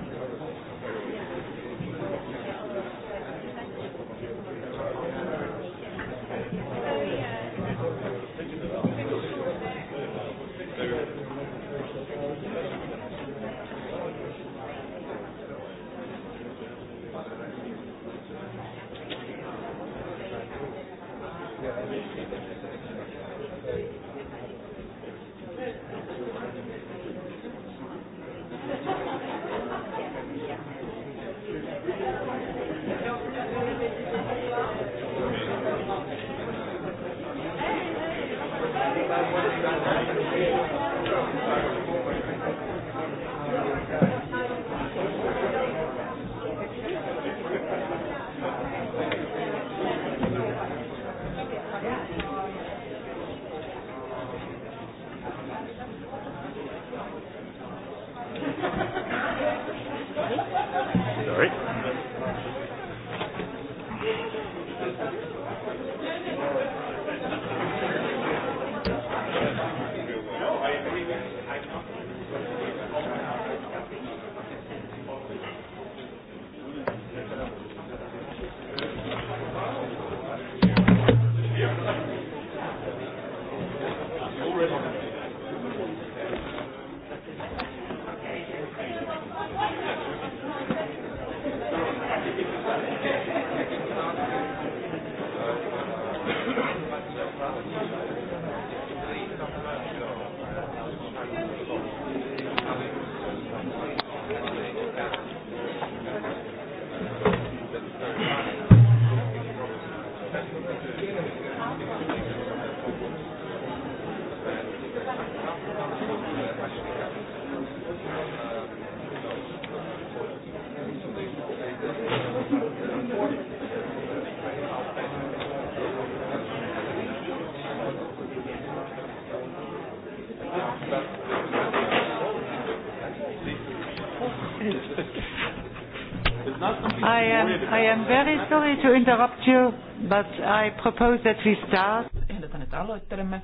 I am very sorry to interrupt you, but I propose that we start. Ehdotan, että aloittelemme.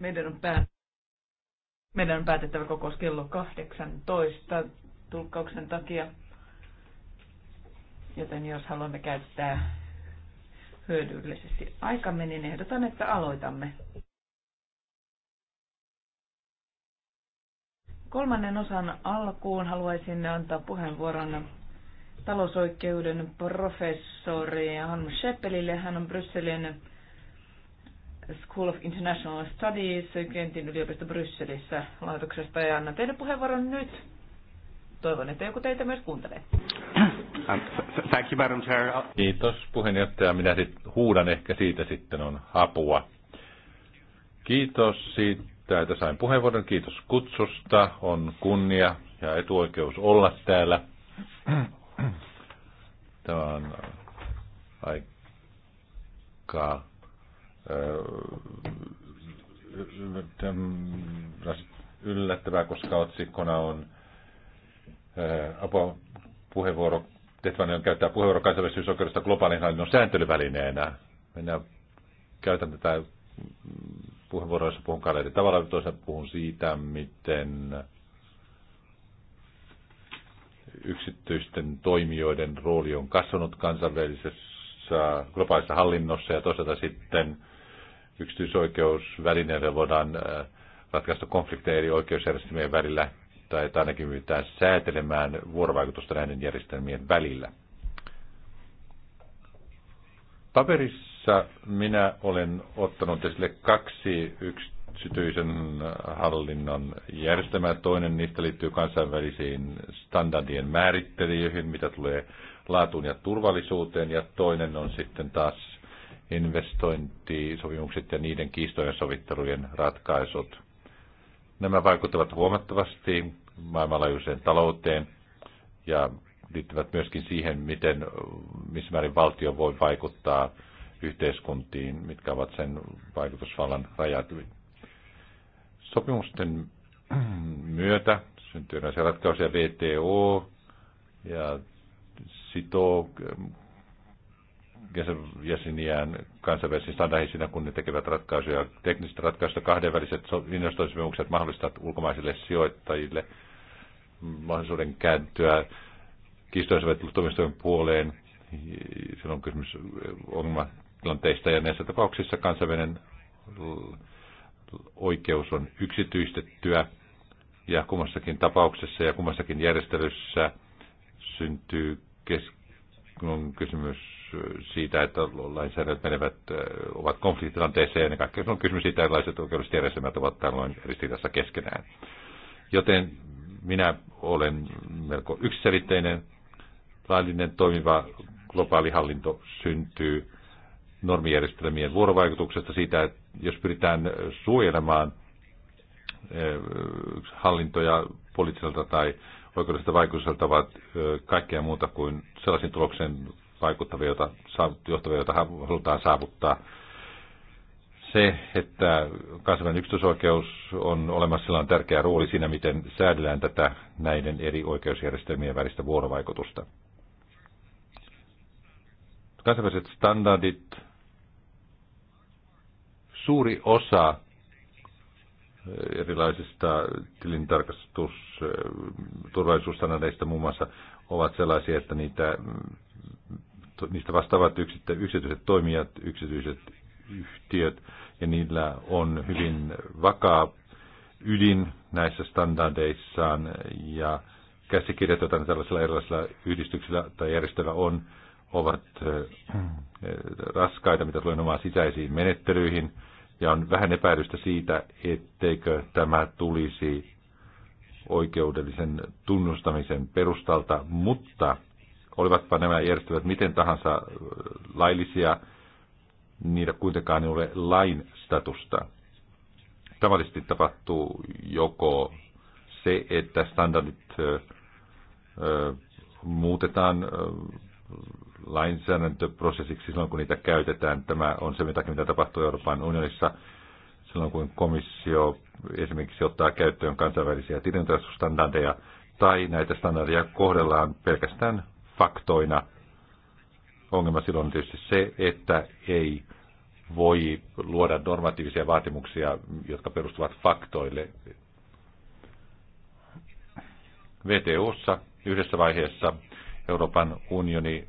Meidän on, päät- Meidän on päätettävä kokous kello 18 tulkkauksen takia. Joten jos haluamme käyttää hyödyllisesti aikamme, niin ehdotan, että aloitamme. kolmannen osan alkuun haluaisin antaa puheenvuoron talousoikeuden professori Hannu Scheppelille. Hän on Brysselin School of International Studies, Kentin yliopisto Brysselissä laitoksesta. Ja annan teille puheenvuoron nyt. Toivon, että joku teitä myös kuuntelee. Um, thank you, Madam Chair. Kiitos puheenjohtaja. Minä sit huudan ehkä siitä sitten on apua. Kiitos siitä, että sain puheenvuoron. Kiitos kutsusta. On kunnia ja etuoikeus olla täällä. Tämä on aika yllättävää, koska otsikkona on apua puheenvuoro. Tetvanen käyttää puheenvuoro kansainvälisyysoikeudesta globaalin hallinnon sääntelyvälineenä. Minä käytän tätä puheenvuoroissa puhun kavereiden tavalla, toisen puhun siitä, miten yksityisten toimijoiden rooli on kasvanut kansainvälisessä globaalissa hallinnossa ja toisaalta sitten yksityisoikeusvälineillä voidaan äh, ratkaista konflikteja eri oikeusjärjestelmien välillä tai ainakin pyritään säätelemään vuorovaikutusta näiden järjestelmien välillä. Paperissa minä olen ottanut esille kaksi yksi yksityisen hallinnon järjestelmä. Toinen niistä liittyy kansainvälisiin standardien määrittelijöihin, mitä tulee laatuun ja turvallisuuteen. Ja toinen on sitten taas investointisopimukset ja niiden kiistojen sovittelujen ratkaisut. Nämä vaikuttavat huomattavasti maailmanlaajuiseen talouteen ja liittyvät myöskin siihen, miten, missä määrin valtio voi vaikuttaa yhteiskuntiin, mitkä ovat sen vaikutusvallan rajat. Sopimusten myötä syntyy näissä ratkaisuja VTO ja sitoo jäseniään kansainvälisiin standardeihin siinä, kun ne tekevät ratkaisuja. Teknisistä ratkaisuista kahdenväliset investointisopimukset mahdollistavat ulkomaisille sijoittajille mahdollisuuden kääntyä kiistoisovettelutoimistojen puoleen. Silloin on kysymys ongelmatilanteista ja näissä tapauksissa kansainvälinen oikeus on yksityistettyä ja kummassakin tapauksessa ja kummassakin järjestelyssä syntyy kes- on kysymys siitä, että lainsäädännöt menevät, ovat konfliktitilanteessa ja ennen kaikkea on kysymys siitä, että laiset oikeudelliset järjestelmät ovat tällöin ristiriidassa keskenään. Joten minä olen melko yksiselitteinen. Laillinen toimiva globaali hallinto syntyy normijärjestelmien vuorovaikutuksesta siitä, että jos pyritään suojelemaan hallintoja poliittiselta tai oikeudelliselta vaikutukselta vaan kaikkea muuta kuin sellaisiin tuloksen vaikuttavia, joita, johtavia, joita halutaan saavuttaa. Se, että kansainvälinen yksityisoikeus on olemassa, sillä on tärkeä rooli siinä, miten säädellään tätä näiden eri oikeusjärjestelmien välistä vuorovaikutusta. Kansainväliset standardit Suuri osa eh, erilaisista tilintarkastus- eh, turvallisuusstandardeista muun muassa ovat sellaisia, että niitä, mm, niistä vastaavat yksityiset toimijat, yksityiset yhtiöt, ja niillä on hyvin vakaa ydin näissä standardeissaan, ja käsikirjat, joita tällaisilla erilaisilla yhdistyksillä tai järjestöillä on, ovat eh, raskaita, mitä tulee omaan sisäisiin menettelyihin, ja on vähän epäilystä siitä, etteikö tämä tulisi oikeudellisen tunnustamisen perustalta, mutta olivatpa nämä järjestelmät miten tahansa laillisia, niillä kuitenkaan ei ole lain statusta. Tavallisesti tapahtuu joko se, että standardit muutetaan lainsäädäntöprosessiksi silloin, kun niitä käytetään. Tämä on se, mitä tapahtuu Euroopan unionissa silloin, kun komissio esimerkiksi ottaa käyttöön kansainvälisiä tilintarkastusstandardeja tai näitä standardeja kohdellaan pelkästään faktoina. Ongelma silloin on tietysti se, että ei voi luoda normatiivisia vaatimuksia, jotka perustuvat faktoille. VTUssa yhdessä vaiheessa Euroopan unioni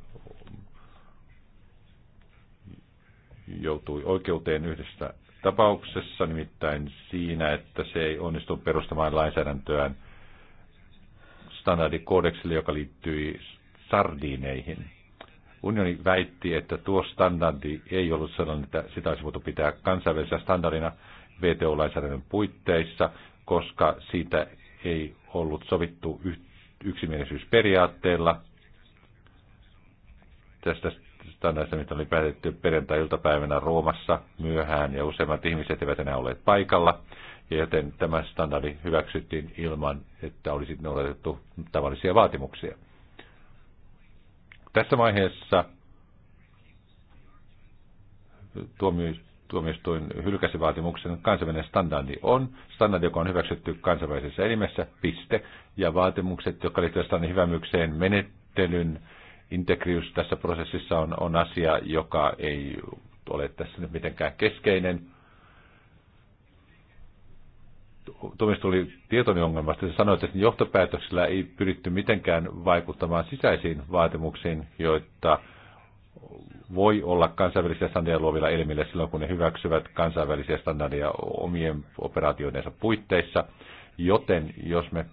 joutui oikeuteen yhdessä tapauksessa, nimittäin siinä, että se ei onnistu perustamaan lainsäädäntöään standardikoodeksille, joka liittyi sardiineihin. Unioni väitti, että tuo standardi ei ollut sellainen, että sitä olisi voitu pitää kansainvälisenä standardina VTO-lainsäädännön puitteissa, koska siitä ei ollut sovittu yksimielisyysperiaatteella. Tästä standardista, mitä oli päätetty perjantai-iltapäivänä Roomassa myöhään ja useimmat ihmiset eivät enää olleet paikalla. Ja joten tämä standardi hyväksyttiin ilman, että olisi noudatettu tavallisia vaatimuksia. Tässä vaiheessa tuomioistuin hylkäsi vaatimuksen. Kansainvälinen standardi on standardi, joka on hyväksytty kansainvälisessä elimessä, piste, ja vaatimukset, jotka liittyvät standardin hyvämykseen menettelyn integrius tässä prosessissa on, on asia, joka ei ole tässä nyt mitenkään keskeinen. Tuomista tuli tietoni ongelmasta. Se sanoi, että johtopäätöksellä ei pyritty mitenkään vaikuttamaan sisäisiin vaatimuksiin, joita voi olla kansainvälisiä standardeja luovilla elimillä silloin, kun ne hyväksyvät kansainvälisiä standardeja omien operaatioidensa puitteissa. Joten jos me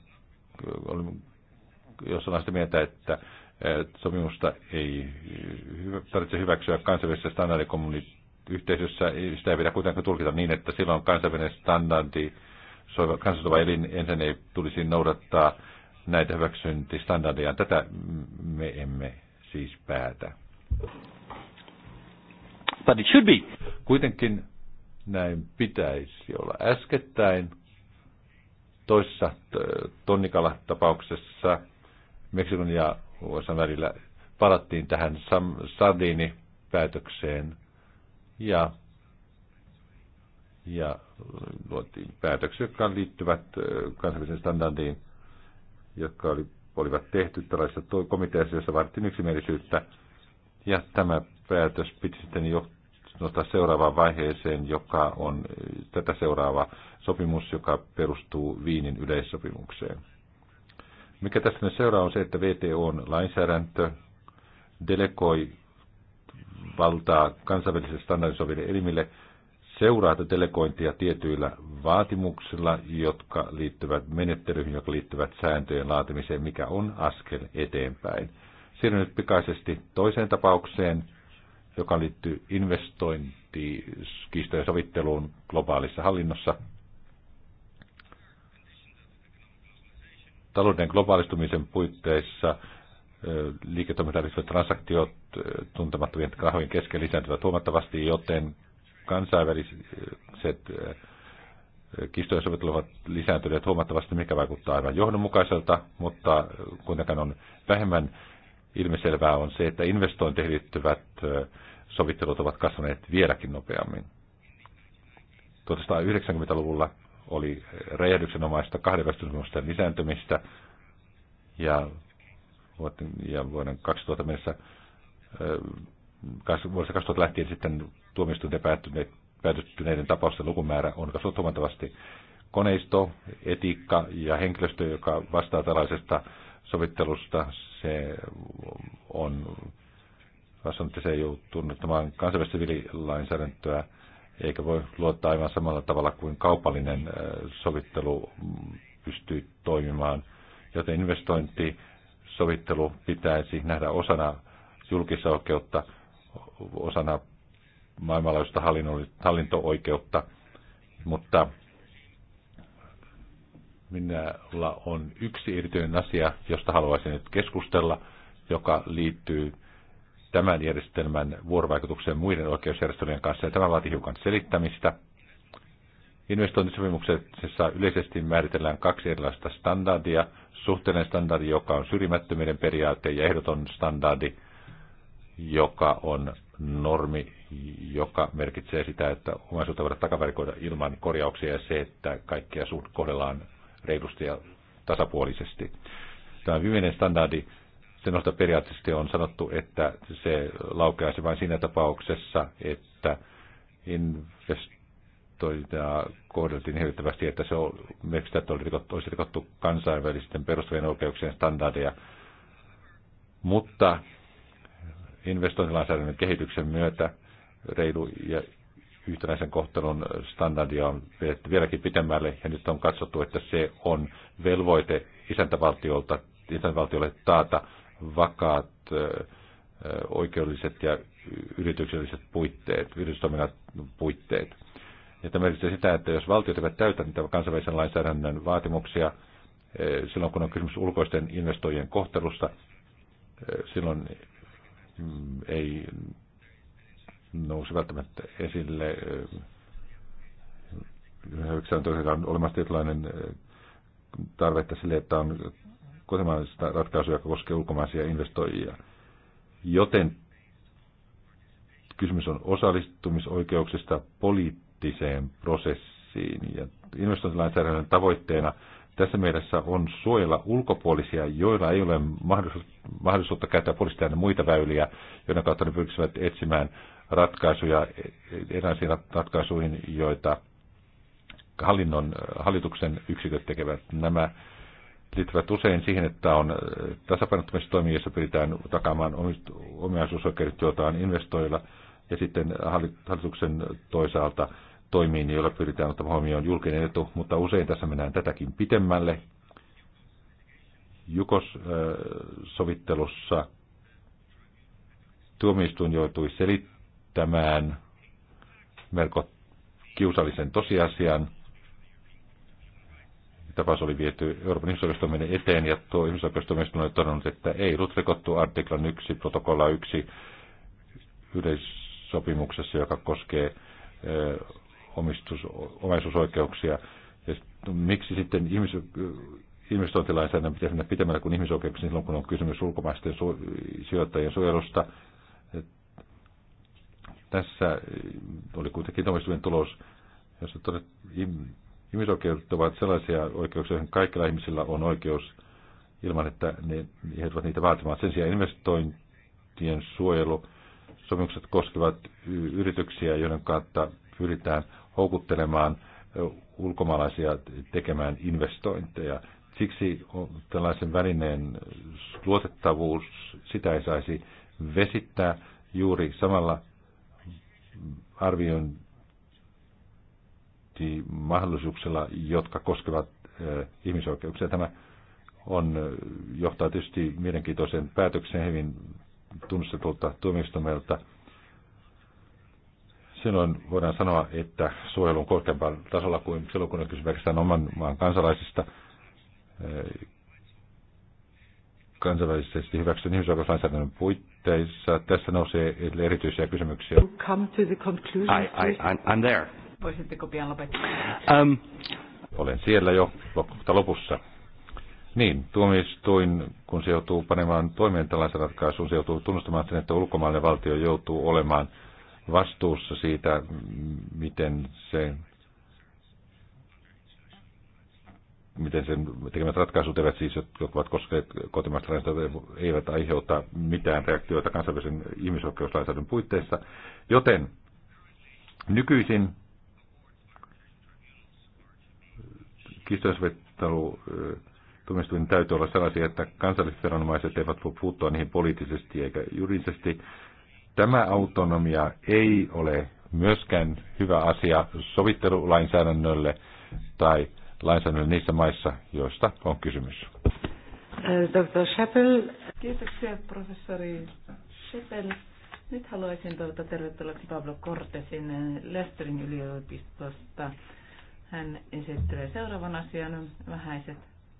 jos ollaan sitä mieltä, että Sopimusta ei tarvitse hyväksyä kansainvälisessä standardikommuniyhteisössä. Sitä ei pidä kuitenkaan tulkita niin, että silloin kansainvälinen standardi, kansainvälinen elin ensin ei tulisi noudattaa näitä hyväksyntistandardeja. Tätä me emme siis päätä. But it should be. Kuitenkin näin pitäisi olla. Äskettäin toissa Tonnikala-tapauksessa Meksikon ja USA välillä palattiin tähän Sardini-päätökseen ja, ja luotiin päätöksiä, jotka liittyvät kansainväliseen standardiin, jotka oli, olivat tehty tällaisessa komiteassa, jossa vaadittiin yksimielisyyttä. Ja tämä päätös piti sitten johtaa seuraavaan vaiheeseen, joka on tätä seuraava sopimus, joka perustuu Viinin yleissopimukseen. Mikä tässä nyt seuraa on se, että VTOn lainsäädäntö delegoi valtaa kansainvälisille standardisoville elimille seuraa delegointia tietyillä vaatimuksilla, jotka liittyvät menettelyihin, jotka liittyvät sääntöjen laatimiseen, mikä on askel eteenpäin. Siirryn nyt pikaisesti toiseen tapaukseen, joka liittyy investointikistojen sovitteluun globaalissa hallinnossa – talouden globaalistumisen puitteissa liiketoimintaan transaktiot tuntemattomien rahojen kesken lisääntyvät huomattavasti, joten kansainväliset kistojen sovittelut ovat lisääntyneet huomattavasti, mikä vaikuttaa aivan johdonmukaiselta, mutta kuitenkin on vähemmän ilmiselvää on se, että investointeihin liittyvät sovittelut ovat kasvaneet vieläkin nopeammin. 1990-luvulla oli räjähdyksenomaista kahdenvälisyysomusten lisääntymistä ja, ja vuoden 2000 mennessä vuodesta 2000 lähtien sitten tuomioistuinten päätyneiden tapausten lukumäärä on kasvanut huomattavasti. Koneisto, etiikka ja henkilöstö, joka vastaa tällaisesta sovittelusta, se on vastannut, että se ei joutunut tunnuttamaan kansainvälistä siviililainsäädäntöä eikä voi luottaa aivan samalla tavalla kuin kaupallinen sovittelu pystyy toimimaan. Joten investointisovittelu pitäisi nähdä osana julkista oikeutta, osana maailmanlaajuista hallinto-oikeutta, mutta minulla on yksi erityinen asia, josta haluaisin nyt keskustella, joka liittyy tämän järjestelmän vuorovaikutukseen muiden oikeusjärjestelyjen kanssa, ja tämä vaatii hiukan selittämistä. Investointisopimuksessa yleisesti määritellään kaksi erilaista standardia. Suhteellinen standardi, joka on syrjimättömyyden periaate, ja ehdoton standardi, joka on normi, joka merkitsee sitä, että omaisuutta voidaan takavarikoida ilman korjauksia ja se, että kaikkia suht kohdellaan reilusti ja tasapuolisesti. Tämä viimeinen standardi sen osalta periaatteessa on sanottu, että se laukeaisi vain siinä tapauksessa, että investointia kohdeltiin hirvittävästi, että se merkitsee, oli rikottu, olisi rikottu kansainvälisten perustuvien oikeuksien standardeja. Mutta investointilainsäädännön kehityksen myötä reilu ja yhtenäisen kohtelun standardia on vedetty vieläkin pitemmälle, ja nyt on katsottu, että se on velvoite isäntävaltiolta, isäntävaltiolle taata vakaat oikeudelliset ja yritykselliset puitteet, yritystoiminnan puitteet. Ja tämä merkitsee sitä, että jos valtiot eivät täytä niitä kansainvälisen lainsäädännön vaatimuksia, silloin kun on kysymys ulkoisten investoijien kohtelusta, silloin mm, ei nouse välttämättä esille. On olemassa tietynlainen tarvetta sille, että on kotimaista ratkaisuja, joka koskee ulkomaisia investoijia. Joten kysymys on osallistumisoikeuksista poliittiseen prosessiin. Ja investointilainsäädännön tavoitteena tässä mielessä on suojella ulkopuolisia, joilla ei ole mahdollisuutta käyttää poliittisia muita väyliä, joiden kautta ne pyrkisivät etsimään ratkaisuja e- erilaisiin ratkaisuihin, joita hallinnon, hallituksen yksiköt tekevät. Nämä liittyvät usein siihen, että on äh, tasapainottamistoimia, joissa pyritään takaamaan omaisuusoikeudet, joita on investoilla, ja sitten hallituksen toisaalta toimiin, joilla pyritään ottamaan huomioon julkinen etu, mutta usein tässä mennään tätäkin pitemmälle. Jukos-sovittelussa äh, tuomioistuin joutui selittämään melko kiusallisen tosiasian, tapaus oli viety Euroopan ihmisoikeustoimien eteen, ja tuo ihmisoikeustoimistoon oli todennut, että ei ollut rikottu artiklan 1, protokolla 1 yleissopimuksessa, joka koskee omistus, omaisuusoikeuksia. Ja no, miksi sitten ihmis, investointilainsäädännön pitäisi mennä pitemmälle kuin ihmisoikeuksia silloin, kun on kysymys ulkomaisten su- sijoittajien suojelusta? Tässä oli kuitenkin tuomioistuimen tulos, jossa todettiin, Ihmisoikeudet ovat sellaisia oikeuksia, joihin kaikilla ihmisillä on oikeus ilman, että ne joutuvat niitä vaatimaan. Sen sijaan investointien suojelu, sopimukset koskevat yrityksiä, joiden kautta pyritään houkuttelemaan ulkomaalaisia tekemään investointeja. Siksi tällaisen välineen luotettavuus, sitä ei saisi vesittää juuri samalla arvion mahdollisuuksilla, jotka koskevat ihmisoikeuksia. Tämä on, johtaa tietysti mielenkiintoisen päätökseen hyvin tunnistetulta tuomioistuimelta. Silloin voidaan sanoa, että suojelu on korkeampaa tasolla kuin silloin, kun on kysymys oman maan kansalaisista kansainvälisesti hyväksytyn ihmisoikeuslainsäädännön puitteissa. Tässä nousee erityisiä kysymyksiä. I, I, I'm, I'm there. Voisitteko pian lopettaa? Ähm, olen siellä jo lopulta lopussa. Niin, tuomistuin, kun se joutuu panemaan toimeen tällaisen ratkaisun, se joutuu tunnustamaan sen, että ulkomaalainen valtio joutuu olemaan vastuussa siitä, miten se miten sen tekemät ratkaisut eivät siis, jotka ovat koskeet kotimaista lainsäädäntöä, eivät aiheuta mitään reaktioita kansainvälisen ihmisoikeuslainsäädännön puitteissa. Joten nykyisin kiistojensovittelu tuomioistuin täytyy olla sellaisia, että kansalliset viranomaiset eivät voi puuttua niihin poliittisesti eikä juridisesti. Tämä autonomia ei ole myöskään hyvä asia sovittelulainsäädännölle tai lainsäädännölle niissä maissa, joista on kysymys. Dr. Schäppel. Kiitoksia professori Schäppel. Nyt haluaisin toivottaa Pablo Cortesin Leicesterin yliopistosta hän esittelee seuraavan asian vähäiset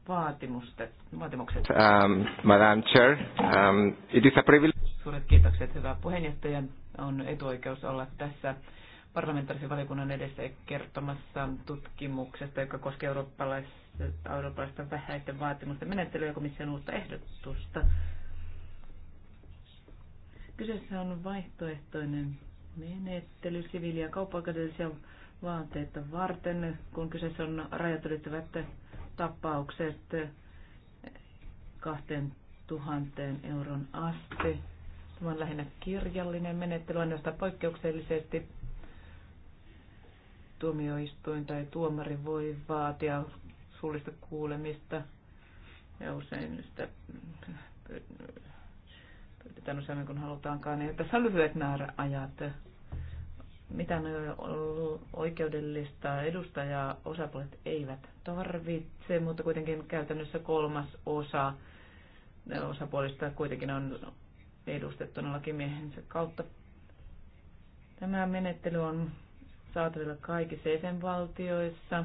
vaatimukset. Um, Madam Chair, um, it is a privilege. Suuret kiitokset, hyvä puheenjohtaja. On etuoikeus olla tässä parlamentaarisen valiokunnan edessä kertomassa tutkimuksesta, joka koskee eurooppalaista, eurooppalaista vähäisten vaatimusten menettelyä ja komission uutta ehdotusta. Kyseessä on vaihtoehtoinen menettely siviili- ja kauppaoikeudellisia vaatteita varten, kun kyseessä on rajat ylittävät tapaukset 2000 euron asti. Tämä on lähinnä kirjallinen menettely, ainoastaan poikkeuksellisesti tuomioistuin tai tuomari voi vaatia suullista kuulemista ja usein sitä pyydetään useammin kuin halutaankaan. Ja tässä on lyhyet määräajat mitä ne oikeudellista edustajaa osapuolet eivät tarvitse, mutta kuitenkin käytännössä kolmas osa osapuolista kuitenkin on edustettuna lakimiehensä kautta. Tämä menettely on saatavilla kaikissa jäsenvaltioissa.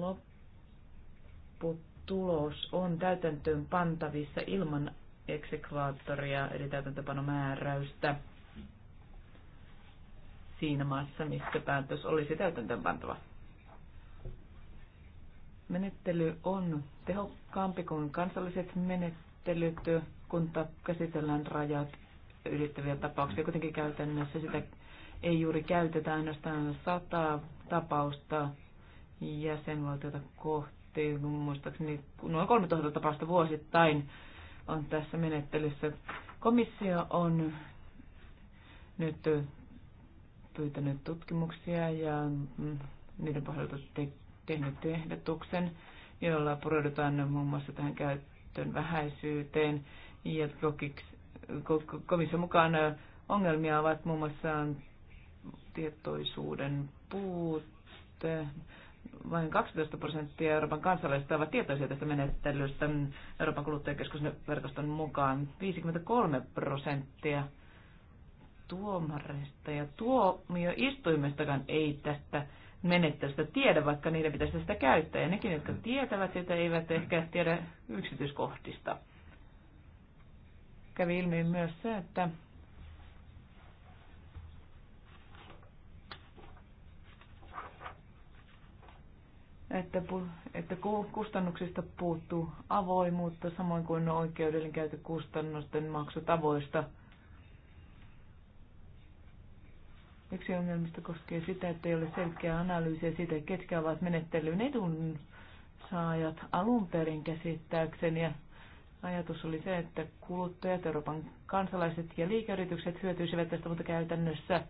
Lopputulos on täytäntöön pantavissa ilman eksekvaattoria, eli täytäntöpanomääräystä. määräystä siinä maassa, missä päätös olisi täytäntöönpantava. Menettely on tehokkaampi kuin kansalliset menettelyt, kun käsitellään rajat ylittäviä tapauksia. Kuitenkin käytännössä sitä ei juuri käytetä ainoastaan sata tapausta jäsenvaltiota kohti. Muistaakseni noin 3000 tapausta vuosittain on tässä menettelyssä. Komissio on nyt pyytänyt tutkimuksia ja mm, niiden pohjalta te- tehnyt ehdotuksen, jolla pureudutaan muun muassa tähän käyttöön vähäisyyteen. Ja komission mukaan ongelmia ovat muun muassa tietoisuuden puute. Vain 12 prosenttia Euroopan kansalaisista ovat tietoisia tästä menettelystä Euroopan kuluttajakeskusverkoston mukaan. 53 prosenttia tuomareista ja tuomioistuimestakaan ei tästä menettelystä tiedä, vaikka niiden pitäisi sitä käyttää. Ja nekin, jotka tietävät sitä, eivät ehkä tiedä yksityiskohtista. Kävi ilmi myös se, että että, että kustannuksista puuttuu avoimuutta, samoin kuin oikeudellinen oikeudellinkäytökustannusten maksutavoista – Yksi ongelmista koskee sitä, että ei ole selkeää analyysiä siitä, ketkä ovat menettelyn edun saajat alun perin käsittääkseni. Ja ajatus oli se, että kuluttajat, Euroopan kansalaiset ja liikeyritykset hyötyisivät tästä, mutta käytännössä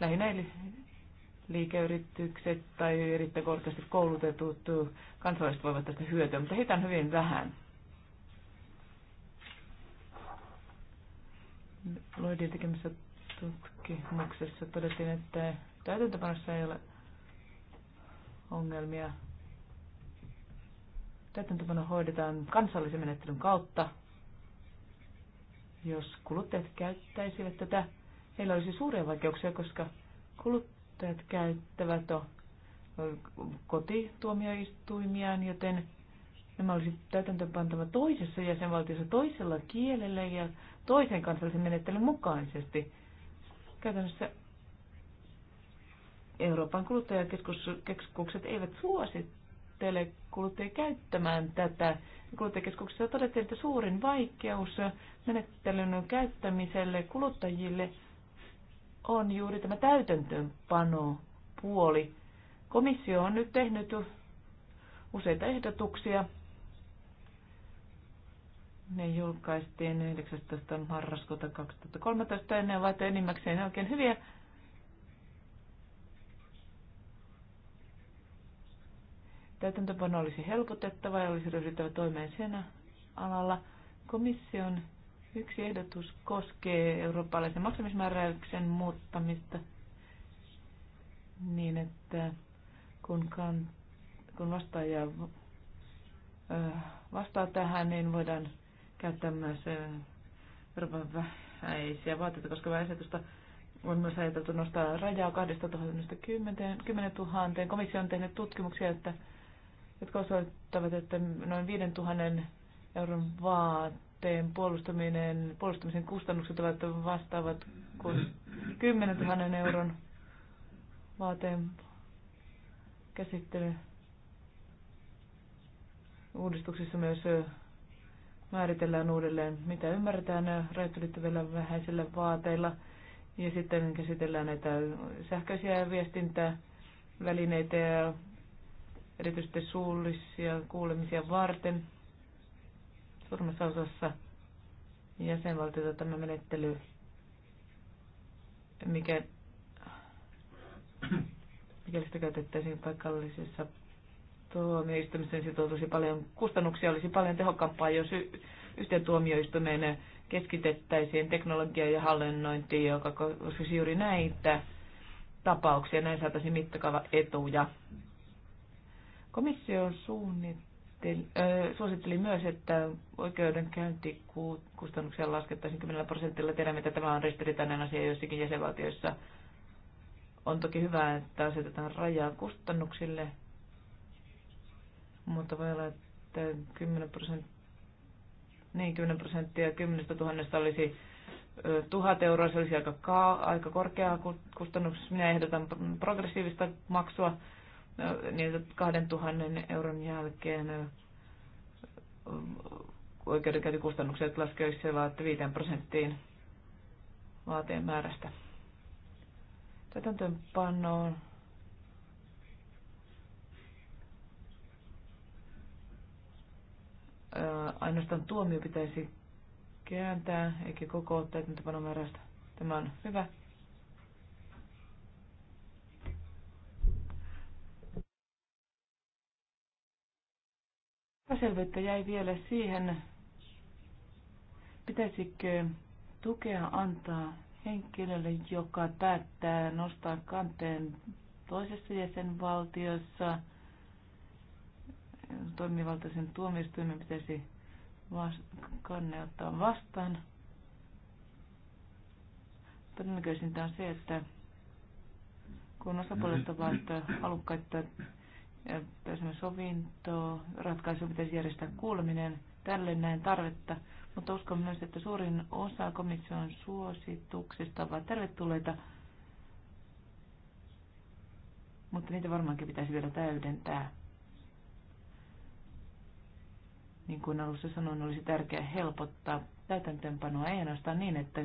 lähinnä liikeyritykset tai erittäin korkeasti koulutetut kansalaiset voivat tästä hyötyä, mutta heitä on hyvin vähän. Loidin tekemässä tutkimuksessa todettiin, että täytäntöpanossa ei ole ongelmia. Täytäntöpano hoidetaan kansallisen menettelyn kautta. Jos kuluttajat käyttäisivät tätä, heillä olisi suuria vaikeuksia, koska kuluttajat käyttävät kotituomioistuimiaan, joten nämä olisi täytäntöpantava toisessa jäsenvaltiossa toisella kielellä ja toisen kansallisen menettelyn mukaisesti. Käytännössä Euroopan kuluttajakeskukset eivät suosittele kuluttajia käyttämään tätä. Kuluttajakeskuksessa todettiin, että suurin vaikeus menettelyn käyttämiselle kuluttajille on juuri tämä täytäntöönpano puoli. Komissio on nyt tehnyt useita ehdotuksia ne julkaistiin 19. marraskuuta 2013 ja ne ovat enimmäkseen oikein hyviä. Täytäntöpano olisi helpotettava ja olisi ryhdyttävä toimeen sen alalla. Komission yksi ehdotus koskee eurooppalaisen maksamismääräyksen muuttamista niin, että kun, kan, kun vastaaja vastaa tähän, niin voidaan käyttää myös vähäisiä vaatteita koska asetusta. On myös ajateltu nostaa rajaa 2010 000. Komissio on tehnyt tutkimuksia, että, jotka osoittavat, että noin 5000 euron vaatteen puolustaminen, puolustamisen kustannukset ovat vastaavat kuin 10 000 euron vaateen käsittely. Uudistuksissa myös määritellään uudelleen, mitä ymmärretään rajoittelyttävillä vähäisillä vaateilla. Ja sitten käsitellään näitä sähköisiä viestintävälineitä ja erityisesti suullisia kuulemisia varten. Suurimmassa osassa jäsenvaltiota tämä menettely, mikä, mikä sitä käytettäisiin paikallisissa tuomioistuimisen sitoutuisi paljon kustannuksia, olisi paljon tehokkaampaa, jos y- yhteen tuomioistuimeen keskitettäisiin teknologia ja hallinnointi, joka koskisi juuri näitä tapauksia. Näin saataisiin mittakaava etuja. Komissio suunnitteli, äh, suositteli myös, että oikeudenkäyntikustannuksia laskettaisiin 10 prosentilla. Tiedämme, että tämä on ristiriitainen asia joissakin jäsenvaltioissa. On toki hyvä, että asetetaan rajaa kustannuksille – mutta voi olla, että 10 niin, prosenttia, niin 10 prosenttia 10 tuhannesta olisi 1000 euroa, se olisi aika, ka- aika korkea kustannus. Minä ehdotan progressiivista maksua niiltä 2000 euron jälkeen oikeudenkäyntikustannukset laskeisivat 5 prosenttiin vaateen määrästä. Täytäntöönpanoon Äh, ainoastaan tuomio pitäisi kääntää, eikä koko täytäntöpanomäärästä. Tämä on hyvä. Epäselvyyttä jäi vielä siihen, pitäisikö tukea antaa henkilölle, joka päättää nostaa kanteen toisessa jäsenvaltiossa – toimivaltaisen tuomioistuimen pitäisi vas- kanne ottaa vastaan. Todennäköisintä on se, että kun osapuolet ovat halukkaita äh, pääsemme sovintoon, ratkaisu pitäisi järjestää kuuleminen, tälle näin tarvetta, mutta uskon myös, että suurin osa komission suosituksista ovat tervetulleita, mutta niitä varmaankin pitäisi vielä täydentää niin kuin alussa sanoin, olisi tärkeää helpottaa täytäntöönpanoa ei ainoastaan niin, että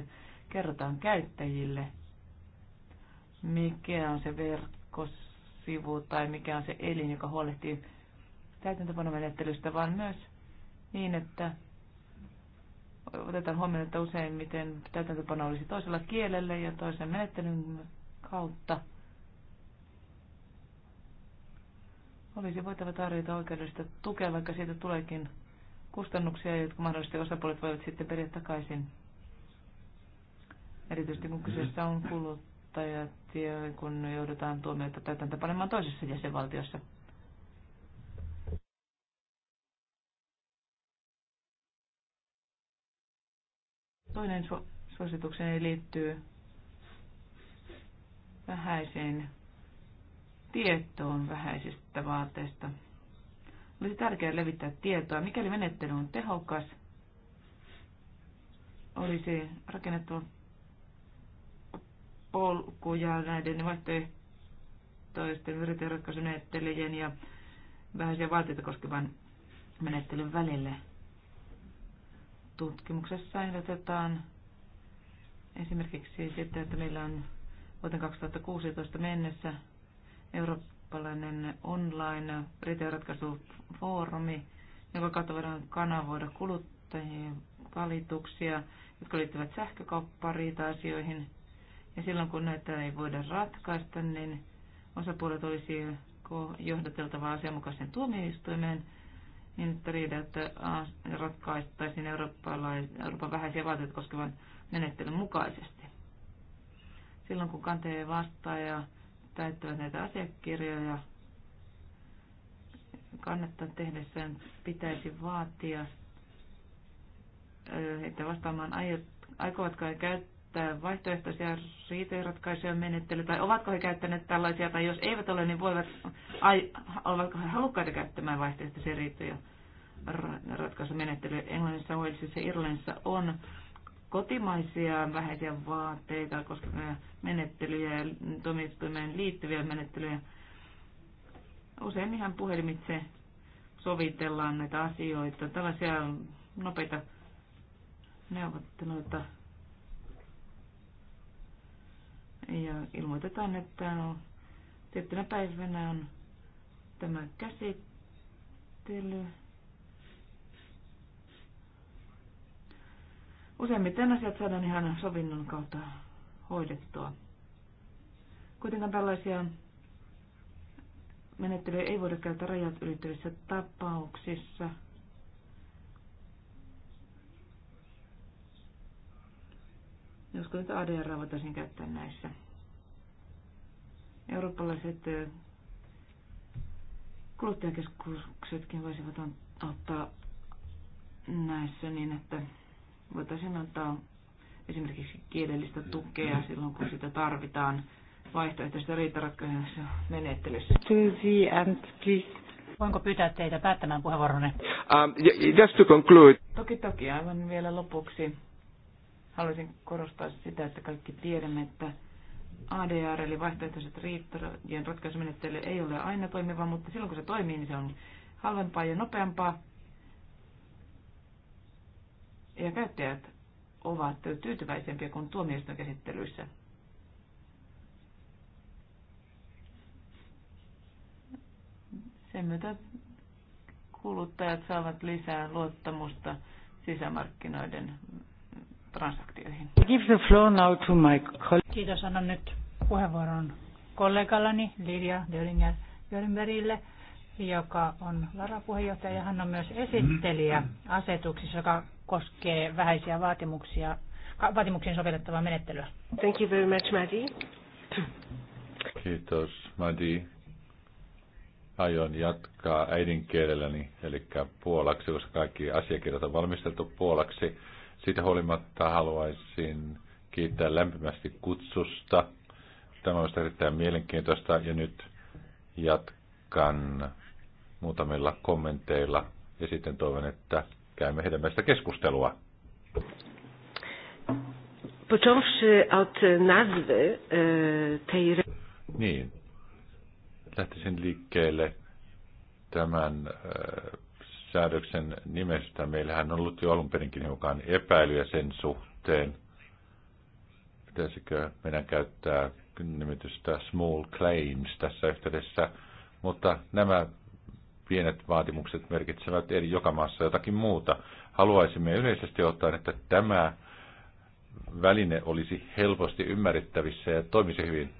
kerrotaan käyttäjille, mikä on se verkkosivu tai mikä on se elin, joka huolehtii täytäntöpanomenettelystä, vaan myös niin, että otetaan huomioon, että useimmiten täytäntöpano olisi toisella kielellä ja toisen menettelyn kautta. Olisi voitava tarjota oikeudellista tukea, vaikka siitä tuleekin kustannuksia, jotka mahdollisesti osapuolet voivat sitten periä takaisin. Erityisesti kun kyseessä on kuluttajat ja kun joudutaan tuomioita täytäntöpanemaan toisessa jäsenvaltiossa. Toinen su- suositukseni liittyy vähäiseen tietoon vähäisistä vaateista. Olisi tärkeää levittää tietoa. Mikäli menettely on tehokas, olisi rakennettu polkuja näiden vaihtoehtoisten yritysratkaisumenettelyjen ja vähäisiä valtioita koskevan menettelyn välille. Tutkimuksessa ehdotetaan esimerkiksi sitä, että meillä on vuoteen 2016 mennessä Euroopan kappaleinen online riitojenratkaisufoorumi, jonka kautta voidaan kanavoida kuluttajien valituksia, jotka liittyvät tai asioihin Ja silloin kun näitä ei voida ratkaista, niin osapuolet olisi johdateltava asianmukaisen tuomioistuimeen, niin että riidat ratkaistaisiin Euroopan vähäisiä vaatioita koskevan menettelyn mukaisesti. Silloin kun kanteen vastaaja täyttävät näitä asiakirjoja. Kannattaa tehdessään pitäisi vaatia että vastaamaan, aikovatko he käyttää vaihtoehtoisia riitojenratkaisuja menettelyä, tai ovatko he käyttäneet tällaisia, tai jos eivät ole, niin voivat, ai, ovatko he halukkaita käyttämään vaihtoehtoisia riitoja ratkaisumenettelyä. Englannissa, Walesissa ja Irlannissa on kotimaisia vähäisiä vaatteita koska menettelyjä ja tuomioistuimeen liittyviä menettelyjä. Usein ihan puhelimitse sovitellaan näitä asioita. Tällaisia nopeita neuvotteluita. Ja ilmoitetaan, että no, tiettynä päivänä on tämä käsittely. Useimmiten asiat saadaan ihan sovinnon kautta hoidettua. Kuitenkaan tällaisia menettelyjä ei voida käyttää rajat ylittävissä tapauksissa. Josko nyt ADR voitaisiin käyttää näissä. Eurooppalaiset kuluttajakeskuksetkin voisivat ottaa näissä niin, että voitaisiin antaa esimerkiksi kielellistä tukea silloin, kun sitä tarvitaan vaihtoehtoisessa riitaratkaisussa menettelyssä. Susie and please. Voinko pyytää teitä päättämään puheenvuoronne? Um, just to conclude. Toki toki, aivan vielä lopuksi. Haluaisin korostaa sitä, että kaikki tiedämme, että ADR eli vaihtoehtoiset riittojen ratkaisumenettely ei ole aina toimiva, mutta silloin kun se toimii, niin se on halvempaa ja nopeampaa ja käyttäjät ovat tyytyväisempiä kuin tuomioistuinkäsittelyissä. Sen myötä kuluttajat saavat lisää luottamusta sisämarkkinoiden transaktioihin. Give the floor now to my colleague. Kiitos, annan nyt puheenvuoron kollegallani Lilja döringer jörnbergille joka on varapuheenjohtaja ja hän on myös esittelijä mm-hmm. asetuksissa, joka koskee vähäisiä vaatimuksia, vaatimuksiin sovellettavaa menettelyä. Thank you very much, Maddie. Kiitos, Maddie. Aion jatkaa äidinkielelläni, eli puolaksi, koska kaikki asiakirjat on valmisteltu puolaksi. Siitä huolimatta haluaisin kiittää lämpimästi kutsusta. Tämä on erittäin mielenkiintoista ja nyt jatkan muutamilla kommenteilla ja sitten toivon, että käymme hedelmästä keskustelua. Począwszy od nazwy e, tej... Niin. Lähtisin liikkeelle tämän e, säädöksen nimestä. Meillähän on ollut jo alun perinkin hiukan epäilyjä sen suhteen, pitäisikö meidän käyttää nimitystä small claims tässä yhteydessä, mutta nämä pienet vaatimukset merkitsevät eri joka maassa jotakin muuta. Haluaisimme yleisesti ottaen, että tämä väline olisi helposti ymmärrettävissä ja toimisi hyvin.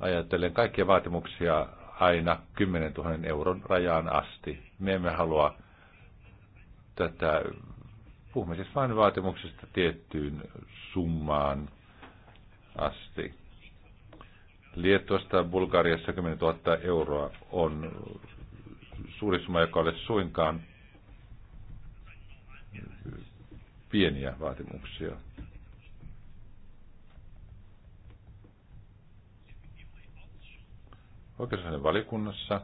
Ajattelen kaikkia vaatimuksia aina 10 000 euron rajaan asti. Me emme halua tätä, puhumme siis vain vaatimuksesta tiettyyn summaan asti. Liettuasta Bulgariassa 10 000 euroa on suuri joka ole suinkaan pieniä vaatimuksia. Oikeusasioiden valikunnassa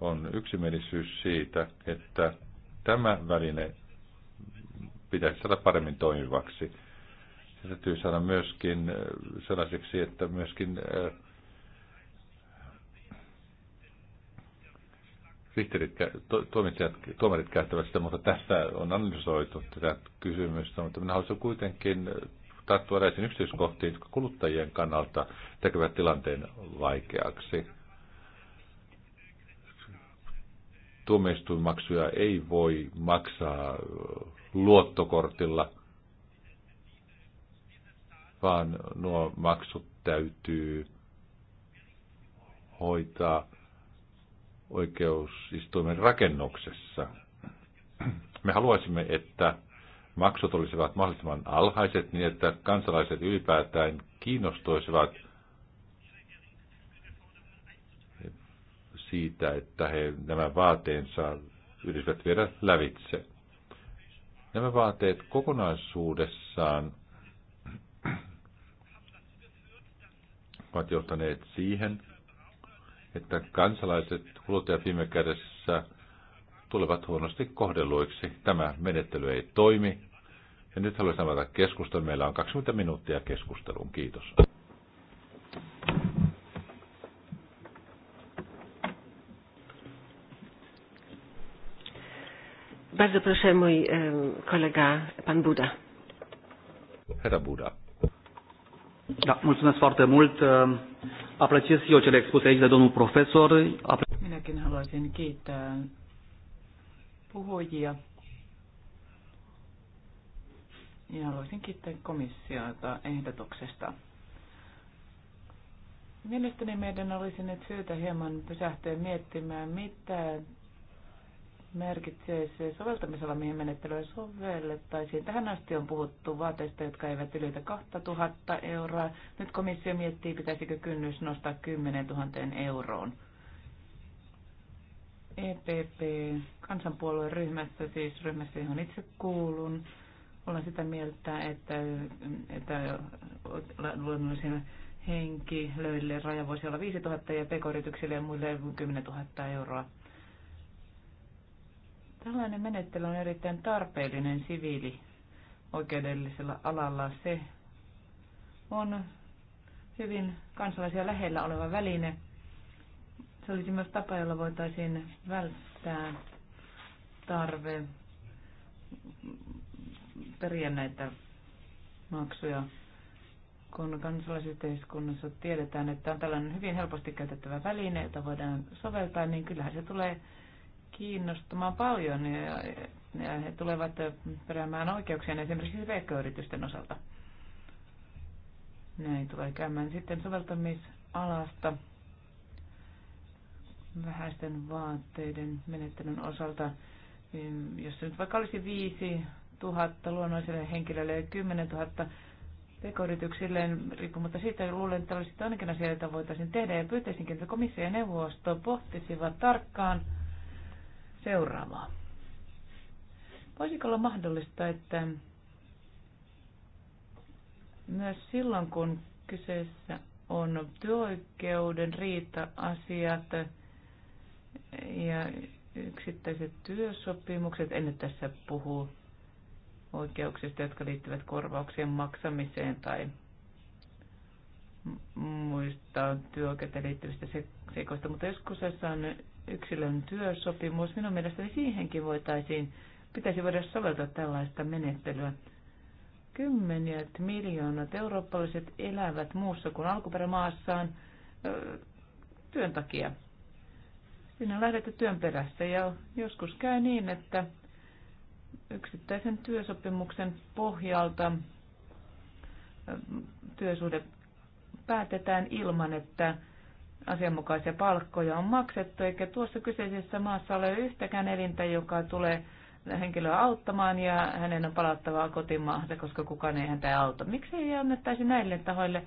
on yksimielisyys siitä, että tämä väline pitäisi saada paremmin toimivaksi. Se täytyy saada myöskin äh, sellaiseksi, että myöskin äh, sihteerit, to, tuomarit käyttävät sitä, mutta tässä on analysoitu tätä kysymystä, mutta minä haluaisin kuitenkin tarttua eräisiin yksityiskohtiin, jotka kuluttajien kannalta tekevät tilanteen vaikeaksi. Tuomioistuinmaksuja ei voi maksaa luottokortilla, vaan nuo maksut täytyy hoitaa oikeusistuimen rakennuksessa. Me haluaisimme, että maksut olisivat mahdollisimman alhaiset niin, että kansalaiset ylipäätään kiinnostuisivat siitä, että he nämä vaateensa yrittävät viedä lävitse. Nämä vaateet kokonaisuudessaan ovat johtaneet siihen, että kansalaiset kuluttajat viime kädessä tulevat huonosti kohdelluiksi. Tämä menettely ei toimi. Ja nyt haluaisin avata keskustelun. Meillä on 20 minuuttia keskusteluun. Kiitos. Bardzo proszę mój kolega, pan Buda. Herra Buda. Da, mulțumesc foarte mult. Ehm, apreciez și eu cele expuse aici de domnul profesor. Apre- Minäkin haluaisin kiittää puhujia. Ja haluaisin kiittää komissiota ehdotuksesta. Mielestäni meidän olisi nyt syytä hieman pysähtyä miettimään, mitä merkitsee se soveltamisella, mihin menettelyä sovellettaisiin. Tähän asti on puhuttu vaateista, jotka eivät ylitä 2000 euroa. Nyt komissio miettii, pitäisikö kynnys nostaa 10 000 euroon. EPP, kansanpuolueen ryhmässä, siis ryhmässä, johon itse kuulun, olen sitä mieltä, että, että luonnollisille henkilöille raja voisi olla 5000 ja pk ja muille 10 000 euroa Tällainen menettely on erittäin tarpeellinen siviili oikeudellisella alalla. Se on hyvin kansalaisia lähellä oleva väline. Se olisi myös tapa, jolla voitaisiin välttää tarve periä näitä maksuja, kun kansalaisyhteiskunnassa tiedetään, että on tällainen hyvin helposti käytettävä väline, jota voidaan soveltaa, niin kyllähän se tulee kiinnostamaan paljon ja, ja he tulevat peräämään oikeuksia esimerkiksi pk-yritysten osalta. Näin tulee käymään sitten soveltamisalasta vähäisten vaatteiden menettelyn osalta. Jos se nyt vaikka olisi 5 000 luonnolliselle henkilölle ja 10 000 pk riippumatta siitä, luulen, että olisi ainakin asia, jota voitaisiin tehdä, ja pyytäisinkin, että komissio ja neuvosto pohtisivat tarkkaan, seuraavaa. Voisiko olla mahdollista, että myös silloin, kun kyseessä on työoikeuden riita-asiat ja yksittäiset työsopimukset, en nyt tässä puhu oikeuksista, jotka liittyvät korvauksien maksamiseen tai muista työoikeuteen liittyvistä seikoista, mutta joskus on yksilön työsopimus. Minun mielestäni siihenkin voitaisiin, pitäisi voida soveltaa tällaista menettelyä. Kymmeniät miljoonat eurooppalaiset elävät muussa kuin alkuperämaassaan työn takia. Sinne on lähdetty työn perässä ja joskus käy niin, että yksittäisen työsopimuksen pohjalta työsuhde päätetään ilman, että asianmukaisia palkkoja on maksettu, eikä tuossa kyseisessä maassa ole yhtäkään elintä, joka tulee henkilöä auttamaan ja hänen on palattava kotimaahansa, koska kukaan ei häntä auta. Miksi ei annettaisi näille tahoille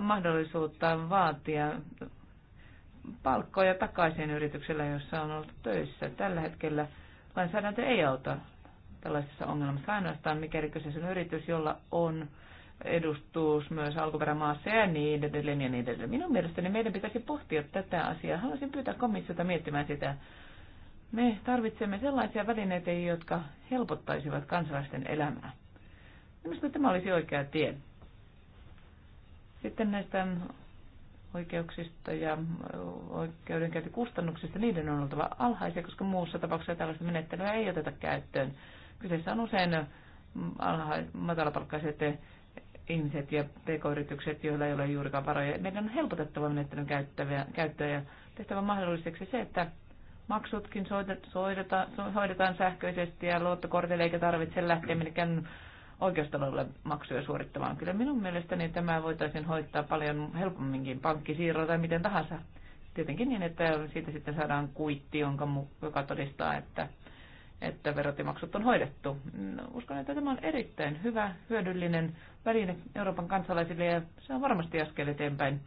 mahdollisuutta vaatia palkkoja takaisin yrityksellä, jossa on ollut töissä? Tällä hetkellä lainsäädäntö ei auta tällaisessa ongelmassa ainoastaan, mikäli kyseessä on yritys, jolla on edustus myös alkuperämaassa ja niin edelleen ja niin edelleen. Minun mielestäni meidän pitäisi pohtia tätä asiaa. Haluaisin pyytää komissiota miettimään sitä. Me tarvitsemme sellaisia välineitä, jotka helpottaisivat kansalaisten elämää. Minusta tämä olisi oikea tie. Sitten näistä oikeuksista ja oikeudenkäyntikustannuksista, niiden on oltava alhaisia, koska muussa tapauksessa tällaista menettelyä ei oteta käyttöön. Kyseessä on usein alha- matalapalkkaiset ihmiset ja pk-yritykset, joilla ei ole juurikaan varoja. Meidän on helpotettava menettelyn käyttöä ja tehtävä mahdolliseksi se, että maksutkin hoidetaan sähköisesti ja luottokortille eikä tarvitse lähteä minnekään oikeustalolle maksuja suorittamaan. Kyllä minun mielestäni tämä voitaisiin hoitaa paljon helpomminkin pankkisiirrolla tai miten tahansa. Tietenkin niin, että siitä sitten saadaan kuitti, jonka, joka todistaa, että että verotimaksut on hoidettu. Uskon, että tämä on erittäin hyvä, hyödyllinen väline Euroopan kansalaisille ja se on varmasti askel eteenpäin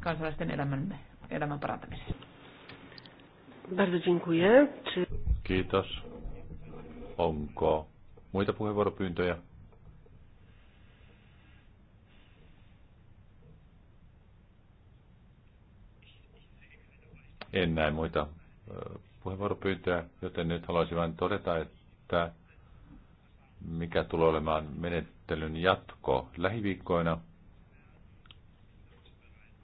kansalaisten elämän, elämän parantamisessa. Bardzo dziękuję. Kiitos. Onko muita puheenvuoropyyntöjä? En näe muita puheenvuoropyyntöä, joten nyt haluaisin vain todeta, että mikä tulee olemaan menettelyn jatko lähiviikkoina.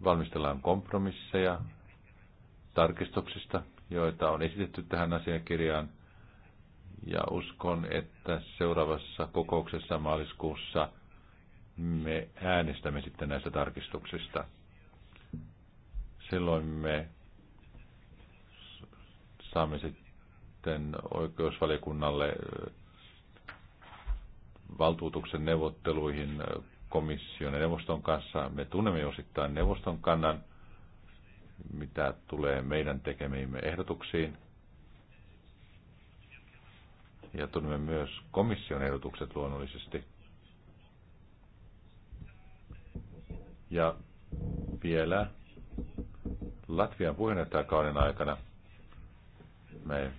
Valmistellaan kompromisseja tarkistuksista, joita on esitetty tähän asiakirjaan. Ja uskon, että seuraavassa kokouksessa maaliskuussa me äänestämme sitten näistä tarkistuksista. Silloin me saamme sitten oikeusvaliokunnalle valtuutuksen neuvotteluihin komission ja neuvoston kanssa. Me tunnemme osittain neuvoston kannan, mitä tulee meidän tekemiimme ehdotuksiin. Ja tunnemme myös komission ehdotukset luonnollisesti. Ja vielä Latvian puheenjohtajakauden aikana me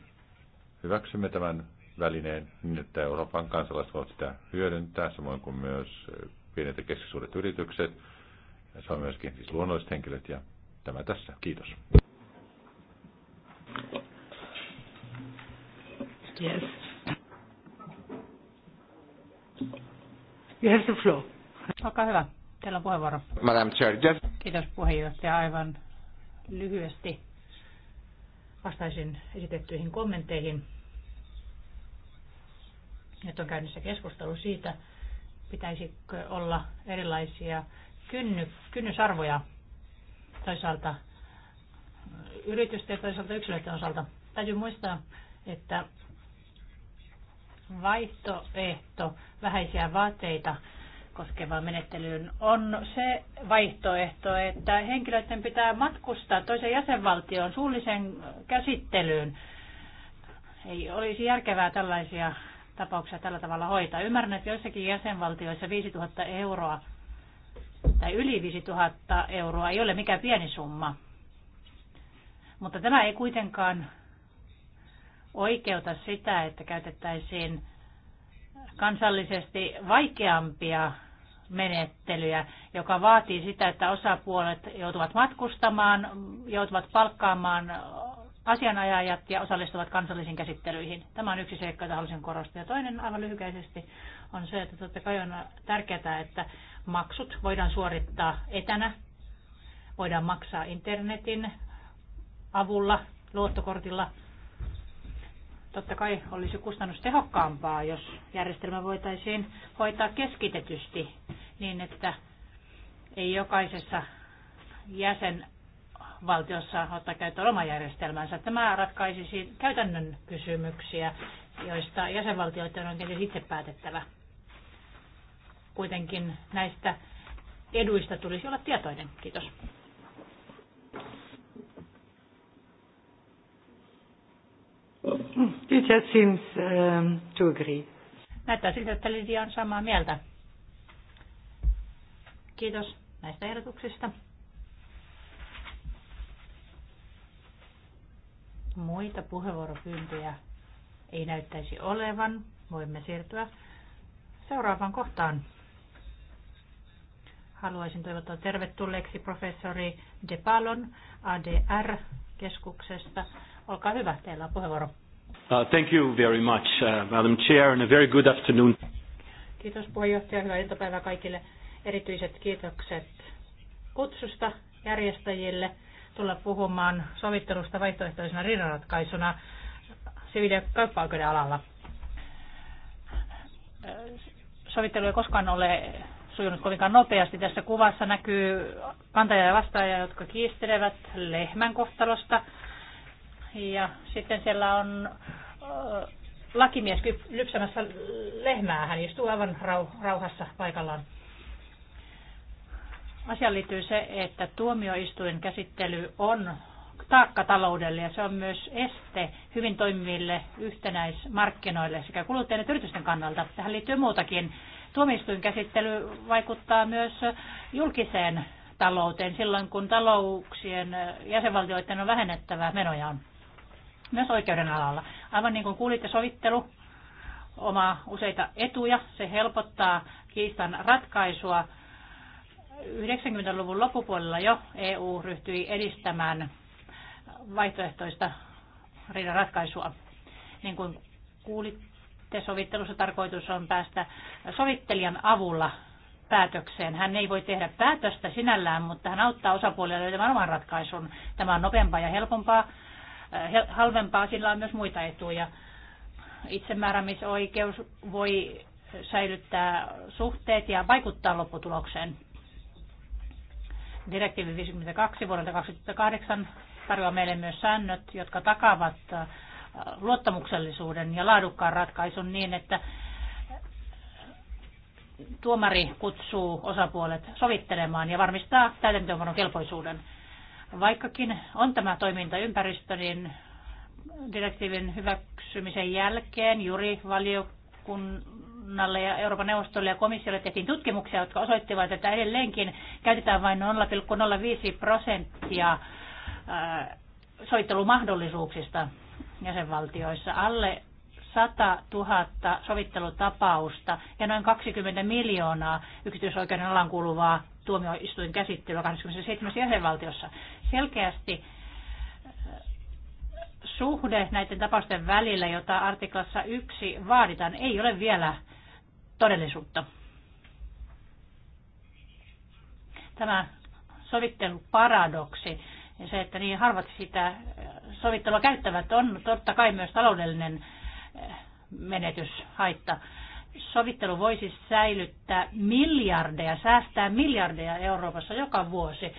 hyväksymme tämän välineen niin, että Euroopan kansalaiset voivat sitä hyödyntää, samoin kuin myös pienet ja keskisuuret yritykset, on myöskin siis luonnolliset henkilöt ja tämä tässä. Kiitos. Yes. You have the floor. Olkaa hyvä. Teillä on puheenvuoro. Madam Chair, just... Kiitos puheenjohtaja. Aivan lyhyesti vastaisin esitettyihin kommentteihin. Nyt on käynnissä keskustelu siitä, pitäisikö olla erilaisia kynny, kynnysarvoja toisaalta yritysten ja toisaalta yksilöiden osalta. Täytyy muistaa, että vaihtoehto vähäisiä vaateita koskevaan menettelyyn on se vaihtoehto, että henkilöiden pitää matkustaa toisen jäsenvaltion suullisen käsittelyyn. Ei olisi järkevää tällaisia tapauksia tällä tavalla hoitaa. Ymmärrän, että joissakin jäsenvaltioissa 5000 euroa tai yli 5000 euroa ei ole mikään pieni summa. Mutta tämä ei kuitenkaan oikeuta sitä, että käytettäisiin kansallisesti vaikeampia menettelyä, joka vaatii sitä, että osapuolet joutuvat matkustamaan, joutuvat palkkaamaan asianajajat ja osallistuvat kansallisiin käsittelyihin. Tämä on yksi seikka, jota haluaisin korostaa. Ja toinen aivan lyhykäisesti on se, että totta kai on tärkeää, että maksut voidaan suorittaa etänä, voidaan maksaa internetin avulla, luottokortilla – Totta kai olisi kustannustehokkaampaa, jos järjestelmä voitaisiin hoitaa keskitetysti niin, että ei jokaisessa jäsenvaltiossa ottaa käyttöön oma järjestelmänsä. Tämä ratkaisisi käytännön kysymyksiä, joista jäsenvaltioiden on kenties itse päätettävä. Kuitenkin näistä eduista tulisi olla tietoinen. Kiitos. It just seems um, to agree. Näyttää siltä, että Lydia on samaa mieltä. Kiitos näistä ehdotuksista. Muita puheenvuoropyyntöjä ei näyttäisi olevan. Voimme siirtyä seuraavaan kohtaan. Haluaisin toivottaa tervetulleeksi professori De Palon ADR-keskuksesta. Olkaa hyvä, teillä on puheenvuoro. Uh, thank you very much, uh, Madam Chair, and a very good afternoon. Kiitos puheenjohtaja, hyvää iltapäivää kaikille. Erityiset kiitokset kutsusta järjestäjille tulla puhumaan sovittelusta vaihtoehtoisena riidanratkaisuna siviili- ja kauppa alalla. Sovittelu ei koskaan ole sujunut kovinkaan nopeasti. Tässä kuvassa näkyy kantaja ja vastaaja, jotka kiistelevät lehmän kohtalosta ja sitten siellä on lakimies lypsämässä lehmää. Hän istuu aivan rauhassa paikallaan. Asiaan liittyy se, että tuomioistuin käsittely on taakka taloudelle ja se on myös este hyvin toimiville yhtenäismarkkinoille sekä kuluttajien että yritysten kannalta. Tähän liittyy muutakin. Tuomioistuin käsittely vaikuttaa myös julkiseen talouteen silloin, kun talouksien jäsenvaltioiden on vähennettävä menojaan myös oikeuden alalla. Aivan niin kuin kuulitte, sovittelu omaa useita etuja. Se helpottaa kiistan ratkaisua. 90-luvun loppupuolella jo EU ryhtyi edistämään vaihtoehtoista riidan ratkaisua. Niin kuin kuulitte, sovittelussa tarkoitus on päästä sovittelijan avulla päätökseen. Hän ei voi tehdä päätöstä sinällään, mutta hän auttaa osapuolia löytämään oman ratkaisun. Tämä on nopeampaa ja helpompaa halvempaa, sillä on myös muita etuja. Itsemääräämisoikeus voi säilyttää suhteet ja vaikuttaa lopputulokseen. Direktiivi 52 vuodelta 2008 tarjoaa meille myös säännöt, jotka takaavat äh, luottamuksellisuuden ja laadukkaan ratkaisun niin, että tuomari kutsuu osapuolet sovittelemaan ja varmistaa täytäntöönpanon kelpoisuuden. Vaikkakin on tämä toimintaympäristö, niin direktiivin hyväksymisen jälkeen juuri valiokunnalle ja Euroopan neuvostolle ja komissiolle tehtiin tutkimuksia, jotka osoittivat, että edelleenkin käytetään vain 0,05 prosenttia soittelumahdollisuuksista jäsenvaltioissa. Alle 100 000 sovittelutapausta ja noin 20 miljoonaa yksityisoikeuden alan kuuluvaa tuomioistuin käsittelyä 27 jäsenvaltiossa. Selkeästi äh, suhde näiden tapausten välillä, jota artiklassa 1 vaaditaan, ei ole vielä todellisuutta. Tämä sovitteluparadoksi ja se, että niin harvat sitä sovittelua käyttävät, on totta kai myös taloudellinen äh, menetys, haitta sovittelu voisi säilyttää miljardeja, säästää miljardeja Euroopassa joka vuosi,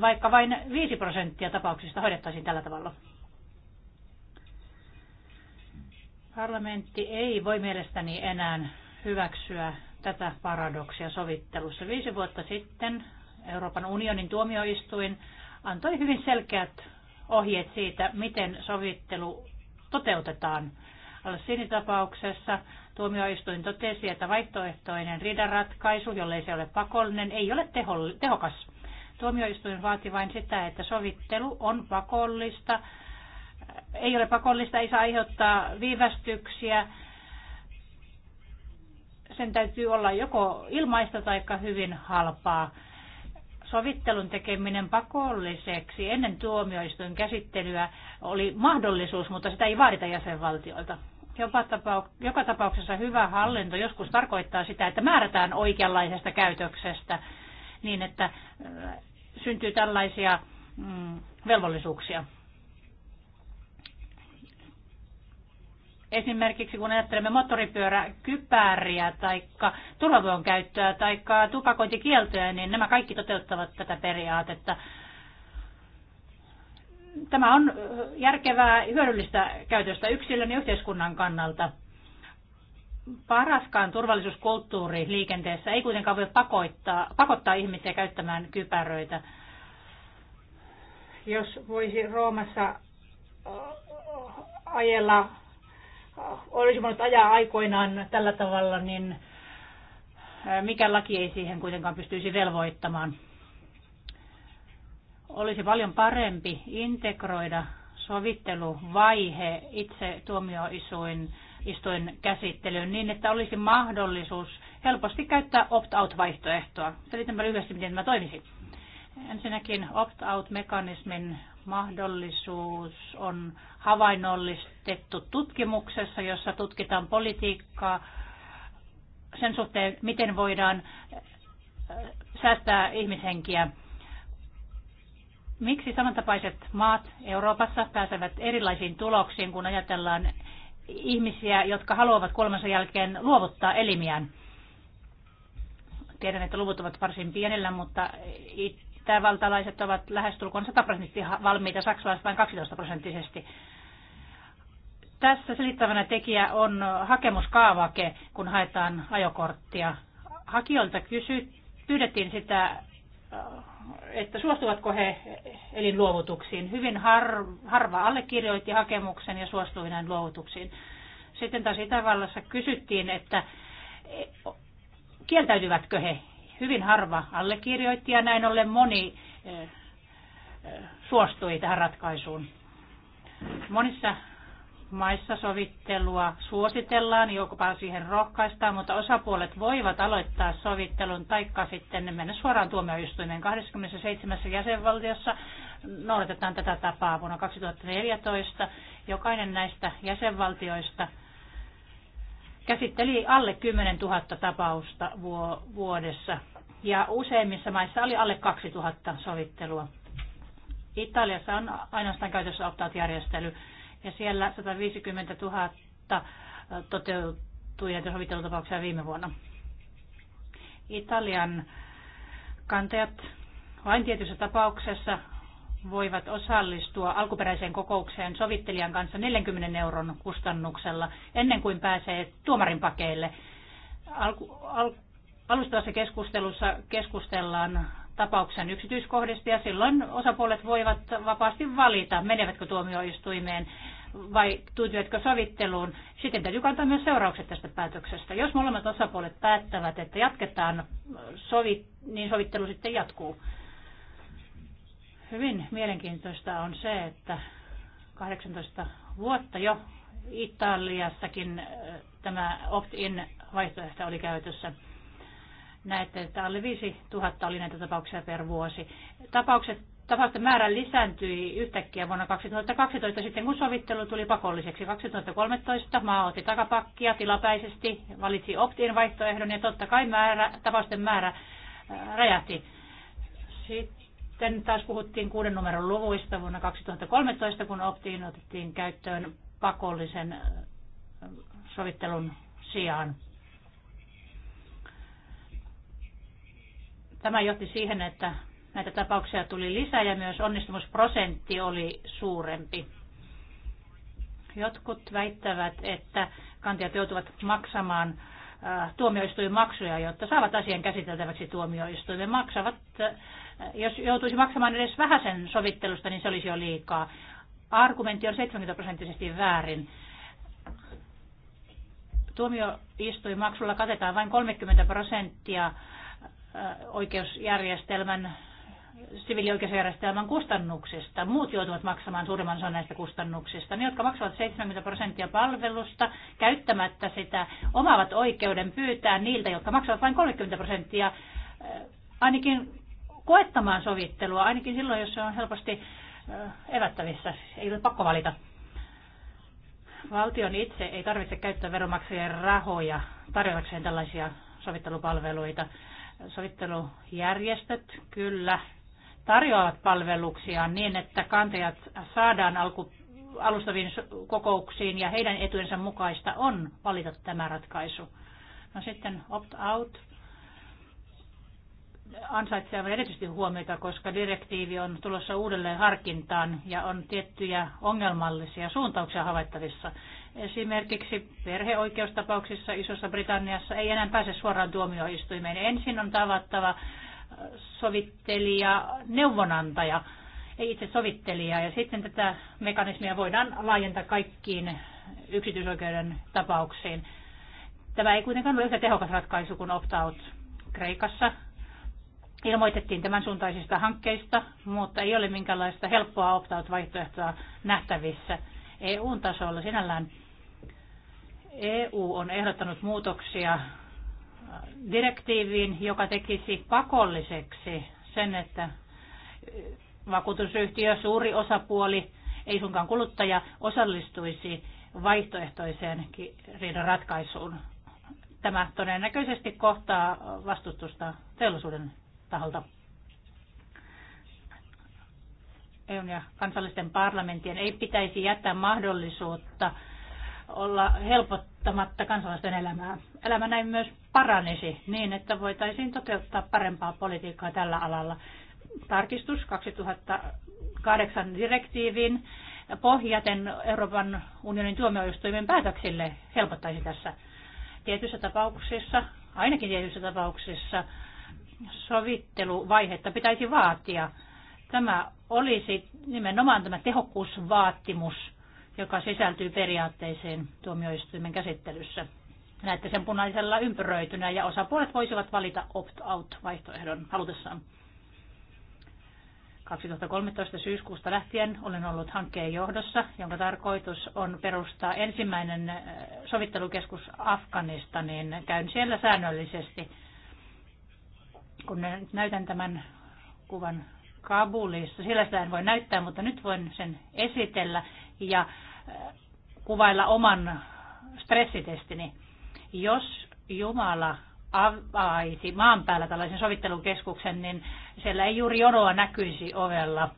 vaikka vain 5 prosenttia tapauksista hoidettaisiin tällä tavalla. Parlamentti ei voi mielestäni enää hyväksyä tätä paradoksia sovittelussa. Viisi vuotta sitten Euroopan unionin tuomioistuin antoi hyvin selkeät ohjeet siitä, miten sovittelu toteutetaan. Alessini-tapauksessa Tuomioistuin totesi, että vaihtoehtoinen riidanratkaisu, jollei se ole pakollinen, ei ole tehokas. Tuomioistuin vaati vain sitä, että sovittelu on pakollista, ei ole pakollista, ei saa aiheuttaa viivästyksiä, sen täytyy olla joko ilmaista tai hyvin halpaa. Sovittelun tekeminen pakolliseksi ennen tuomioistuin käsittelyä oli mahdollisuus, mutta sitä ei vaadita jäsenvaltioilta joka tapauksessa hyvä hallinto joskus tarkoittaa sitä, että määrätään oikeanlaisesta käytöksestä niin, että äh, syntyy tällaisia mm, velvollisuuksia. Esimerkiksi kun ajattelemme moottoripyöräkypääriä tai turvavuon käyttöä tai tupakointikieltoja, niin nämä kaikki toteuttavat tätä periaatetta. Tämä on järkevää, hyödyllistä käytöstä yksilön ja yhteiskunnan kannalta. Paraskaan turvallisuuskulttuuri liikenteessä ei kuitenkaan voi pakottaa, pakottaa ihmisiä käyttämään kypäröitä. Jos voisi Roomassa ajella, olisi voinut ajaa aikoinaan tällä tavalla, niin mikä laki ei siihen kuitenkaan pystyisi velvoittamaan olisi paljon parempi integroida sovitteluvaihe itse tuomioistuin istuin käsittelyyn niin, että olisi mahdollisuus helposti käyttää opt-out-vaihtoehtoa. Selitänpä lyhyesti, miten tämä toimisi. Ensinnäkin opt-out-mekanismin mahdollisuus on havainnollistettu tutkimuksessa, jossa tutkitaan politiikkaa sen suhteen, miten voidaan säästää ihmishenkiä Miksi samantapaiset maat Euroopassa pääsevät erilaisiin tuloksiin, kun ajatellaan ihmisiä, jotka haluavat kuolemansa jälkeen luovuttaa elimiään? Tiedän, että luvut ovat varsin pienellä, mutta itävaltalaiset ovat lähestulkoon 100 prosenttia valmiita, saksalaiset vain 12 prosenttisesti. Tässä selittävänä tekijä on hakemuskaavake, kun haetaan ajokorttia. Hakijoilta kysy, pyydettiin sitä että suostuvatko he elinluovutuksiin. Hyvin har, harva allekirjoitti hakemuksen ja suostui näin luovutuksiin. Sitten taas Itävallassa kysyttiin, että e, kieltäytyvätkö he. Hyvin harva allekirjoitti ja näin ollen moni e, e, suostui tähän ratkaisuun. Monissa maissa sovittelua suositellaan, jopa siihen rohkaistaan, mutta osapuolet voivat aloittaa sovittelun taikka sitten mennä suoraan tuomioistuimeen. 27 jäsenvaltiossa noudatetaan tätä tapaa vuonna 2014. Jokainen näistä jäsenvaltioista käsitteli alle 10 000 tapausta vuodessa ja useimmissa maissa oli alle 2000 sovittelua. Italiassa on ainoastaan käytössä opt järjestely ja siellä 150 000 toteutui näitä sovittelutapauksia viime vuonna. Italian kantajat vain tietyssä tapauksessa voivat osallistua alkuperäiseen kokoukseen sovittelijan kanssa 40 euron kustannuksella ennen kuin pääsee tuomarin pakeille. Alku, al, alustavassa keskustelussa keskustellaan tapauksen yksityiskohdista ja silloin osapuolet voivat vapaasti valita, menevätkö tuomioistuimeen vai tyytyvätkö sovitteluun. Sitten täytyy kantaa myös seuraukset tästä päätöksestä. Jos molemmat osapuolet päättävät, että jatketaan, sovi, niin sovittelu sitten jatkuu. Hyvin mielenkiintoista on se, että 18 vuotta jo Italiassakin äh, tämä opt-in vaihtoehto oli käytössä. Näette, että alle 5000 oli näitä tapauksia per vuosi. Tapaukset, tapausten määrä lisääntyi yhtäkkiä vuonna 2012 sitten, kun sovittelu tuli pakolliseksi. 2013 maa otti takapakkia tilapäisesti, valitsi optiin vaihtoehdon ja totta kai määrä, tapausten määrä äh, räjähti. Sitten taas puhuttiin kuuden numeron luvuista vuonna 2013, kun optiin otettiin käyttöön pakollisen äh, sovittelun sijaan. Tämä johti siihen, että näitä tapauksia tuli lisää ja myös onnistumusprosentti oli suurempi. Jotkut väittävät, että kantajat joutuvat maksamaan äh, tuomioistuinmaksuja, jotta saavat asian käsiteltäväksi tuomioistuimen. Maksavat, äh, jos joutuisi maksamaan edes vähäsen sovittelusta, niin se olisi jo liikaa. Argumentti on 70 prosenttisesti väärin. Tuomioistuinmaksulla katetaan vain 30 prosenttia oikeusjärjestelmän siviilioikeusjärjestelmän kustannuksista. Muut joutuvat maksamaan suurimman osan näistä kustannuksista. Ne, jotka maksavat 70 prosenttia palvelusta käyttämättä sitä, omaavat oikeuden pyytää niiltä, jotka maksavat vain 30 prosenttia, ainakin koettamaan sovittelua, ainakin silloin, jos se on helposti evättävissä. Ei ole pakko valita. Valtion itse ei tarvitse käyttää veronmaksajien rahoja tarjotakseen tällaisia sovittelupalveluita sovittelujärjestöt kyllä tarjoavat palveluksia niin, että kantajat saadaan alku, alustaviin kokouksiin ja heidän etuensa mukaista on valita tämä ratkaisu. No sitten opt-out ansaitsee erityisesti huomiota, koska direktiivi on tulossa uudelleen harkintaan ja on tiettyjä ongelmallisia suuntauksia havaittavissa. Esimerkiksi perheoikeustapauksissa Isossa Britanniassa ei enää pääse suoraan tuomioistuimeen. Ensin on tavattava äh, sovittelija, neuvonantaja, ei itse sovittelija. Ja sitten tätä mekanismia voidaan laajentaa kaikkiin yksityisoikeuden tapauksiin. Tämä ei kuitenkaan ole yhtä tehokas ratkaisu kuin opt-out Kreikassa. Ilmoitettiin tämän suuntaisista hankkeista, mutta ei ole minkäänlaista helppoa opt-out-vaihtoehtoa nähtävissä eu tasolla sinällään. EU on ehdottanut muutoksia äh, direktiiviin, joka tekisi pakolliseksi sen, että äh, vakuutusyhtiö, suuri osapuoli, ei suinkaan kuluttaja, osallistuisi vaihtoehtoiseen riidan ratkaisuun. Tämä todennäköisesti kohtaa vastustusta teollisuuden taholta. EUn ja kansallisten parlamenttien ei pitäisi jättää mahdollisuutta olla helpottamatta kansalaisten elämää. Elämä näin myös paranisi niin, että voitaisiin toteuttaa parempaa politiikkaa tällä alalla. Tarkistus 2008 direktiivin pohjaten Euroopan unionin tuomioistuimen päätöksille helpottaisi tässä. Tietyissä tapauksissa, ainakin tietyissä tapauksissa, sovitteluvaihetta pitäisi vaatia. Tämä olisi nimenomaan tämä tehokkuusvaatimus joka sisältyy periaatteeseen tuomioistuimen käsittelyssä. Näette sen punaisella ympyröitynä ja osapuolet voisivat valita opt-out-vaihtoehdon halutessaan. 2013 syyskuusta lähtien olen ollut hankkeen johdossa, jonka tarkoitus on perustaa ensimmäinen äh, sovittelukeskus Afganistaniin. Käyn siellä säännöllisesti. Kun näytän tämän kuvan Kabulissa, sillä sitä en voi näyttää, mutta nyt voin sen esitellä ja äh, kuvailla oman stressitestini. Jos Jumala avaisi maan päällä tällaisen sovittelukeskuksen, niin siellä ei juuri jonoa näkyisi ovella,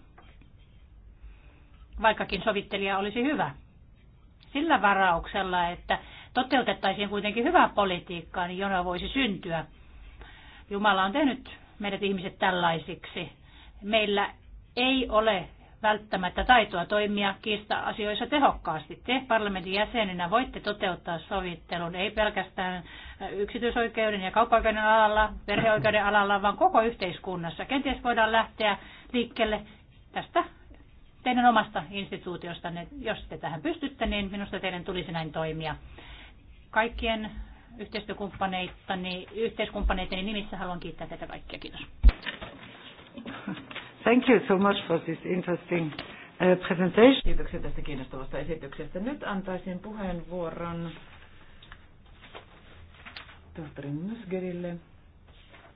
vaikkakin sovittelija olisi hyvä. Sillä varauksella, että toteutettaisiin kuitenkin hyvää politiikkaa, niin jonoa voisi syntyä. Jumala on tehnyt meidät ihmiset tällaisiksi. Meillä ei ole välttämättä taitoa toimia kiista-asioissa tehokkaasti. Te parlamentin jäseninä voitte toteuttaa sovittelun ei pelkästään yksityisoikeuden ja kauppaoikeuden alalla, perheoikeuden alalla, vaan koko yhteiskunnassa. Kenties voidaan lähteä liikkeelle tästä teidän omasta instituutiostanne. Jos te tähän pystytte, niin minusta teidän tulisi näin toimia. Kaikkien yhteistyökumppaneittani, yhteiskumppaneitteni nimissä haluan kiittää teitä kaikkia. Kiitos. Thank you so much for this interesting uh, presentation. Kiitoksia tästä kiinnostavasta esityksestä. Nyt antaisin puheenvuoron tohtori Mysgerille.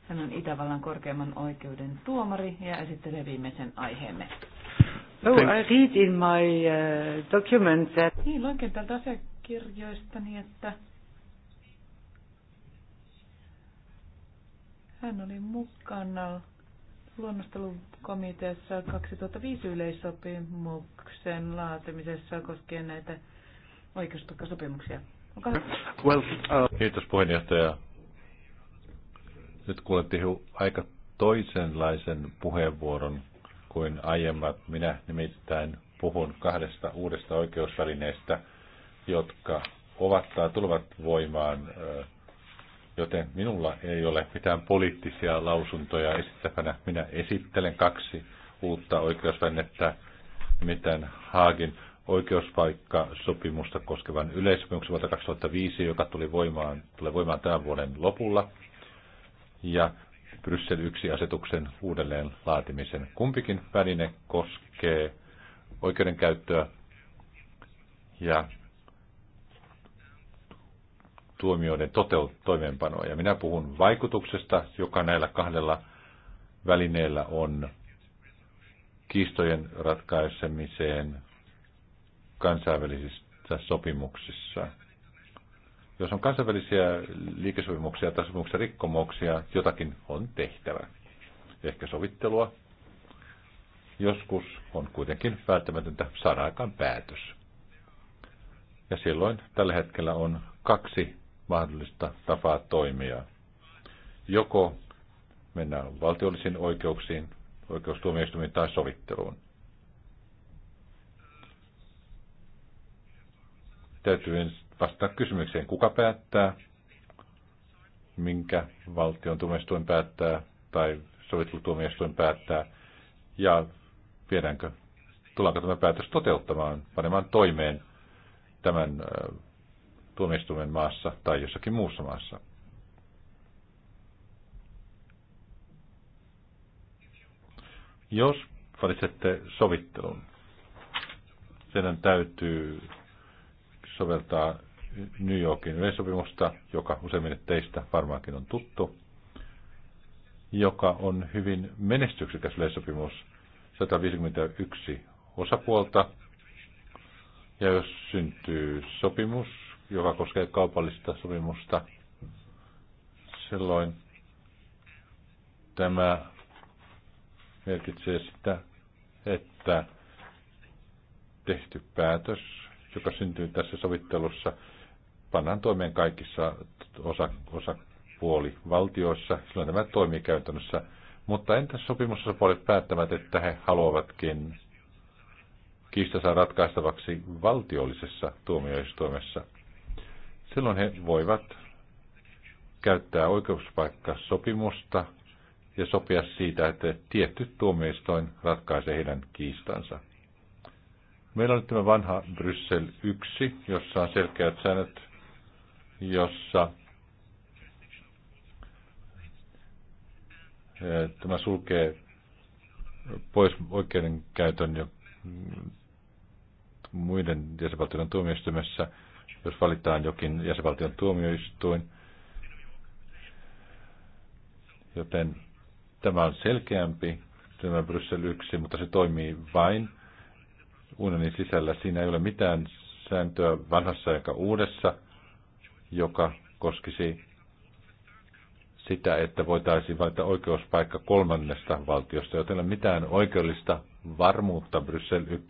Hän on Itävallan korkeimman oikeuden tuomari ja esittelee viimeisen aiheemme. Oh, I read in my uh, document that... Niin, luenkin täältä asiakirjoista niin, että hän oli mukana luonnostelukomiteassa 2005 yleissopimuksen laatimisessa koskien näitä oikeustukkasopimuksia. Well, uh... Kiitos puheenjohtaja. Nyt kuulettiin aika toisenlaisen puheenvuoron kuin aiemmat. Minä nimittäin puhun kahdesta uudesta oikeusvälineestä, jotka ovat tai tulevat voimaan joten minulla ei ole mitään poliittisia lausuntoja esittävänä. Minä esittelen kaksi uutta oikeusvälinettä, nimittäin Haagin oikeuspaikkasopimusta koskevan yleissopimuksen vuotta 2005, joka tuli voimaan, tulee voimaan tämän vuoden lopulla, ja Bryssel 1-asetuksen uudelleen laatimisen. Kumpikin väline koskee oikeudenkäyttöä ja tuomioiden toteut- Ja minä puhun vaikutuksesta, joka näillä kahdella välineellä on kiistojen ratkaisemiseen kansainvälisissä sopimuksissa. Jos on kansainvälisiä liikesopimuksia tai sopimuksen rikkomuksia, jotakin on tehtävä. Ehkä sovittelua. Joskus on kuitenkin välttämätöntä saada aikaan päätös. Ja silloin tällä hetkellä on kaksi mahdollista tapaa toimia. Joko mennään valtiollisiin oikeuksiin, oikeustuomioistuimiin tai sovitteluun. Täytyy vastata kysymykseen, kuka päättää, minkä valtion tuomioistuin päättää tai sovittelutuomioistuin päättää ja viedäänkö, tullaanko tämä päätös toteuttamaan, panemaan toimeen tämän äh, tuomioistuimen maassa tai jossakin muussa maassa. Jos valitsette sovittelun, sen täytyy soveltaa New Yorkin yleisopimusta, joka useimmille teistä varmaankin on tuttu, joka on hyvin menestyksekäs yleisopimus, 151 osapuolta, ja jos syntyy sopimus, joka koskee kaupallista sopimusta. Silloin tämä merkitsee sitä, että tehty päätös, joka syntyy tässä sovittelussa, pannaan toimeen kaikissa osa, valtioissa. Silloin tämä toimii käytännössä. Mutta entäs puolet päättävät, että he haluavatkin kiista saa ratkaistavaksi valtiollisessa tuomioistuimessa? silloin he voivat käyttää oikeuspaikkasopimusta ja sopia siitä, että tietty tuomioistuin ratkaisee heidän kiistansa. Meillä on nyt tämä vanha Bryssel 1, jossa on selkeät säännöt, jossa eh, tämä sulkee pois oikeudenkäytön ja muiden jäsenvaltioiden tuomioistuimessa – jos valitaan jokin jäsenvaltion tuomioistuin. Joten tämä on selkeämpi, tämä Bryssel 1, mutta se toimii vain unionin sisällä. Siinä ei ole mitään sääntöä vanhassa eikä uudessa, joka koskisi sitä, että voitaisiin valita oikeuspaikka kolmannesta valtiosta, joten ei ole mitään oikeudellista varmuutta Bryssel 1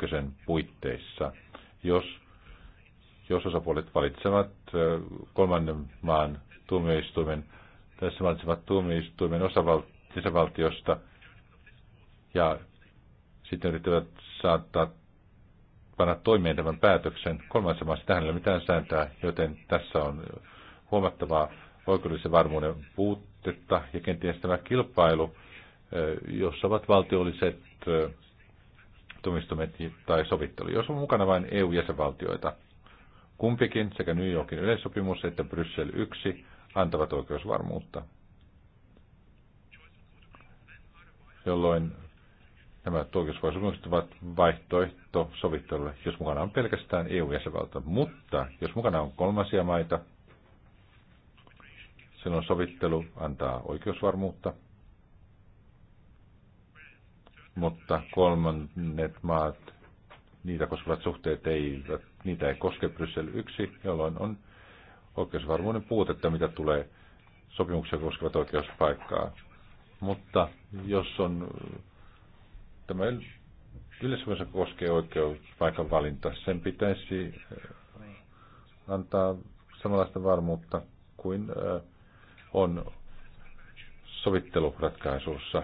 puitteissa, jos jos osapuolet valitsevat kolmannen maan tuomioistuimen, tässä valitsevat tuomioistuimen osavaltiosta ja sitten yrittävät saattaa panna toimeen tämän päätöksen. Kolmannessa maassa tähän ei ole mitään sääntää, joten tässä on huomattavaa oikeudellisen varmuuden puutetta ja kenties tämä kilpailu, jossa ovat valtiolliset tuomistumet tai sovittelu, jos on mukana vain EU-jäsenvaltioita – Kumpikin, sekä New Yorkin yleissopimus että Bryssel 1, antavat oikeusvarmuutta. Jolloin nämä oikeusvarmuudet ovat vaihtoehto sovittelulle, jos mukana on pelkästään EU-jäsenvaltio. Mutta jos mukana on kolmasia maita, silloin sovittelu antaa oikeusvarmuutta. Mutta kolmannet maat, niitä koskevat suhteet eivät niitä ei koske Bryssel 1, jolloin on oikeusvarmuuden puutetta, mitä tulee sopimuksia koskevat oikeuspaikkaa. Mutta jos on tämä yleisössä koskee oikeuspaikan valinta, sen pitäisi äh, antaa samanlaista varmuutta kuin äh, on sovitteluratkaisussa.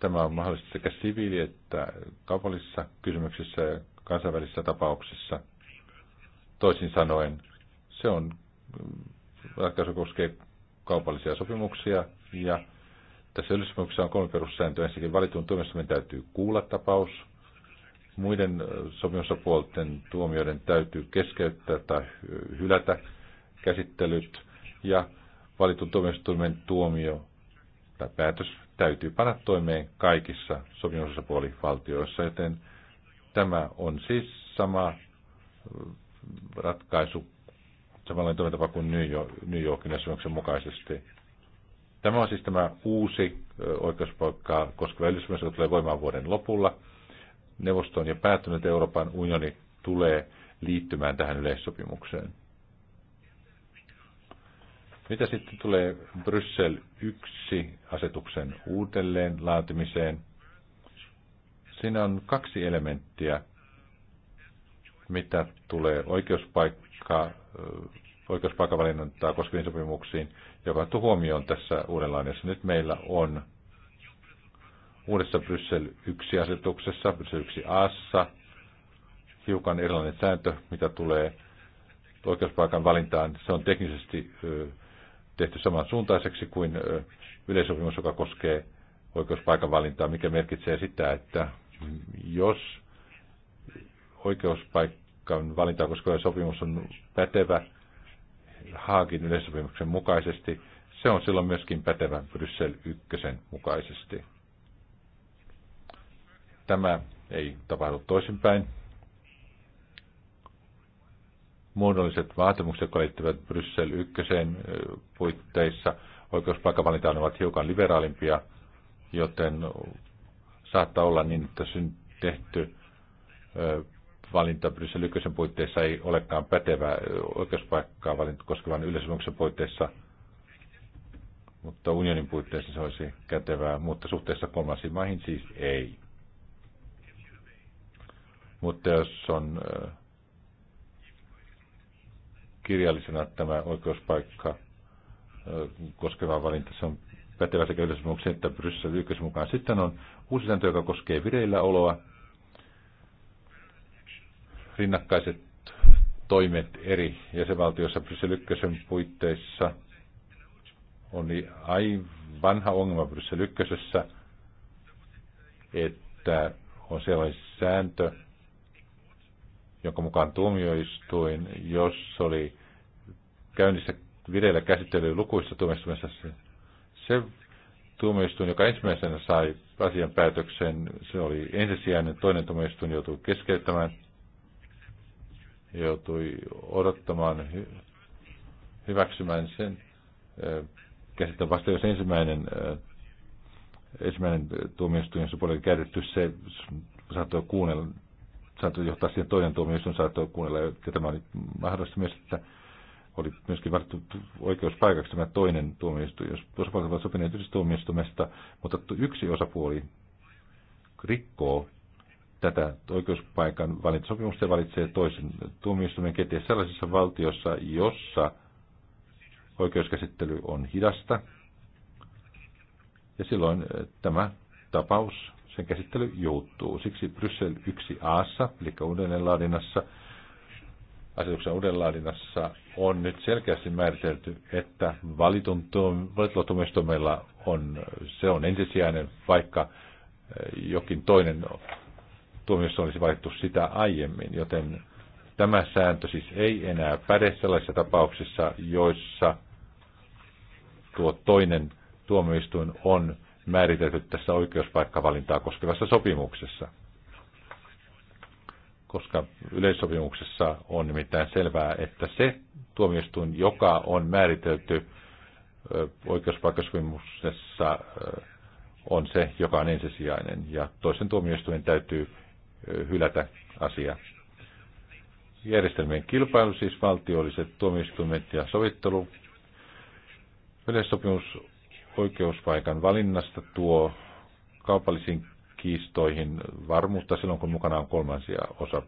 Tämä on mahdollista sekä siviili- että kaupallisissa kysymyksissä kansainvälisissä tapauksissa. Toisin sanoen, se on, mm, ratkaisu koskee kaupallisia sopimuksia ja tässä yleissopimuksessa on kolme perussääntöä. Ensinnäkin valitun tuomioistuimen täytyy kuulla tapaus. Muiden sopimusosapuolten tuomioiden täytyy keskeyttää tai hylätä käsittelyt. Ja valitun tuomioistuimen tuomio tai päätös täytyy panna toimeen kaikissa sopimusosapuolivaltioissa, joten Tämä on siis sama äh, ratkaisu, samanlainen toimintapa kuin New Yorkin esimerkiksi mukaisesti. Tämä on siis tämä uusi äh, oikeuspaikkaa koskeva yleissopimus, joka tulee voimaan vuoden lopulla. Neuvosto on jo päättynyt, että Euroopan unioni tulee liittymään tähän yleissopimukseen. Mitä sitten tulee Bryssel 1 asetuksen uudelleen laatimiseen? Siinä on kaksi elementtiä, mitä tulee oikeuspaikka, oikeuspaikavalinnantaa koskeviin sopimuksiin, joka on huomioon tässä uudenlainessa. Nyt meillä on uudessa Bryssel 1-asetuksessa, Bryssel 1-assa, hiukan erilainen sääntö, mitä tulee oikeuspaikan valintaan. Se on teknisesti tehty samansuuntaiseksi kuin yleisopimus, joka koskee oikeuspaikan valintaa, mikä merkitsee sitä, että jos oikeuspaikkaan valinta koskeva sopimus on pätevä Haagin yleissopimuksen mukaisesti, se on silloin myöskin pätevä Bryssel ykkösen mukaisesti. Tämä ei tapahdu toisinpäin. Muodolliset vaatimukset, jotka liittyvät Bryssel ykköseen puitteissa, valintaan ovat hiukan liberaalimpia, joten saattaa olla niin, että syn tehty valinta Bryssel ykkösen puitteissa ei olekaan pätevä oikeuspaikkaa valinta koskevan yleisömyksen puitteissa, mutta unionin puitteissa se olisi kätevää, mutta suhteessa kolmansiin maihin siis ei. Mutta jos on kirjallisena tämä oikeuspaikka koskeva valinta, se on pätevä sekä yleisömyksen että Bryssel ykkösen mukaan. Sitten on uusi sääntö, joka koskee vireilläoloa, rinnakkaiset toimet eri jäsenvaltioissa Bryssel ykkösen puitteissa on niin ai vanha ongelma Bryssel ykkösessä, että on sellainen sääntö, jonka mukaan tuomioistuin, jos oli käynnissä vireillä käsittely lukuissa tuomioistuimessa, se tuomioistuin, joka ensimmäisenä sai asian päätöksen, se oli ensisijainen, toinen tuomioistuin joutui keskeyttämään, joutui odottamaan, hy, hyväksymään sen äh, käsitteen vasta, jos ensimmäinen, äh, ensimmäinen tuomioistuin, jossa oli käytetty, se saattoi kuunnella, saattoi johtaa siihen toinen tuomioistuin, saattoi kuunnella, ja tämä oli mahdollista myös, että oli myöskin varattu oikeuspaikaksi tämä toinen tuomioistuin, jos osapuolet ovat sopineet yhdessä tuomioistumesta, mutta yksi osapuoli rikkoo tätä oikeuspaikan valintasopimusta ja valitsee toisen tuomioistuimen kenties sellaisessa valtiossa, jossa oikeuskäsittely on hidasta. Ja silloin eh, tämä tapaus, sen käsittely joutuu. Siksi Bryssel 1a, eli uudelleenlaadinnassa, asetuksen uudelleenlaadinnassa on nyt selkeästi määritelty, että valitun on, se on ensisijainen, vaikka eh, jokin toinen tuomiossa olisi valittu sitä aiemmin, joten tämä sääntö siis ei enää päde sellaisissa tapauksissa, joissa tuo toinen tuomioistuin on määritelty tässä oikeuspaikkavalintaa koskevassa sopimuksessa koska yleissopimuksessa on nimittäin selvää, että se tuomioistuin, joka on määritelty oikeuspaikkasopimuksessa, on se, joka on ensisijainen, ja toisen tuomioistuimen täytyy hylätä asia. Järjestelmien kilpailu, siis valtiolliset tuomioistuimet ja sovittelu. Yleissopimus oikeuspaikan valinnasta tuo kaupallisiin kiistoihin varmuutta silloin, kun mukana on kolmansia, osa,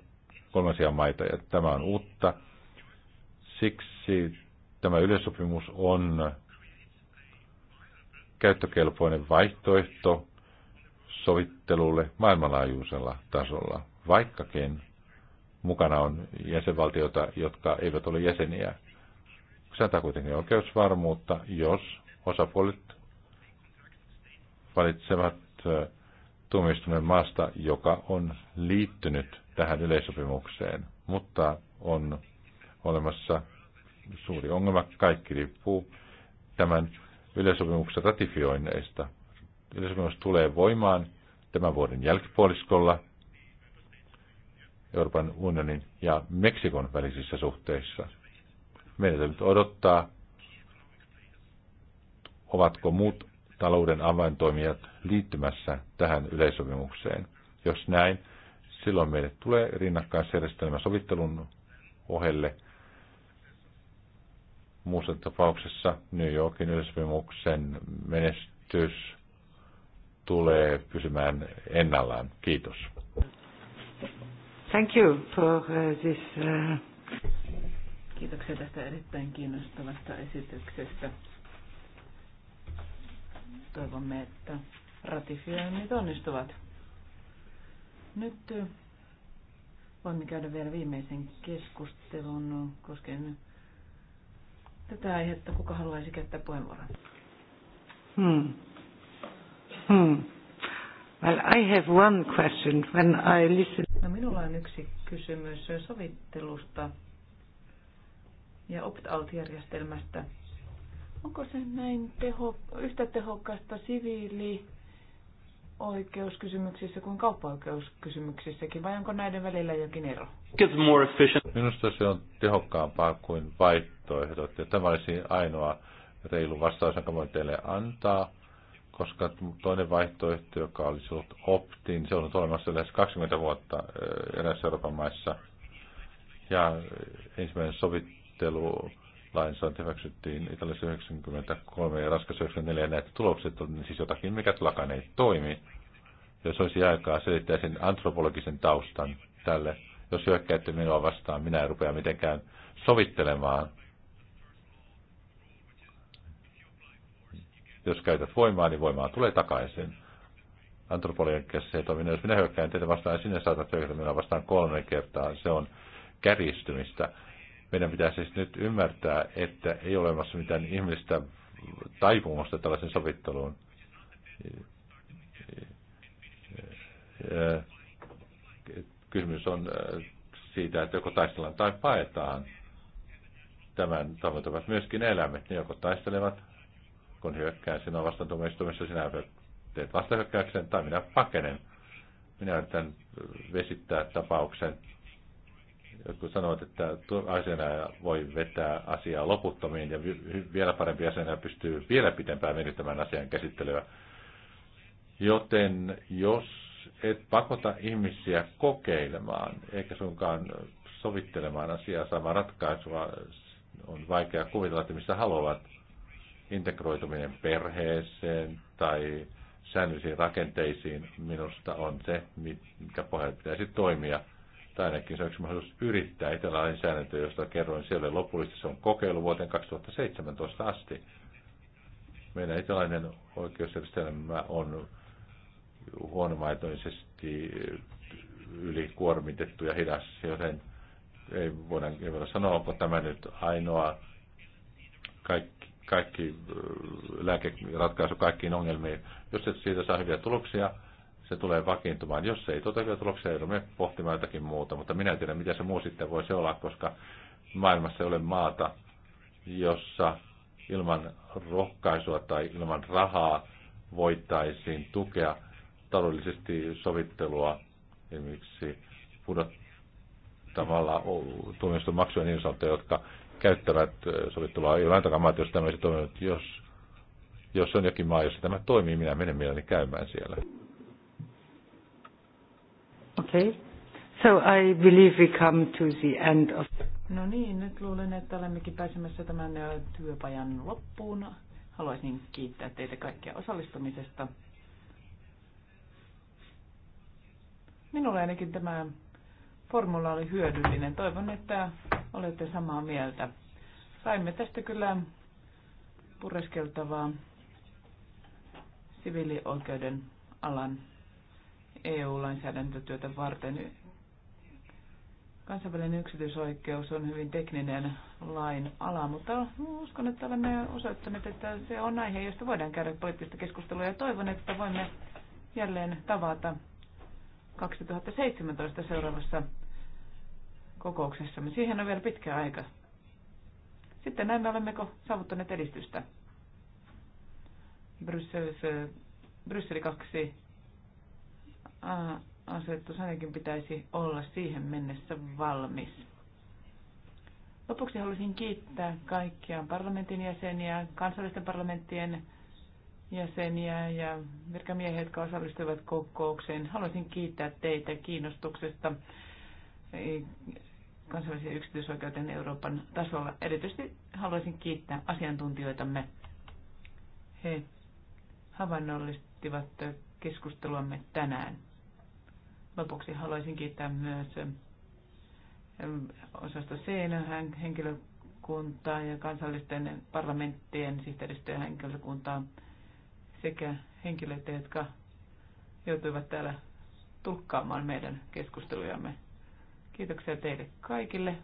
kolmansia maita, ja tämä on uutta. Siksi tämä yleissopimus on käyttökelpoinen vaihtoehto sovittelulle maailmanlaajuisella tasolla, vaikkakin mukana on jäsenvaltioita, jotka eivät ole jäseniä. Se kuitenkin oikeusvarmuutta, jos osapuolet valitsevat tuomioistuimen maasta, joka on liittynyt tähän yleisopimukseen, mutta on olemassa suuri ongelma. Kaikki riippuu tämän yleisopimuksen ratifioinneista. Yleisopimus tulee voimaan tämän vuoden jälkipuoliskolla Euroopan unionin ja Meksikon välisissä suhteissa. Meidän nyt odottaa, ovatko muut talouden avaintoimijat liittymässä tähän yleisopimukseen. Jos näin, silloin meille tulee rinnakkaisjärjestelmä sovittelun ohelle. Muussa tapauksessa New Yorkin yleisopimuksen menestys tulee pysymään ennallaan. Kiitos. Thank you for uh, this. Uh, Kiitoksia tästä erittäin kiinnostavasta esityksestä. Toivomme, että ratifioinnit onnistuvat. Nyt voimme käydä vielä viimeisen keskustelun koskien tätä aihetta. Kuka haluaisi käyttää puheenvuoron? Hmm. Hmm. Well, I have one question when I listen. No, minulla on yksi kysymys sovittelusta ja opt-out-järjestelmästä. Onko se näin teho, yhtä tehokasta siviili oikeuskysymyksissä kuin kauppaoikeuskysymyksissäkin, vai onko näiden välillä jokin ero? Minusta se on tehokkaampaa kuin vaihtoehdot, ja tämä olisi ainoa reilu vastaus, jonka voin teille antaa, koska toinen vaihtoehto, joka olisi ollut optin, se on ollut olemassa lähes 20 vuotta eh, eräissä Euroopan maissa, ja ensimmäinen sovittelu lainsäädäntö hyväksyttiin Italiassa 93 ja Ranskassa 94, näitä tulokset on niin siis jotakin, mikä lakan ei toimi. Jos olisi aikaa, sen antropologisen taustan tälle. Jos hyökkäätte minua vastaan, minä en rupea mitenkään sovittelemaan. Jos käytät voimaa, niin voimaa tulee takaisin. Antropologian käsissä ei toimi. No, jos minä hyökkään teitä vastaan, sinne saatat hyökkäätä minua vastaan kolme kertaa. Se on kärjistymistä meidän pitää siis nyt ymmärtää, että ei ole olemassa mitään ihmistä taipumusta tällaisen sovitteluun. Kysymys on äh, siitä, että joko taistellaan tai paetaan. Tämän tavoittavat myöskin eläimet. Ne joko taistelevat, kun hyökkään sinua vastaan tuomioistuimessa, sinä teet vastahyökkäyksen tai minä pakenen. Minä yritän äh, vesittää tapauksen Jotkut sanovat, että asianajaja voi vetää asiaa loputtomiin ja vielä parempi asianajaja pystyy vielä pitempään venyttämään asian käsittelyä. Joten jos et pakota ihmisiä kokeilemaan, eikä suinkaan sovittelemaan asiaa saamaan ratkaisua, on vaikea kuvitella, että missä haluavat integroituminen perheeseen tai säännöllisiin rakenteisiin minusta on se, mikä pohjalta pitäisi toimia – tai ainakin se on yksi mahdollisuus yrittää etelälainsäädäntöä, josta kerroin siellä lopullisesti. Se on kokeilu vuoteen 2017 asti. Meidän eteläinen oikeusjärjestelmä on huonomaitoisesti ylikuormitettu ja hidas, joten ei voida, ei voida sanoa, onko tämä nyt ainoa kaikki, kaikki lääkeratkaisu kaikkiin ongelmiin. Jos et siitä saa hyviä tuloksia, se tulee vakiintumaan. Jos se ei tuota hyviä tuloksia, joudumme pohtimaan jotakin muuta, mutta minä en tiedä, mitä se muu sitten voisi olla, koska maailmassa ei ole maata, jossa ilman rohkaisua tai ilman rahaa voitaisiin tukea taloudellisesti sovittelua, esimerkiksi pudottamalla tuomioistumaksuja niin sanottuja, jotka käyttävät sovittelua. Ei ole ainakaan maata, jos tämmöiset jos jos on jokin maa, jossa tämä toimii, minä menen mielelläni käymään siellä. Okay. So I believe we come to the end of... No niin, nyt luulen, että olemmekin pääsemässä tämän työpajan loppuun. Haluaisin kiittää teitä kaikkia osallistumisesta. Minulle ainakin tämä formula oli hyödyllinen. Toivon, että olette samaa mieltä. Saimme tästä kyllä pureskeltavaa siviilioikeuden alan EU-lainsäädäntötyötä varten. Kansainvälinen yksityisoikeus on hyvin tekninen lain ala, mutta uskon, että olemme osoittaneet, että se on aihe, josta voidaan käydä poliittista keskustelua ja toivon, että voimme jälleen tavata 2017 seuraavassa kokouksessamme. Siihen on vielä pitkä aika. Sitten näemme, olemmeko saavuttaneet edistystä. Brysselissä, Brysseli 2 asetus ainakin pitäisi olla siihen mennessä valmis. Lopuksi haluaisin kiittää kaikkia parlamentin jäseniä, kansallisten parlamenttien jäseniä ja virkamiehiä, jotka osallistuivat kokoukseen. Haluaisin kiittää teitä kiinnostuksesta kansallisen yksityisoikeuden Euroopan tasolla. Erityisesti haluaisin kiittää asiantuntijoitamme. He havainnollistivat keskusteluamme tänään. Lopuksi haluaisin kiittää myös osasto C henkilökuntaa ja kansallisten parlamenttien sihteeristöjen henkilökuntaa sekä henkilöitä, jotka joutuivat täällä tulkkaamaan meidän keskustelujamme. Kiitoksia teille kaikille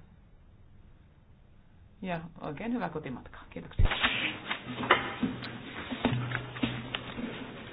ja oikein hyvää kotimatkaa. Kiitoksia.